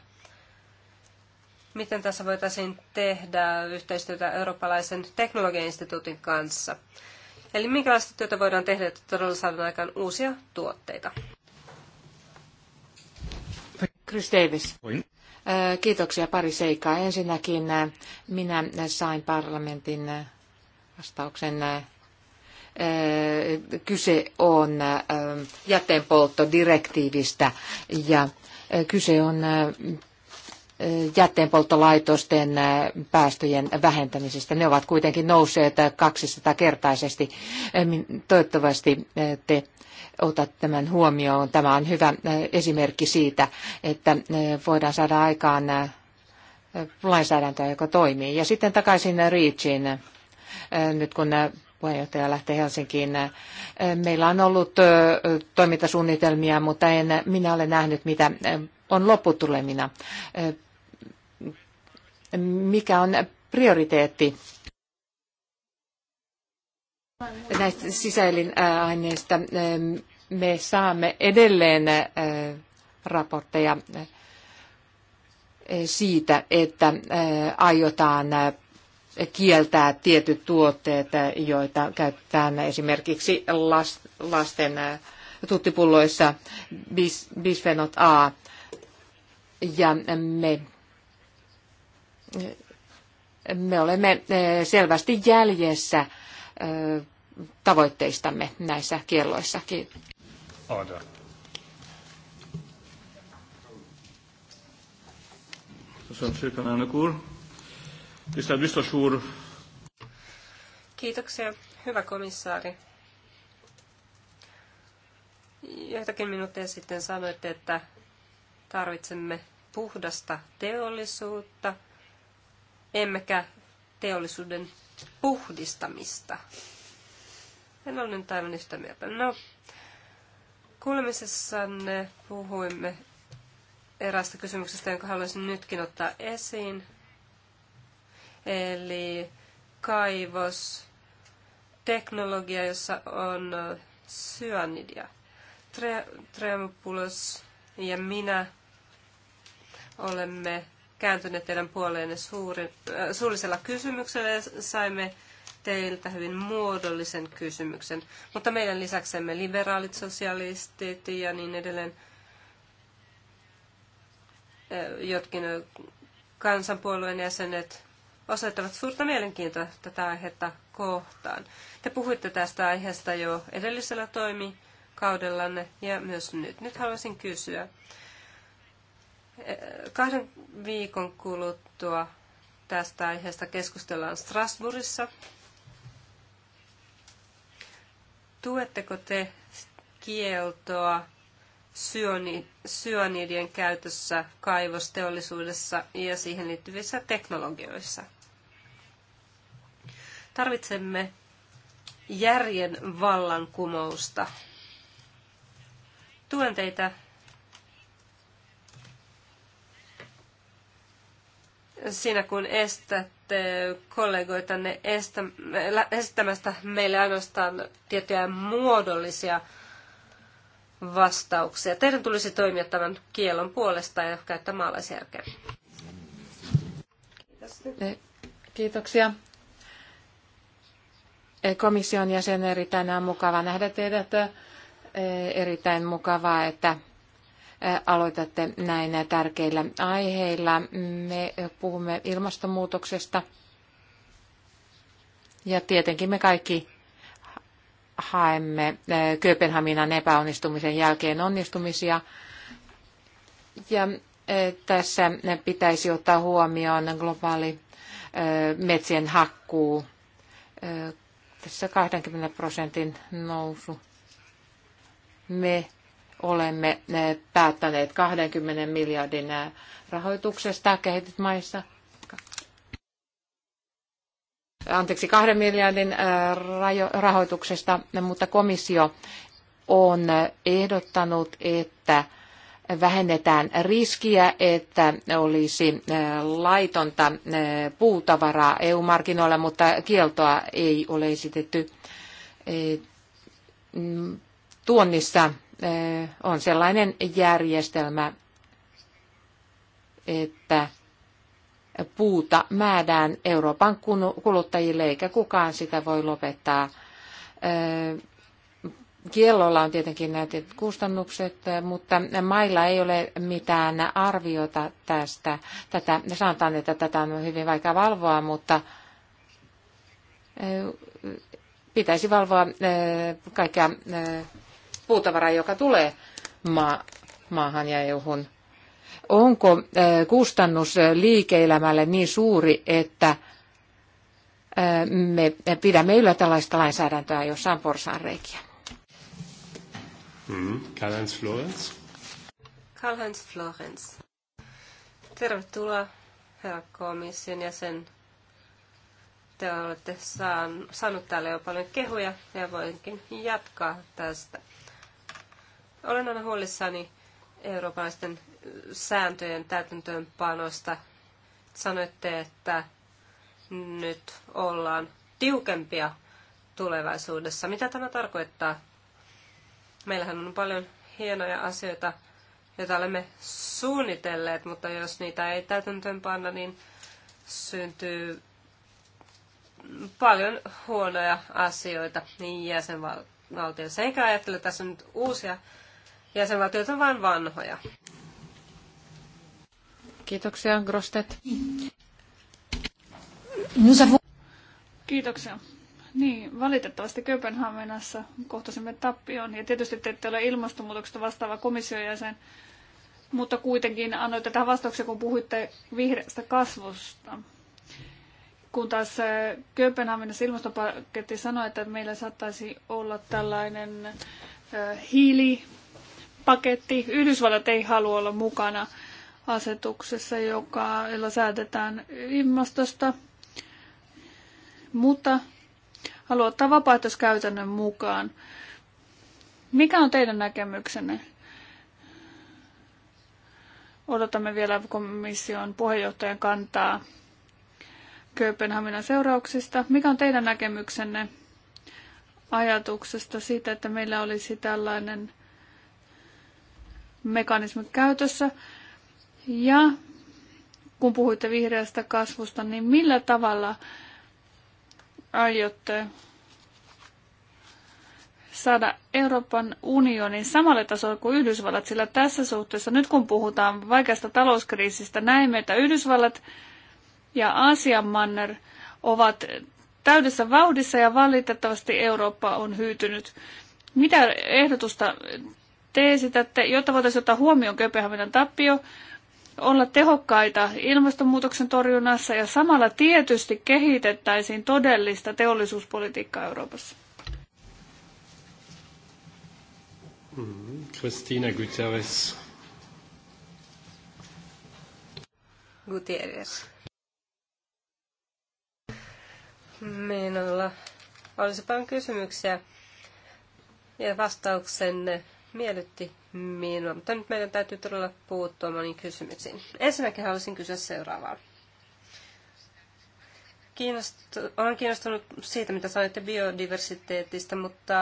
Miten tässä voitaisiin tehdä yhteistyötä Eurooppalaisen teknologiainstituutin kanssa? Eli minkälaista työtä voidaan tehdä, että todella saadaan aikaan uusia tuotteita? Chris Davis. Kiitoksia pari seikkaa. Ensinnäkin minä sain parlamentin vastauksen. Kyse on jätteenpolttodirektiivistä ja kyse on jätteenpolttolaitosten päästöjen vähentämisestä. Ne ovat kuitenkin nousseet 200-kertaisesti. Toivottavasti te otat tämän huomioon. Tämä on hyvä esimerkki siitä, että voidaan saada aikaan lainsäädäntöä, joka toimii. Ja sitten takaisin Reachin, nyt kun puheenjohtaja lähtee Helsinkiin. Meillä on ollut toimintasuunnitelmia, mutta en minä ole nähnyt, mitä on lopputulemina mikä on prioriteetti näistä sisäelinaineista. Me saamme edelleen raportteja siitä, että aiotaan kieltää tietyt tuotteet, joita käytetään esimerkiksi lasten tuttipulloissa, bisfenot A. Ja me me olemme eh, selvästi jäljessä eh, tavoitteistamme näissä kielloissa. Order. Köszönöm szépen, elnök úr. Tisztelt biztos úr! Kiitoksia, hyvä komissaari. Joitakin minuutteja sitten sanoitte, että tarvitsemme puhdasta teollisuutta – emmekä teollisuuden puhdistamista. En ole nyt aivan yhtä mieltä. No, kuulemisessanne puhuimme eräästä kysymyksestä, jonka haluaisin nytkin ottaa esiin. Eli kaivos, teknologia, jossa on syanidia. Tre, Tremopulos ja minä olemme kääntyneet teidän puoleenne suuri, äh, suullisella kysymyksellä ja saimme teiltä hyvin muodollisen kysymyksen. Mutta meidän lisäksemme liberaalit, sosialistit ja niin edelleen äh, jotkin äh, kansanpuolueen jäsenet osoittavat suurta mielenkiintoa tätä aihetta kohtaan. Te puhuitte tästä aiheesta jo edellisellä toimikaudellanne ja myös nyt. Nyt haluaisin kysyä, kahden viikon kuluttua tästä aiheesta keskustellaan Strasbourgissa. Tuetteko te kieltoa syönidien käytössä kaivosteollisuudessa ja siihen liittyvissä teknologioissa? Tarvitsemme järjen vallankumousta. Tuen teitä siinä kun estätte kollegoitanne estä, estämästä meille ainoastaan tiettyjä muodollisia vastauksia. Teidän tulisi toimia tämän kielon puolesta ja käyttää maalaisjärkeä. Eh, kiitoksia. Eh, komission jäsen, erittäin mukava nähdä teidät. Eh, erittäin mukavaa, että aloitatte näin tärkeillä aiheilla. Me puhumme ilmastonmuutoksesta ja tietenkin me kaikki haemme Kööpenhaminan epäonnistumisen jälkeen onnistumisia. Ja tässä pitäisi ottaa huomioon globaali metsien hakkuu. Tässä 20 prosentin nousu. Me olemme eh, päättäneet 20 miljardin eh, rahoituksesta kehitysmaissa. Anteeksi, kahden miljardin eh, rahoituksesta, mutta komissio on ehdottanut, että vähennetään riskiä, että olisi laitonta puutavaraa EU-markkinoilla, mutta kieltoa ei ole esitetty tuonnissa on sellainen järjestelmä, että puuta määrään Euroopan kuluttajille, eikä kukaan sitä voi lopettaa. Kiellolla on tietenkin näitä kustannukset, mutta mailla ei ole mitään arviota tästä. Tätä, sanotaan, että tätä on hyvin vaikea valvoa, mutta pitäisi valvoa kaikkea puutavaraa, joka tulee maahan ja EUhun. Onko e, kustannus e, liike-elämälle niin suuri, että e, me pidämme yllä tällaista lainsäädäntöä, jossa on porsaanreikiä? Mm. Karl-Heinz Florenz. Karl-Heinz Florenz. Tervetuloa, herra komission jäsen. Te olette saanut täällä jo paljon kehuja ja voinkin jatkaa tästä. Olen aina huolissani eurooppalaisten sääntöjen täytäntöönpanosta. Sanoitte, että nyt ollaan tiukempia tulevaisuudessa. Mitä tämä tarkoittaa? Meillähän on paljon hienoja asioita, joita olemme suunnitelleet, mutta jos niitä ei täytäntöönpanna, niin syntyy paljon huonoja asioita niin jäsenvaltioissa. Eikä ajattele tässä nyt uusia jäsenvaltiot on vain vanhoja. Kiitoksia, Grostet. Kiitoksia. Niin, valitettavasti Kööpenhaminassa kohtasimme tappion. Ja tietysti te ette ole ilmastonmuutoksesta vastaava komissiojäsen, mutta kuitenkin annoitte tähän vastauksen, kun puhuitte vihreästä kasvusta. Kun taas eh, Kööpenhaminassa ilmastopaketti sanoi, että meillä saattaisi olla tällainen eh, hiili paketti. Yhdysvallat ei halua olla mukana asetuksessa, joka, jolla säädetään ilmastosta, mutta haluaa ottaa vapaaehtoiskäytännön mukaan. Mikä on teidän näkemyksenne? Odotamme vielä komission puheenjohtajan kantaa Kööpenhaminan seurauksista. Mikä on teidän näkemyksenne ajatuksesta siitä, että meillä olisi tällainen mekanismi käytössä. Ja kun puhuitte vihreästä kasvusta, niin millä tavalla aiotte saada Euroopan unionin samalle tasolle kuin Yhdysvallat, sillä tässä suhteessa nyt kun puhutaan vaikeasta talouskriisistä, näemme, että Yhdysvallat ja Aasian manner ovat täydessä vauhdissa ja valitettavasti Eurooppa on hyytynyt. Mitä ehdotusta te esitätte, jotta voitaisiin ottaa huomioon Kööpenhaminan tappio, olla tehokkaita ilmastonmuutoksen torjunnassa ja samalla tietysti kehitettäisiin todellista teollisuuspolitiikkaa Euroopassa. Mm-hmm. Christina Guterres. Gutierrez. Minulla olisi paljon kysymyksiä ja vastauksenne miellytti minua, mutta nyt meidän täytyy todella puuttua moniin kysymyksiin. Ensinnäkin haluaisin kysyä seuraavaa. Kiinnostu, olen kiinnostunut siitä, mitä sanoitte biodiversiteetistä, mutta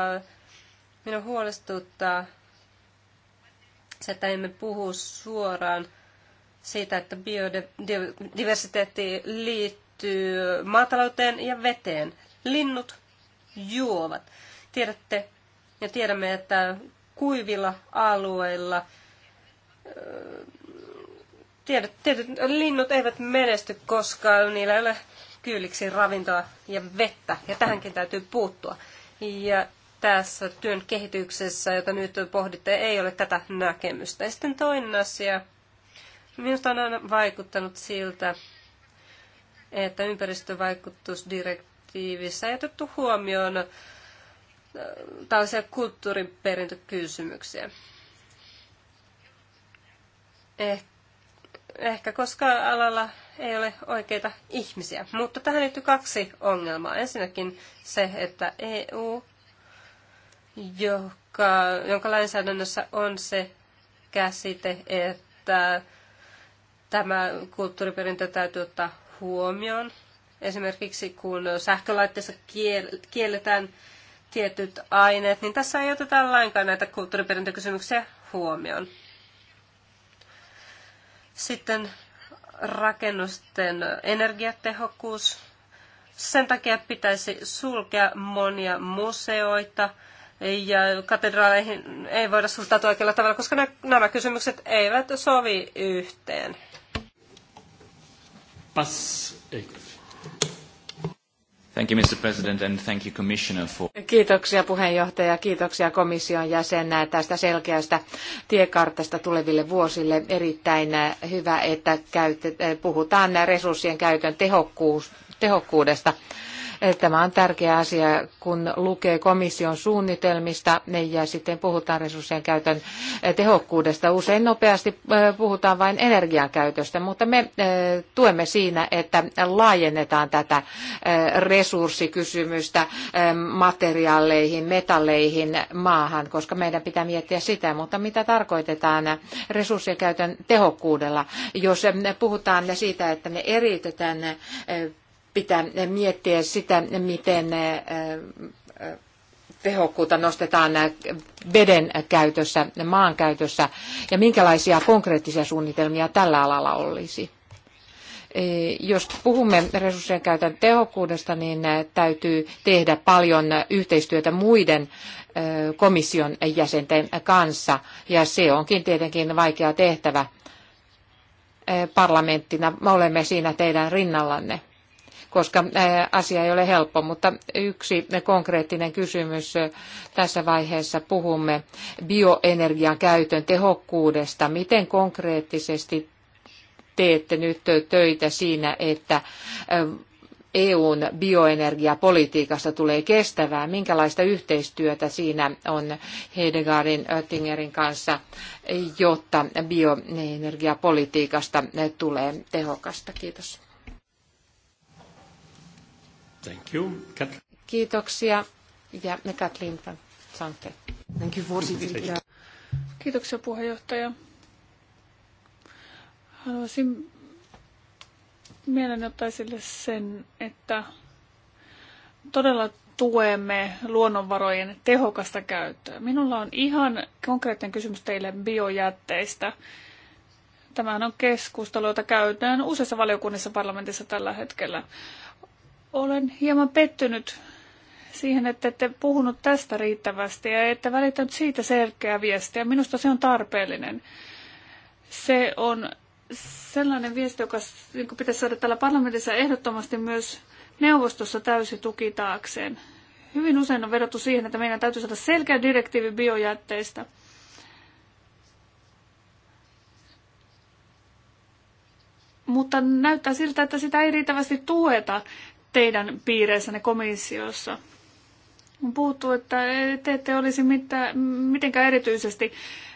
minun huolestuttaa se, että emme puhu suoraan siitä, että biodiversiteetti liittyy maatalouteen ja veteen. Linnut juovat. Tiedätte ja tiedämme, että kuivilla alueilla Tiedät, tiedät, linnut eivät menesty, koskaan niillä ei ole kyyliksi ravintoa ja vettä, ja tähänkin täytyy puuttua. Ja tässä työn kehityksessä, jota nyt pohditte, ei ole tätä näkemystä. Ja sitten toinen asia. Minusta on aina vaikuttanut siltä, että ympäristövaikutusdirektiivissä ei otettu huomioon tällaisia kulttuuriperintökysymyksiä. Eh, ehkä koska alalla ei ole oikeita ihmisiä. Mutta tähän liittyy kaksi ongelmaa. Ensinnäkin se, että EU, joka, jonka lainsäädännössä on se käsite, että tämä kulttuuriperintö täytyy ottaa huomioon. Esimerkiksi kun sähkölaitteessa kielletään tietyt aineet, niin tässä ei oteta lainkaan näitä kulttuuriperintökysymyksiä huomioon. Sitten rakennusten energiatehokkuus. Sen takia pitäisi sulkea monia museoita ja katedraaleihin ei voida suhtautua oikealla tavalla, koska nämä kysymykset eivät sovi yhteen. Pass. Ei. Thank you, Mr. President, and thank you, Commissioner, for... Kiitoksia puheenjohtaja, kiitoksia komission jäsen tästä selkeästä tiekartasta tuleville vuosille. Erittäin hyvä, että käytet, puhutaan resurssien käytön tehokkuus, tehokkuudesta. Tämä on tärkeä asia, kun lukee komission suunnitelmista ja sitten puhutaan resurssien käytön tehokkuudesta. Usein nopeasti puhutaan vain energian käytöstä, mutta me tuemme siinä, että laajennetaan tätä resurssikysymystä materiaaleihin, metalleihin, maahan, koska meidän pitää miettiä sitä, mutta mitä tarkoitetaan resurssien käytön tehokkuudella, jos puhutaan siitä, että me eriytetään pitää miettiä sitä, miten tehokkuutta nostetaan veden käytössä, maan käytössä ja minkälaisia konkreettisia suunnitelmia tällä alalla olisi. E, jos puhumme resurssien käytön tehokkuudesta, niin täytyy tehdä paljon yhteistyötä muiden komission jäsenten kanssa, ja se onkin tietenkin vaikea tehtävä parlamenttina. Me olemme siinä teidän rinnallanne koska asia ei ole helppo. Mutta yksi konkreettinen kysymys tässä vaiheessa puhumme bioenergian käytön tehokkuudesta. Miten konkreettisesti teette nyt töitä siinä, että EUn bioenergiapolitiikasta tulee kestävää. Minkälaista yhteistyötä siinä on Hedegaardin Oettingerin kanssa, jotta bioenergiapolitiikasta tulee tehokasta? Kiitos. Thank you. Kat- Kiitoksia. Ja me Katlin Sanke. Thank you, Kiitoksia puheenjohtaja. Haluaisin mielen ottaa esille sen, että todella tuemme luonnonvarojen tehokasta käyttöä. Minulla on ihan konkreettinen kysymys teille biojätteistä. Tämähän on keskustelu, jota käydään useissa valiokunnissa parlamentissa tällä hetkellä. Olen hieman pettynyt siihen, että ette puhunut tästä riittävästi ja ette välittänyt siitä selkeää viestiä. Minusta se on tarpeellinen. Se on sellainen viesti, joka pitäisi saada täällä parlamentissa ehdottomasti myös neuvostossa täysi tuki taakseen. Hyvin usein on vedottu siihen, että meidän täytyy saada selkeä direktiivi biojätteistä. Mutta näyttää siltä, että sitä ei riittävästi tueta teidän piireissänne komissiossa? On puhuttu, että te ette olisi mitään, mitenkään erityisesti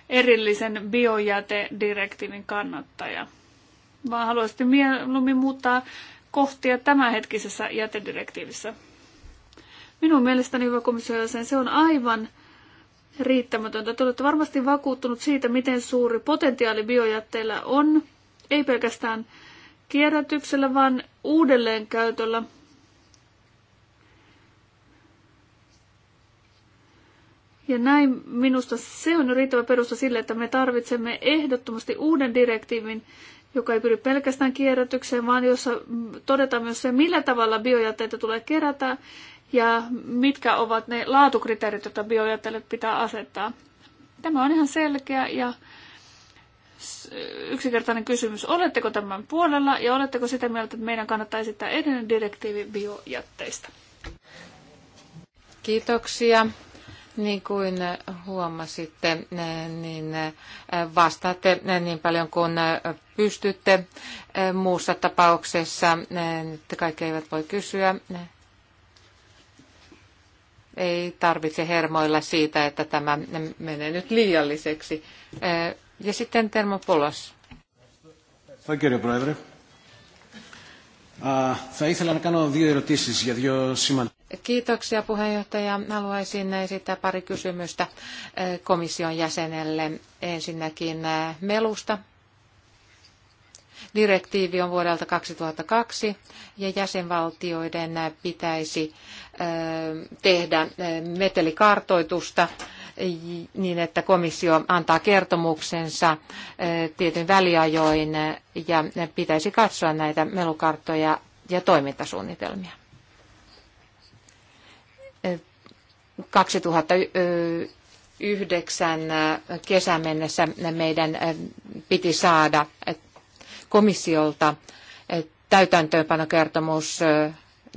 erillisen biojätedirektiivin kannattaja, vaan haluaisitte mieluummin muuttaa kohtia tämänhetkisessä jätedirektiivissä. Minun mielestäni, hyvä komissio, se on aivan riittämätöntä. Te olette varmasti vakuuttunut siitä, miten suuri potentiaali biojätteillä on, ei pelkästään kierrätyksellä, vaan uudelleenkäytöllä Ja näin minusta se on riittävä perusta sille, että me tarvitsemme ehdottomasti uuden direktiivin, joka ei pyri pelkästään kierrätykseen, vaan jossa todetaan myös se, millä tavalla biojätteitä tulee kerätä ja mitkä ovat ne laatukriteerit, joita biojätteille pitää asettaa. Tämä on ihan selkeä ja yksinkertainen kysymys. Oletteko tämän puolella ja oletteko sitä mieltä, että meidän kannattaa esittää edellinen direktiivi biojätteistä? Kiitoksia. Niin kuin huomasitte, niin vastaatte niin paljon kuin pystytte. Muussa tapauksessa että kaikki eivät voi kysyä. Ei tarvitse hermoilla siitä, että tämä menee nyt liialliseksi. Ja sitten Termopolos. Κύριε Πρόεδρε, θα ήθελα να κάνω δύο ερωτήσεις για δύο σημαντικά. Kiitoksia puheenjohtaja. Haluaisin esittää pari kysymystä eh, komission jäsenelle. Ensinnäkin eh, melusta. Direktiivi on vuodelta 2002 ja jäsenvaltioiden eh, pitäisi tehdä metelikartoitusta niin, että komissio antaa kertomuksensa tietyn väliajoin ja pitäisi katsoa näitä melukarttoja ja toimintasuunnitelmia. 2009 kesän mennessä meidän piti saada komissiolta täytäntöönpanokertomus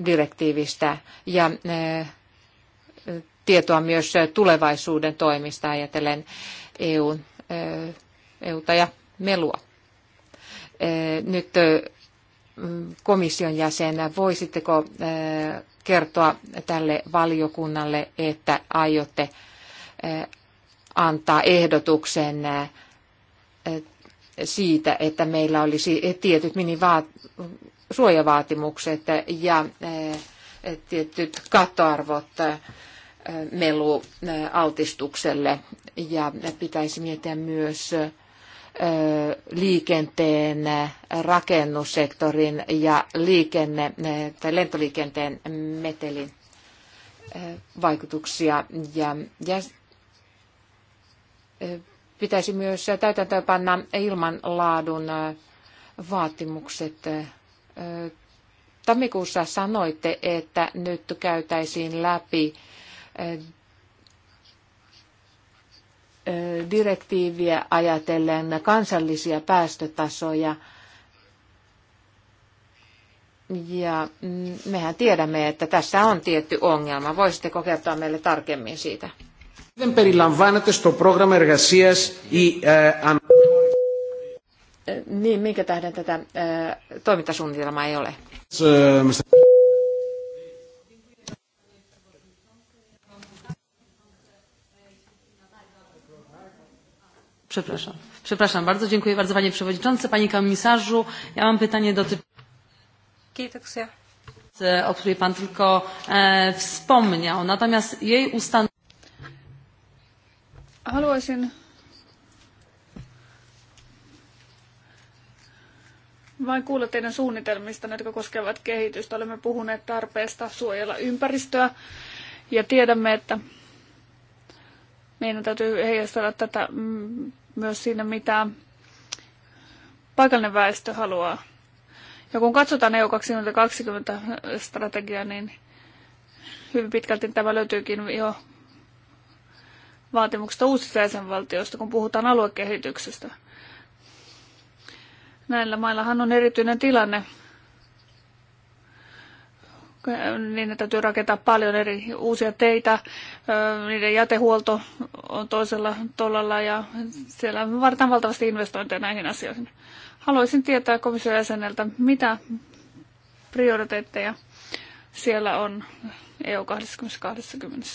direktiivistä ja eh, tietoa myös tulevaisuuden toimista ajatellen EU, eh, EUta ja melua. Eh, nyt komission jäsen, voisitteko kertoa tälle valiokunnalle, että aiotte antaa ehdotuksen siitä, että meillä olisi tietyt minisuojavaatimukset ja tietyt kattoarvot melualtistukselle. Ja pitäisi miettiä myös liikenteen, rakennussektorin ja liikenne, tai lentoliikenteen metelin vaikutuksia. Ja, ja pitäisi myös täytäntöönpanna ilmanlaadun vaatimukset. Tammikuussa sanoitte, että nyt käytäisiin läpi direktiiviä ajatellen kansallisia päästötasoja. Ja mm, mehän tiedämme, että tässä on tietty ongelma. Voisitteko kertoa meille tarkemmin siitä? Δεν Niin, minkä tähden tätä toimintasuunnitelmaa ei ole? Przepraszam. Przepraszam bardzo. Dziękuję bardzo Panie Przewodniczący. Panie Komisarzu, ja mam pytanie dotyczące... ...o której Pan tylko e, wspomniał. Natomiast jej ustan... Haluaisin vain kuulla teidän suunnitelmista, jotka koskevat kehitystä. Olemme puhuneet tarpeesta suojella ympäristöä ja tiedämme, että meidän täytyy heijastella tätä mm, myös siinä, mitä paikallinen väestö haluaa. Ja kun katsotaan EU 2020 strategiaa, niin hyvin pitkälti tämä löytyykin jo vaatimuksesta uusista jäsenvaltioista, kun puhutaan aluekehityksestä. Näillä maillahan on erityinen tilanne niin täytyy rakentaa paljon eri uusia teitä, niiden jätehuolto on toisella tolalla ja siellä vartaan valtavasti investointeja näihin asioihin. Haluaisin tietää komission jäseneltä, mitä prioriteetteja siellä on EU 2020.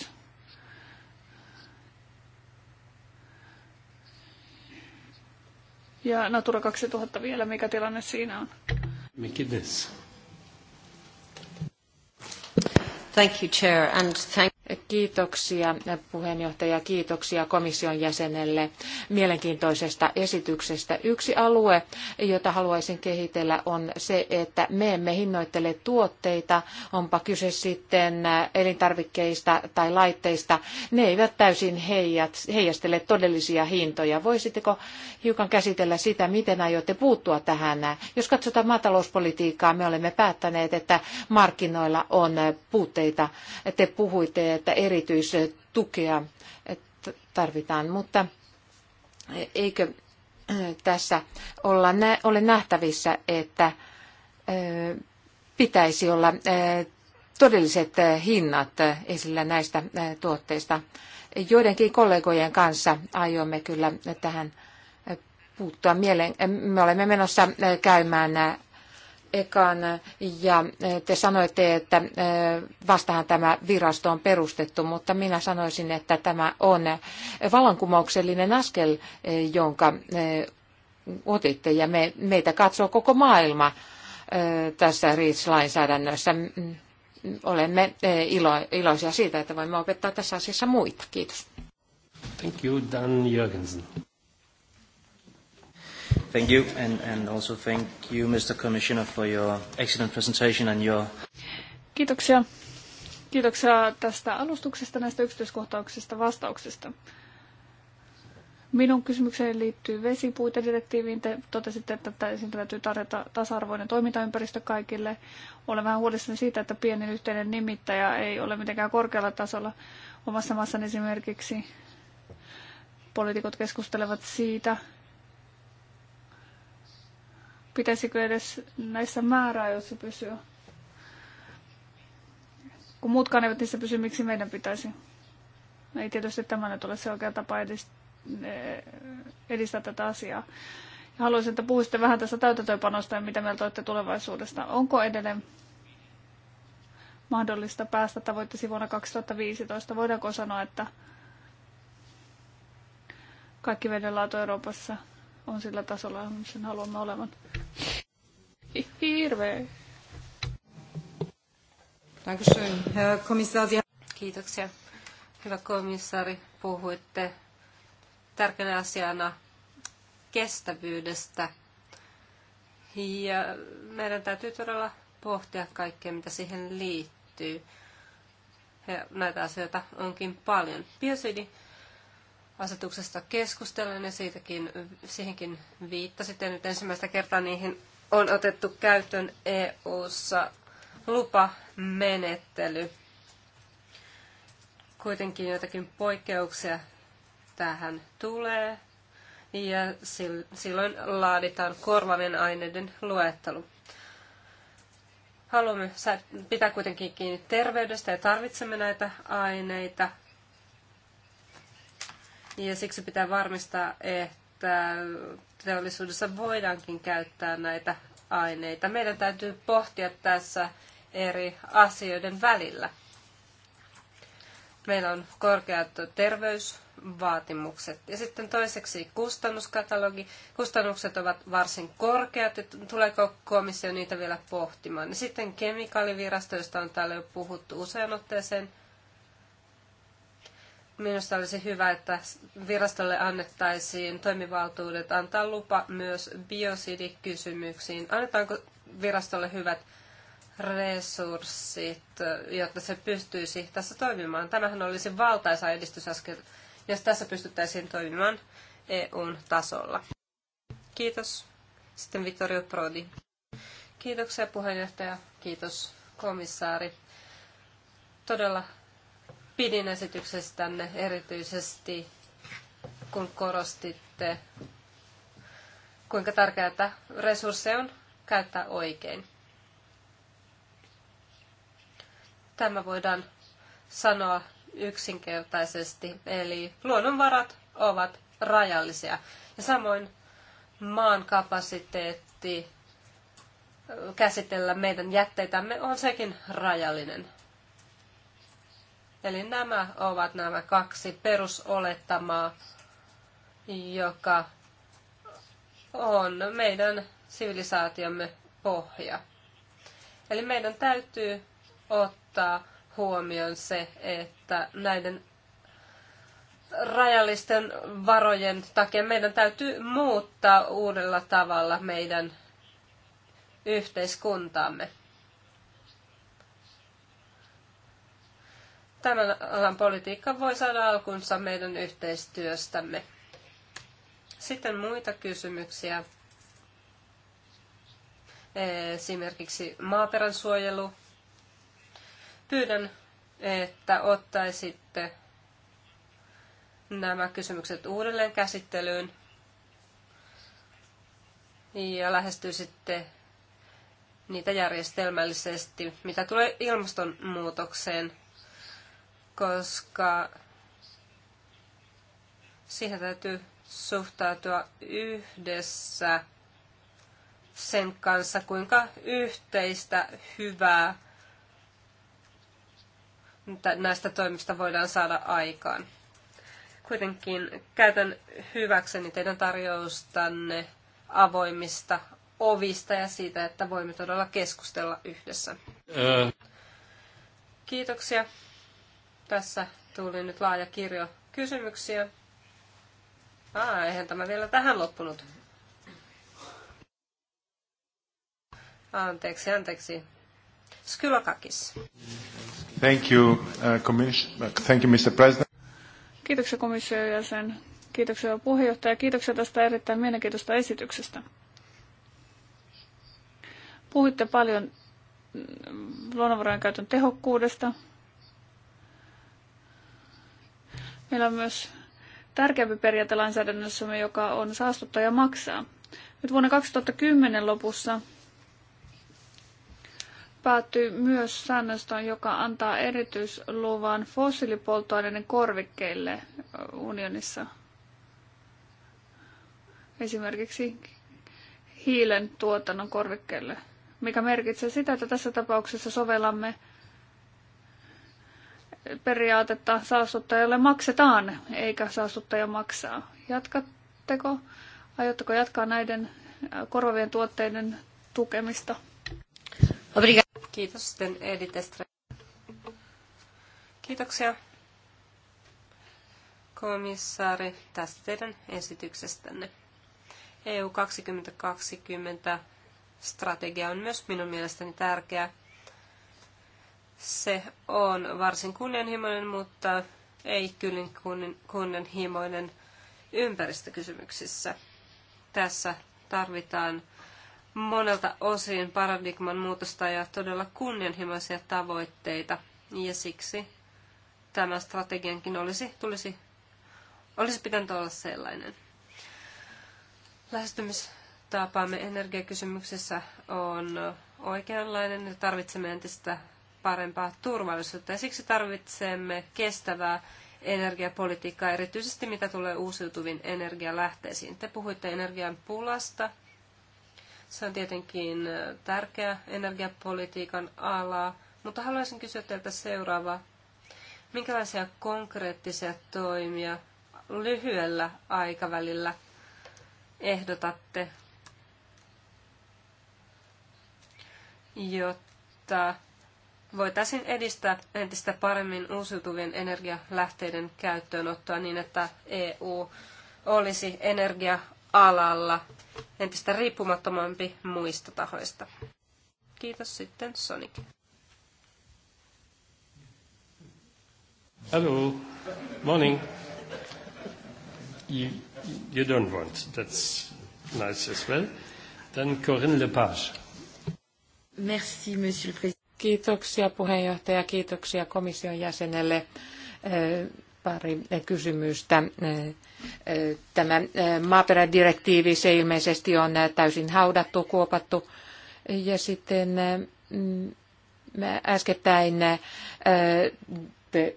Ja Natura 2000 vielä, mikä tilanne siinä on? tässä? Thank you, Chair, and thank Kiitoksia puheenjohtaja, kiitoksia komission jäsenelle mielenkiintoisesta esityksestä. Yksi alue, jota haluaisin kehitellä, on se, että me emme hinnoittele tuotteita, onpa kyse sitten elintarvikkeista tai laitteista. Ne eivät täysin heijastele todellisia hintoja. Voisitteko hiukan käsitellä sitä, miten aiotte puuttua tähän? Jos katsotaan maatalouspolitiikkaa, me olemme päättäneet, että markkinoilla on puutteita. Te puhuitte, että erityistukea tarvitaan, mutta eikö äh, tässä olla, ole nähtävissä, että äh, pitäisi olla äh, todelliset hinnat esillä näistä tuotteista. Joidenkin kollegojen kanssa aiomme kyllä tähän puuttua. Mieleen, me olemme menossa käymään ekan ja eh, te sanoitte, että eh, vastahan tämä virasto on perustettu, mutta minä sanoisin, että tämä on vallankumouksellinen askel, eh, jonka otitte ja me, meitä katsoo koko maailma tässä REACH-lainsäädännössä. Olemme ilo, iloisia siitä, että voimme opettaa tässä asiassa muita. Kiitos. Thank you, Dan Jürgensen. Thank you, and, and also thank you, Mr. Commissioner, for your excellent presentation and your... Kiitoksia. Kiitoksia tästä alustuksesta, näistä yksityiskohtauksista vastauksista. Minun kysymykseen liittyy vesipuitedirektiiviin. Te totesitte, että siinä täytyy tarjota tasa-arvoinen toimintaympäristö kaikille. Olen vähän huolissani siitä, että pienin yhteinen nimittäjä ei ole mitenkään korkealla tasolla. Omassa maassani esimerkiksi poliitikot keskustelevat siitä, Pitäisikö edes näissä määräajoissa pysyä? Kun muutkaan eivät niissä pysy, miksi meidän pitäisi? Ei tietysti tämä nyt ole se oikea tapa eh, edistää tätä asiaa. Ja haluaisin, että puhuisitte vähän tästä täytäntöönpanosta ja mitä mieltä olette tulevaisuudesta. Onko edelleen mahdollista päästä tavoitteisiin vuonna 2015? Voidaanko sanoa, että kaikki vedenlaatu Euroopassa on sillä tasolla, johon sen haluamme olevan. Hirveä. Kiitoksia. Hyvä komissaari, puhuitte tärkeänä asiana kestävyydestä. Ja meidän täytyy todella pohtia kaikkea, mitä siihen liittyy. Ja näitä asioita onkin paljon. Biosidi asetuksesta keskustellen ja siitäkin, siihenkin viittasit. Ja nyt ensimmäistä kertaa niihin on otettu käyttöön EU-ssa lupamenettely. Kuitenkin joitakin poikkeuksia tähän tulee ja silloin laaditaan korvavien aineiden luettelu. Haluamme pitää kuitenkin kiinni terveydestä ja tarvitsemme näitä aineita ja siksi pitää varmistaa, että teollisuudessa voidaankin käyttää näitä aineita. Meidän täytyy pohtia tässä eri asioiden välillä. Meillä on korkeat terveysvaatimukset. Ja sitten toiseksi kustannuskatalogi. Kustannukset ovat varsin korkeat. Tuleeko komissio niitä vielä pohtimaan? Ja sitten kemikaalivirasto, josta on täällä jo puhuttu usein otteeseen – Minusta olisi hyvä, että virastolle annettaisiin toimivaltuudet antaa lupa myös biosidikysymyksiin. Annetaanko virastolle hyvät resurssit, jotta se pystyisi tässä toimimaan? Tämähän olisi valtaisa edistysaskel, jos tässä pystyttäisiin toimimaan eu tasolla. Kiitos. Sitten Vittorio Prodi. Kiitoksia puheenjohtaja. Kiitos komissaari. Todella pidin esityksestänne erityisesti, kun korostitte, kuinka tärkeää resursseja on käyttää oikein. Tämä voidaan sanoa yksinkertaisesti, eli luonnonvarat ovat rajallisia. Ja samoin maan kapasiteetti käsitellä meidän jätteitämme on sekin rajallinen. Eli nämä ovat nämä kaksi perusolettamaa, joka on meidän sivilisaatiomme pohja. Eli meidän täytyy ottaa huomioon se, että näiden rajallisten varojen takia meidän täytyy muuttaa uudella tavalla meidän yhteiskuntaamme. Tämän alan politiikka voi saada alkunsa meidän yhteistyöstämme. Sitten muita kysymyksiä. Esimerkiksi maaperän suojelu. Pyydän, että ottaisitte nämä kysymykset uudelleen käsittelyyn ja lähestyisitte niitä järjestelmällisesti, mitä tulee ilmastonmuutokseen – koska siihen täytyy suhtautua yhdessä sen kanssa, kuinka yhteistä hyvää näistä toimista voidaan saada aikaan. Kuitenkin käytän hyväkseni teidän tarjoustanne avoimista ovista ja siitä, että voimme todella keskustella yhdessä. Ää... Kiitoksia. Tässä tuli nyt laaja kirjo kysymyksiä. Aa, eihän tämä vielä tähän loppunut. Anteeksi, anteeksi. Skylakakis. Thank you, uh, commission. Thank you, Mr. President. Kiitoksia komission jäsen. Kiitoksia puheenjohtaja. Kiitoksia tästä erittäin mielenkiintoista esityksestä. Puhuitte paljon luonnonvarojen käytön tehokkuudesta, Meillä on myös tärkeämpi periaate lainsäädännössämme, joka on saastuttaja maksaa. Nyt vuonna 2010 lopussa päättyy myös säännöstö, joka antaa erityisluvan fossiilipolttoaineiden korvikkeille unionissa. Esimerkiksi hiilen tuotannon korvikkeille, mikä merkitsee sitä, että tässä tapauksessa sovellamme periaatetta saastuttajalle maksetaan, eikä saastuttaja maksaa. Jatkatteko? Aiotteko jatkaa näiden äh, korvavien tuotteiden tukemista? Kiitos sitten Edith Estre. Kiitoksia komissaari tästä teidän esityksestänne. EU 2020 strategia on myös minun mielestäni tärkeä se on varsin kunnianhimoinen, mutta ei kyllin kunnianhimoinen ympäristökysymyksissä. Tässä tarvitaan monelta osin paradigman muutosta ja todella kunnianhimoisia tavoitteita. Ja siksi tämä strategiankin olisi, tulisi, olisi pitänyt olla sellainen. Lähestymistapaamme energiakysymyksessä on oikeanlainen ja tarvitsemme entistä parempaa turvallisuutta. Ja siksi tarvitsemme kestävää energiapolitiikkaa, erityisesti mitä tulee uusiutuviin energialähteisiin. Te puhuitte energian pulasta. Se on tietenkin tärkeä energiapolitiikan ala, mutta haluaisin kysyä teiltä seuraavaa. Minkälaisia konkreettisia toimia lyhyellä aikavälillä ehdotatte, jotta voitaisiin edistää entistä paremmin uusiutuvien energialähteiden käyttöönottoa niin, että EU olisi energia-alalla entistä riippumattomampi muista tahoista. Kiitos sitten Sonic. Hello. Morning. You, you don't want. That's nice as well. Then Corinne Lepage. Merci, Monsieur le Président. Kiitoksia puheenjohtaja, kiitoksia komission jäsenelle. Eh, pari kysymystä. Eh, eh, tämä maaperädirektiivi, se ilmeisesti on täysin haudattu, kuopattu. Ja sitten mm, äskettäin te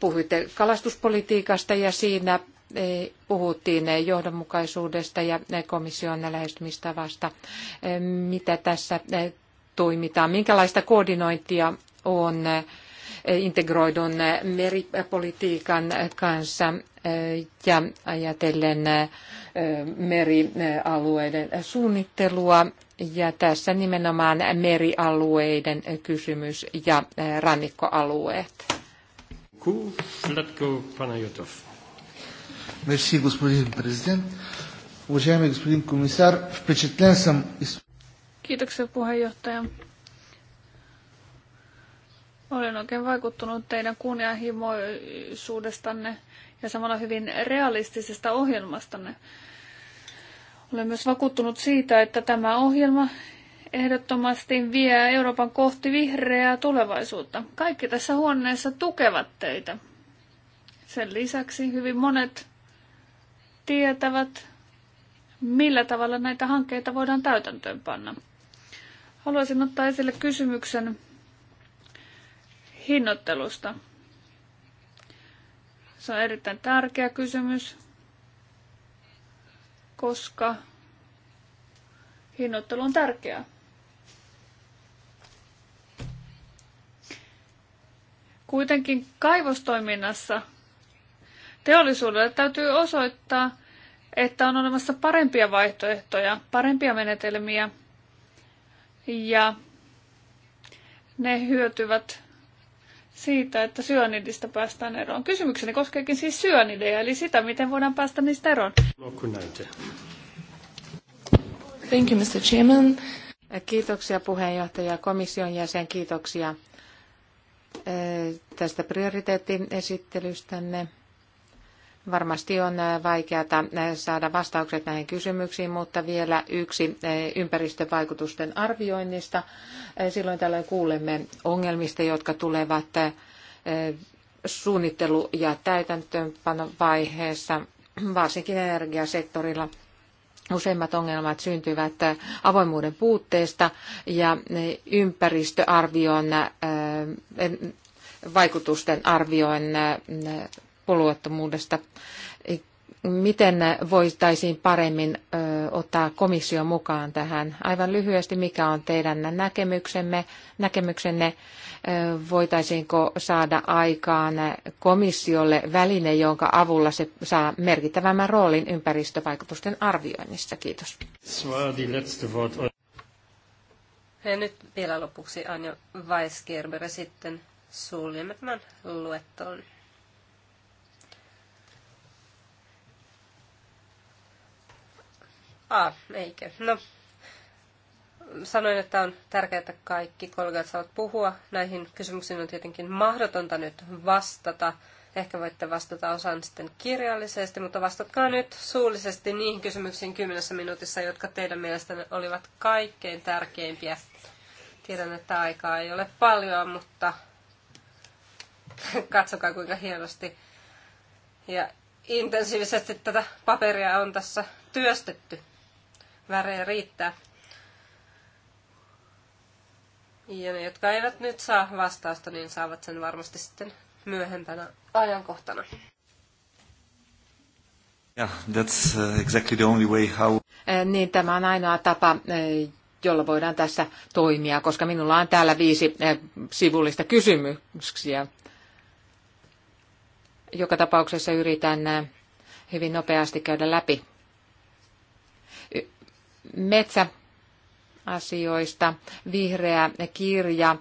puhuitte kalastuspolitiikasta ja siinä puhuttiin johdonmukaisuudesta ja komission lähestymistavasta. Mitä tässä toimitaan, minkälaista koordinointia on eh, integroidun eh, meripolitiikan eh, kanssa ja ajatellen merialueiden suunnittelua. Ja tässä nimenomaan merialueiden kysymys ja rannikkoalueet. Merci, господин президент. Уважаеми господин комисар, впечатлен съм Kiitoksia puheenjohtaja. Olen oikein vaikuttunut teidän kunnianhimoisuudestanne ja samalla hyvin realistisesta ohjelmastanne. Olen myös vakuuttunut siitä, että tämä ohjelma ehdottomasti vie Euroopan kohti vihreää tulevaisuutta. Kaikki tässä huoneessa tukevat teitä. Sen lisäksi hyvin monet tietävät, millä tavalla näitä hankkeita voidaan täytäntöönpanna. panna. Haluaisin ottaa esille kysymyksen hinnoittelusta. Se on erittäin tärkeä kysymys, koska hinnoittelu on tärkeää. Kuitenkin kaivostoiminnassa teollisuudelle täytyy osoittaa, että on olemassa parempia vaihtoehtoja, parempia menetelmiä – ja ne hyötyvät siitä, että syönidistä päästään eroon. Kysymykseni koskeekin siis syönidejä, eli sitä, miten voidaan päästä niistä eroon. Thank you, Mr. Chairman. Kiitoksia puheenjohtaja komission jäsen, kiitoksia eh, tästä prioriteetin esittelystänne. Varmasti on äh, vaikeata äh, saada vastaukset näihin kysymyksiin, mutta vielä yksi äh, ympäristövaikutusten arvioinnista. Silloin tällöin kuulemme ongelmista, jotka tulevat suunnittelu- ja täytäntöönpanovaiheessa, varsinkin energiasektorilla. Useimmat ongelmat syntyvät avoimuuden puutteesta ja ympäristöarvion vaikutusten arvioin puolueettomuudesta. Miten voitaisiin paremmin ottaa komissio mukaan tähän? Aivan lyhyesti, mikä on teidän näkemyksemme, näkemyksenne? voitaisiinko saada aikaan komissiolle väline, jonka avulla se saa merkittävämmän roolin ympäristövaikutusten arvioinnissa? Kiitos. Ja nyt vielä lopuksi Anjo Weisgerber sitten suljemme tämän luettelon. A, ah, eikö? No, sanoin, että on tärkeää, että kaikki kollegat saavat puhua. Näihin kysymyksiin on tietenkin mahdotonta nyt vastata. Ehkä voitte vastata osan sitten kirjallisesti, mutta vastatkaa nyt suullisesti niihin kysymyksiin kymmenessä minuutissa, jotka teidän mielestänne olivat kaikkein tärkeimpiä. Tiedän, että aikaa ei ole paljon, mutta katsokaa kuinka hienosti ja intensiivisesti tätä paperia on tässä työstetty värejä riittää. Ja ne, jotka eivät nyt saa vastausta, niin saavat sen varmasti sitten myöhempänä ajankohtana. Yeah, that's uh, exactly the only way how... Eh, niin, tämä on ainoa tapa, eh, jolla voidaan tässä toimia, koska minulla on täällä viisi eh, sivullista kysymyksiä. Joka tapauksessa yritän hyvin nopeasti käydä läpi metsä asioista, vihreä kirja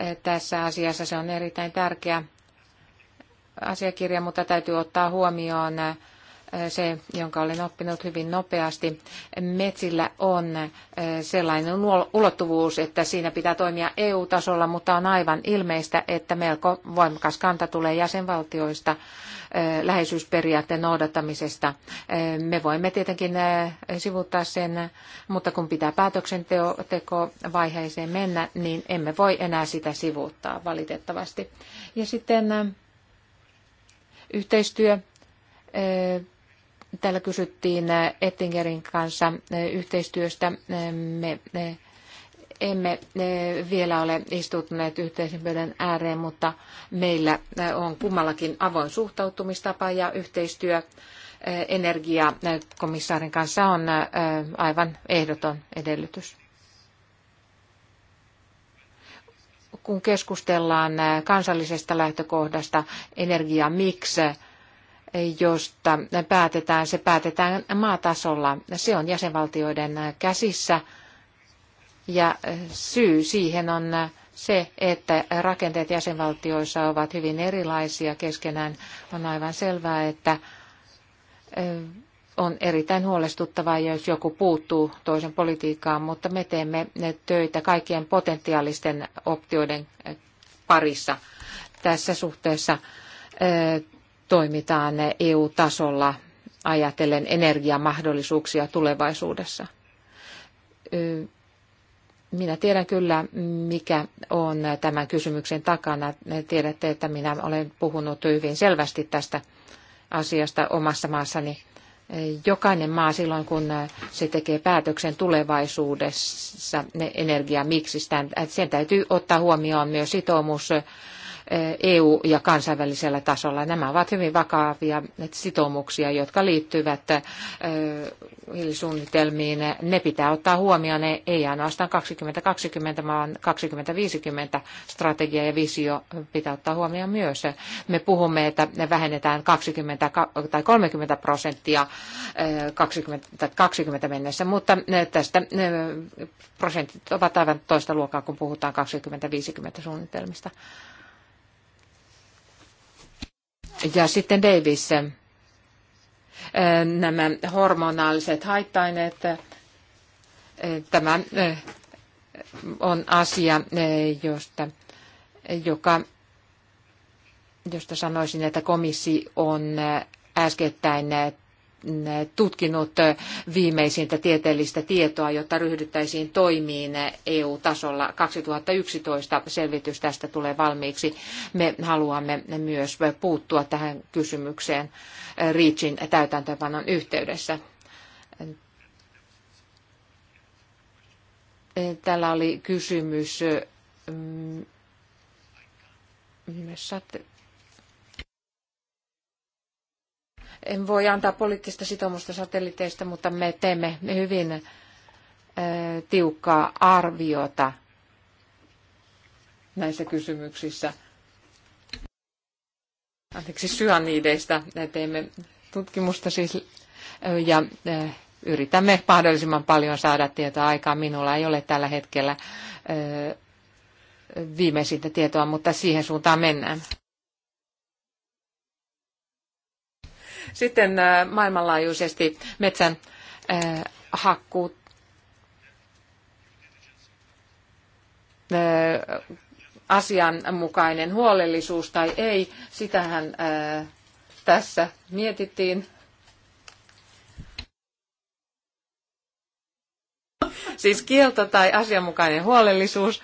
eh, tässä asiassa. Se on erittäin tärkeä asiakirja, mutta täytyy ottaa huomioon eh, se, jonka olen oppinut hyvin nopeasti. Metsillä on sellainen ulottuvuus, että siinä pitää toimia EU-tasolla, mutta on aivan ilmeistä, että melko voimakas kanta tulee jäsenvaltioista läheisyysperiaatteen noudattamisesta. Me voimme tietenkin sivuttaa sen, mutta kun pitää päätöksentekovaiheeseen mennä, niin emme voi enää sitä sivuuttaa valitettavasti. Ja sitten yhteistyö Täällä kysyttiin äh, Ettingerin kanssa äh, yhteistyöstä. Äh, me emme vielä ole istutuneet yhteisen pöydän ääreen, mutta meillä on kummallakin avoin suhtautumistapa ja yhteistyö energiakomissaarin kanssa on aivan ehdoton edellytys. Kun keskustellaan kansallisesta lähtökohdasta energiamiksi, miksi josta päätetään, se päätetään maatasolla. Se on jäsenvaltioiden käsissä ja syy siihen on se, että rakenteet jäsenvaltioissa ovat hyvin erilaisia keskenään. On aivan selvää, että on erittäin huolestuttavaa, jos joku puuttuu toisen politiikkaan, mutta me teemme töitä kaikkien potentiaalisten optioiden parissa tässä suhteessa toimitaan EU-tasolla ajatellen energiamahdollisuuksia tulevaisuudessa. Minä tiedän kyllä, mikä on tämän kysymyksen takana. Tiedätte, että minä olen puhunut hyvin selvästi tästä asiasta omassa maassani. Jokainen maa silloin, kun se tekee päätöksen tulevaisuudessa energiamiksistään, sen täytyy ottaa huomioon myös sitoumus EU- ja kansainvälisellä tasolla. Nämä ovat hyvin vakavia sitoumuksia, jotka liittyvät hiilisuunnitelmiin. Ne pitää ottaa huomioon, ne ei ainoastaan 2020, vaan 2050 strategia ja visio pitää ottaa huomioon myös. Me puhumme, että ne vähennetään 20 tai 30 prosenttia 2020 mennessä, mutta tästä prosentit ovat aivan toista luokkaa, kun puhutaan 2050 suunnitelmista. Ja sitten Davis, nämä hormonaaliset haittaineet, tämä on asia, josta, joka, josta sanoisin, että komissi on äskettäin tutkinut viimeisintä tieteellistä tietoa, jotta ryhdyttäisiin toimiin EU-tasolla. 2011 selvitys tästä tulee valmiiksi. Me haluamme myös puuttua tähän kysymykseen REACHin täytäntöönpanon yhteydessä. Täällä oli kysymys mm, myös En voi antaa poliittista sitoumusta satelliiteista, mutta me teemme hyvin tiukkaa arviota näissä kysymyksissä. Anteeksi, syanideista teemme tutkimusta siis ja yritämme mahdollisimman paljon saada tietoa aikaan. Minulla ei ole tällä hetkellä viimeisintä tietoa, mutta siihen suuntaan mennään. Sitten äh, maailmanlaajuisesti metsän äh, hakkuut äh, asianmukainen huolellisuus tai ei, sitähän tässä mietittiin. Siis kielto tai asianmukainen huolellisuus.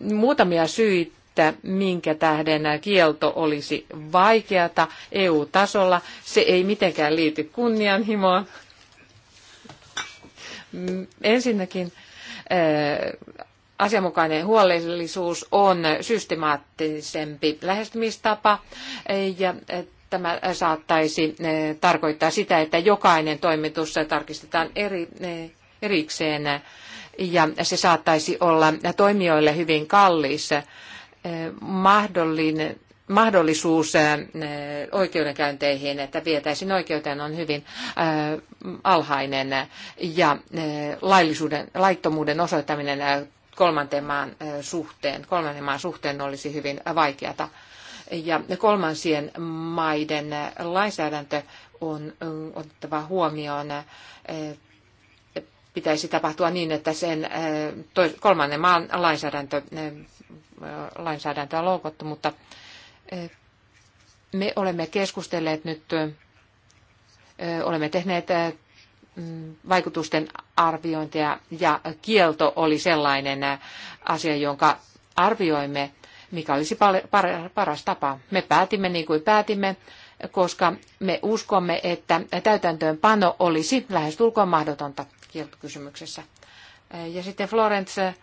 Muutamia syitä että minkä tähden kielto olisi vaikeata EU-tasolla. Se ei mitenkään liity kunnianhimoon. Mm, ensinnäkin äh, asianmukainen huolellisuus on systemaattisempi lähestymistapa äh, ja äh, tämä saattaisi tarkoittaa sitä, että jokainen toimitus tarkistetaan eri, erikseen ja se saattaisi olla toimijoille hyvin kallis mahdollinen, mahdollisuus oikeudenkäynteihin, että vietäisiin oikeuteen, on hyvin alhainen ja laillisuuden, laittomuuden osoittaminen kolmanteen maan suhteen, kolmannen maan suhteen olisi hyvin vaikeata. Ja kolmansien maiden lainsäädäntö on otettava huomioon pitäisi tapahtua niin, että sen kolmannen maan lainsäädäntö lainsäädäntöä loukottu, mutta e, me olemme keskustelleet nyt, e, olemme tehneet e, mm, vaikutusten arviointia ja kielto oli sellainen asia, jonka arvioimme, mikä olisi paras tapa. Me päätimme niin kuin päätimme, koska me uskomme, että täytäntöönpano olisi lähes tulkoon mahdotonta kieltokysymyksessä. Ja sitten Florence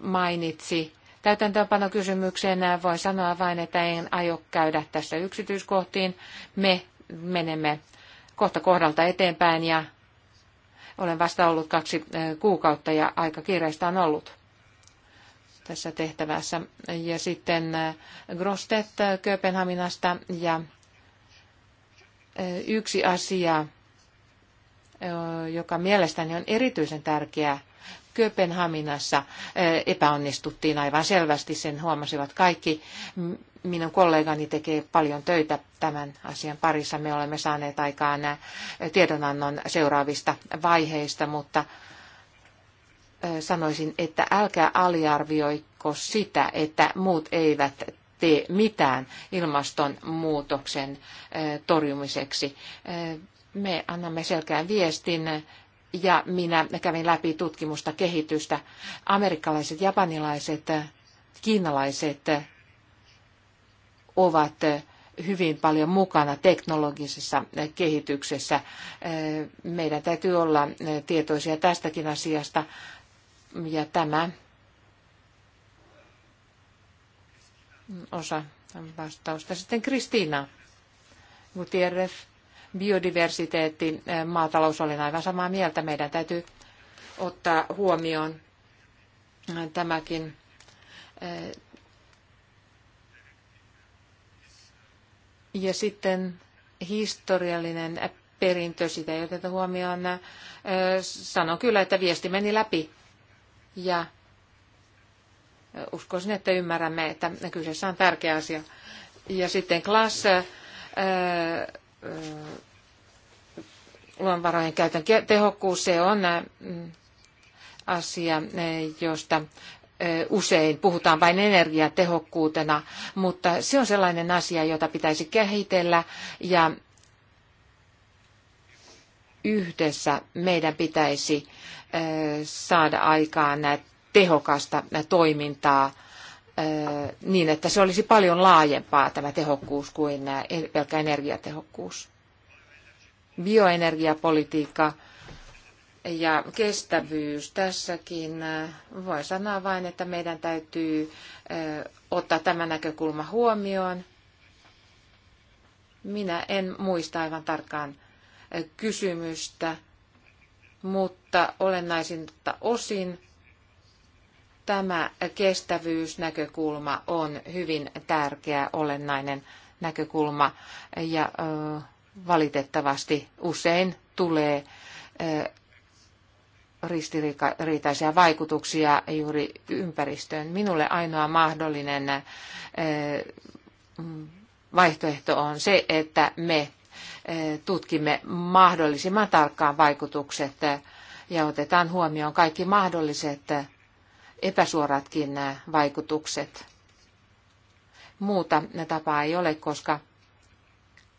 mainitsi täytäntöönpanokysymykseen voin sanoa vain, että en aio käydä tässä yksityiskohtiin. Me menemme kohta kohdalta eteenpäin ja olen vasta ollut kaksi eh, kuukautta ja aika kiireistä on ollut tässä tehtävässä. Ja sitten eh, Grostet eh, Kööpenhaminasta ja yksi asia, joka mielestäni on erityisen tärkeä Kööpenhaminassa eh, epäonnistuttiin aivan selvästi, sen huomasivat kaikki. Minun kollegani tekee paljon töitä tämän asian parissa. Me olemme saaneet aikaan eh, tiedonannon seuraavista vaiheista, mutta eh, sanoisin, että älkää aliarvioiko sitä, että muut eivät tee mitään ilmastonmuutoksen torjumiseksi. Me annamme selkeän viestin ja minä kävin läpi tutkimusta kehitystä. Amerikkalaiset, japanilaiset, kiinalaiset ovat hyvin paljon mukana teknologisessa kehityksessä. Meidän täytyy olla tietoisia tästäkin asiasta ja tämä osa vastausta. Sitten Kristiina Gutierrez biodiversiteetti, eh, maatalous, olen aivan samaa mieltä. Meidän täytyy ottaa huomioon eh, tämäkin. Eh, ja sitten historiallinen perintö, sitä ei oteta huomioon. Sanon kyllä, että viesti meni läpi ja uskoisin, että ymmärrämme, että kyseessä on tärkeä asia. Ja sitten Klaas luonnonvarojen käytön tehokkuus, se on asia, josta usein puhutaan vain energiatehokkuutena, mutta se on sellainen asia, jota pitäisi kehitellä ja yhdessä meidän pitäisi saada aikaan tehokasta toimintaa niin, että se olisi paljon laajempaa tämä tehokkuus kuin e, pelkkä energiatehokkuus. Bioenergiapolitiikka ja kestävyys tässäkin. voi sanoa vain, että meidän täytyy ottaa tämä näkökulma huomioon. Minä en muista aivan tarkkaan kysymystä, mutta olennaisinta osin Tämä kestävyysnäkökulma on hyvin tärkeä, olennainen näkökulma ja valitettavasti usein tulee ristiriitaisia vaikutuksia juuri ympäristöön. Minulle ainoa mahdollinen vaihtoehto on se, että me tutkimme mahdollisimman tarkkaan vaikutukset ja otetaan huomioon kaikki mahdolliset epäsuoratkin vaikutukset. Muuta tapaa ei ole, koska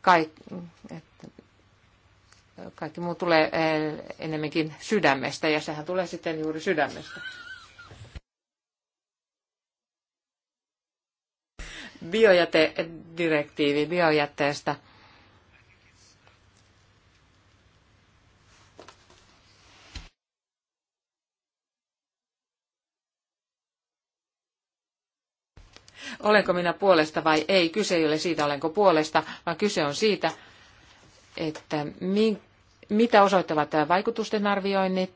kaikki, kaikki muu tulee eh, enemmänkin sydämestä ja sehän tulee sitten juuri sydämestä. Biojätedirektiivi biojätteestä – olenko minä puolesta vai ei. Kyse ei ole siitä, olenko puolesta, vaan kyse on siitä, että mi, mitä osoittavat vaikutusten arvioinnit.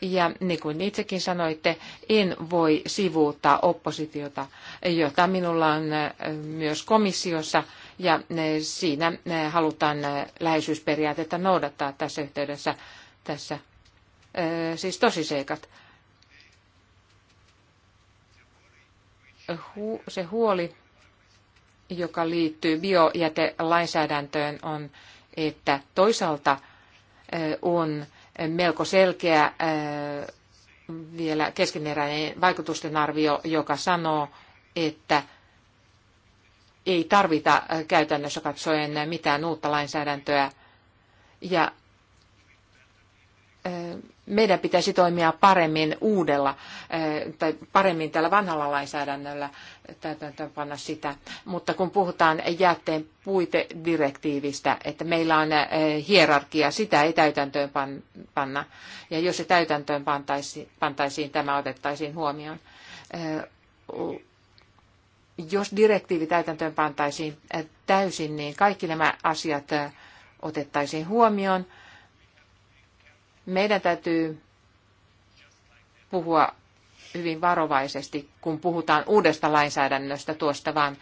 Ja niin kuin itsekin sanoitte, en voi sivuuttaa oppositiota, jota minulla on äh, myös komissiossa. Ja äh, siinä äh, halutaan läheisyysperiaatetta noudattaa tässä yhteydessä tässä siis tosiseikat. se huoli, joka liittyy biojätelainsäädäntöön, on, että toisaalta on melko selkeä vielä keskeneräinen vaikutusten arvio, joka sanoo, että ei tarvita käytännössä katsoen mitään uutta lainsäädäntöä. Ja meidän pitäisi toimia paremmin uudella eh, tai paremmin tällä vanhalla lainsäädännöllä täytäntöönpanna sitä. Mutta kun puhutaan jätteen puitedirektiivistä, että meillä on eh, hierarkia, sitä ei täytäntöön panna. Ja jos se täytäntöön pantaisiin tämä otettaisiin huomioon. Eh, jos direktiivi täytäntöön pantaisiin täysin, niin kaikki nämä asiat otettaisiin huomioon – meidän täytyy puhua hyvin varovaisesti, kun puhutaan uudesta lainsäädännöstä tuosta, vaan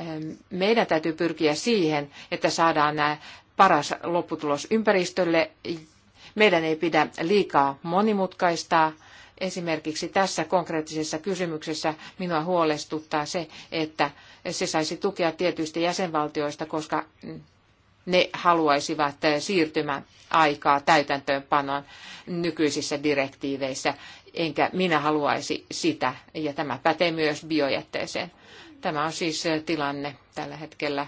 ähm, meidän täytyy pyrkiä siihen, että saadaan nämä paras lopputulos ympäristölle. Meidän ei pidä liikaa monimutkaistaa. Esimerkiksi tässä konkreettisessa kysymyksessä minua huolestuttaa se, että se saisi tukea tietyistä jäsenvaltioista, koska mm, ne haluaisivat eh, siirtymäaikaa täytäntöönpanoon nykyisissä direktiiveissä, enkä minä haluaisi sitä, ja tämä pätee myös biojätteeseen. Tämä on siis eh, tilanne tällä hetkellä.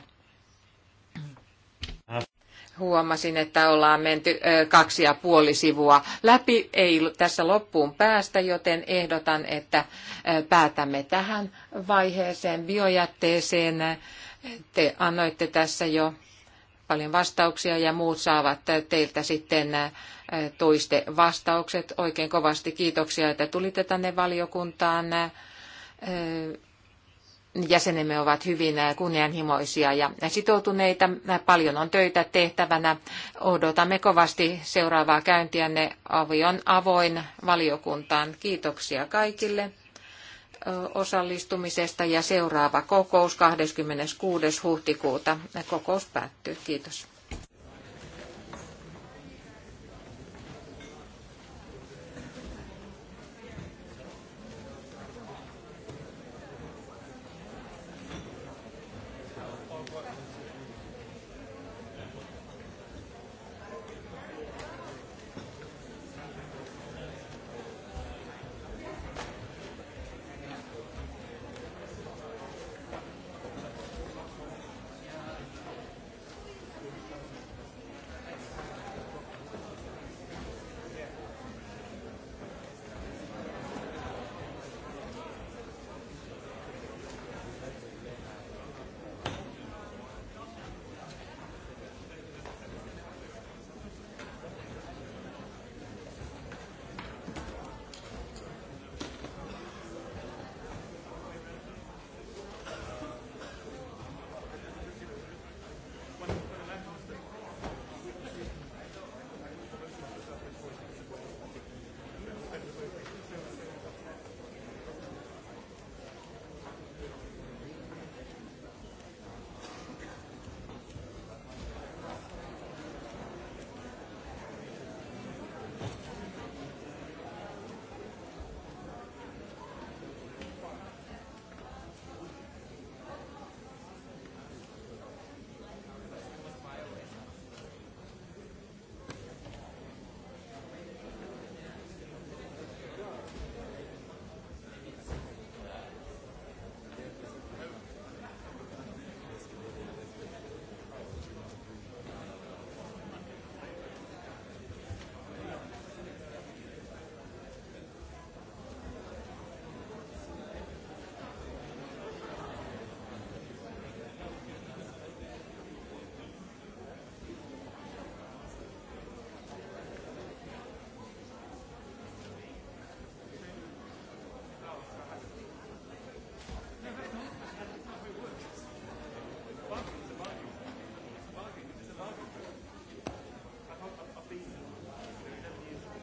Huomasin, että ollaan menty eh, kaksi ja puoli sivua läpi, ei tässä loppuun päästä, joten ehdotan, että päätämme tähän vaiheeseen biojätteeseen. Te annoitte tässä jo paljon vastauksia ja muut saavat teiltä sitten toiste vastaukset. Oikein kovasti kiitoksia, että tulitte tänne valiokuntaan. Jäsenemme ovat hyvin kunnianhimoisia ja sitoutuneita. Paljon on töitä tehtävänä. Odotamme kovasti seuraavaa käyntiänne. avion avoin valiokuntaan. Kiitoksia kaikille osallistumisesta ja seuraava kokous 26. huhtikuuta. Kokous päättyy. Kiitos.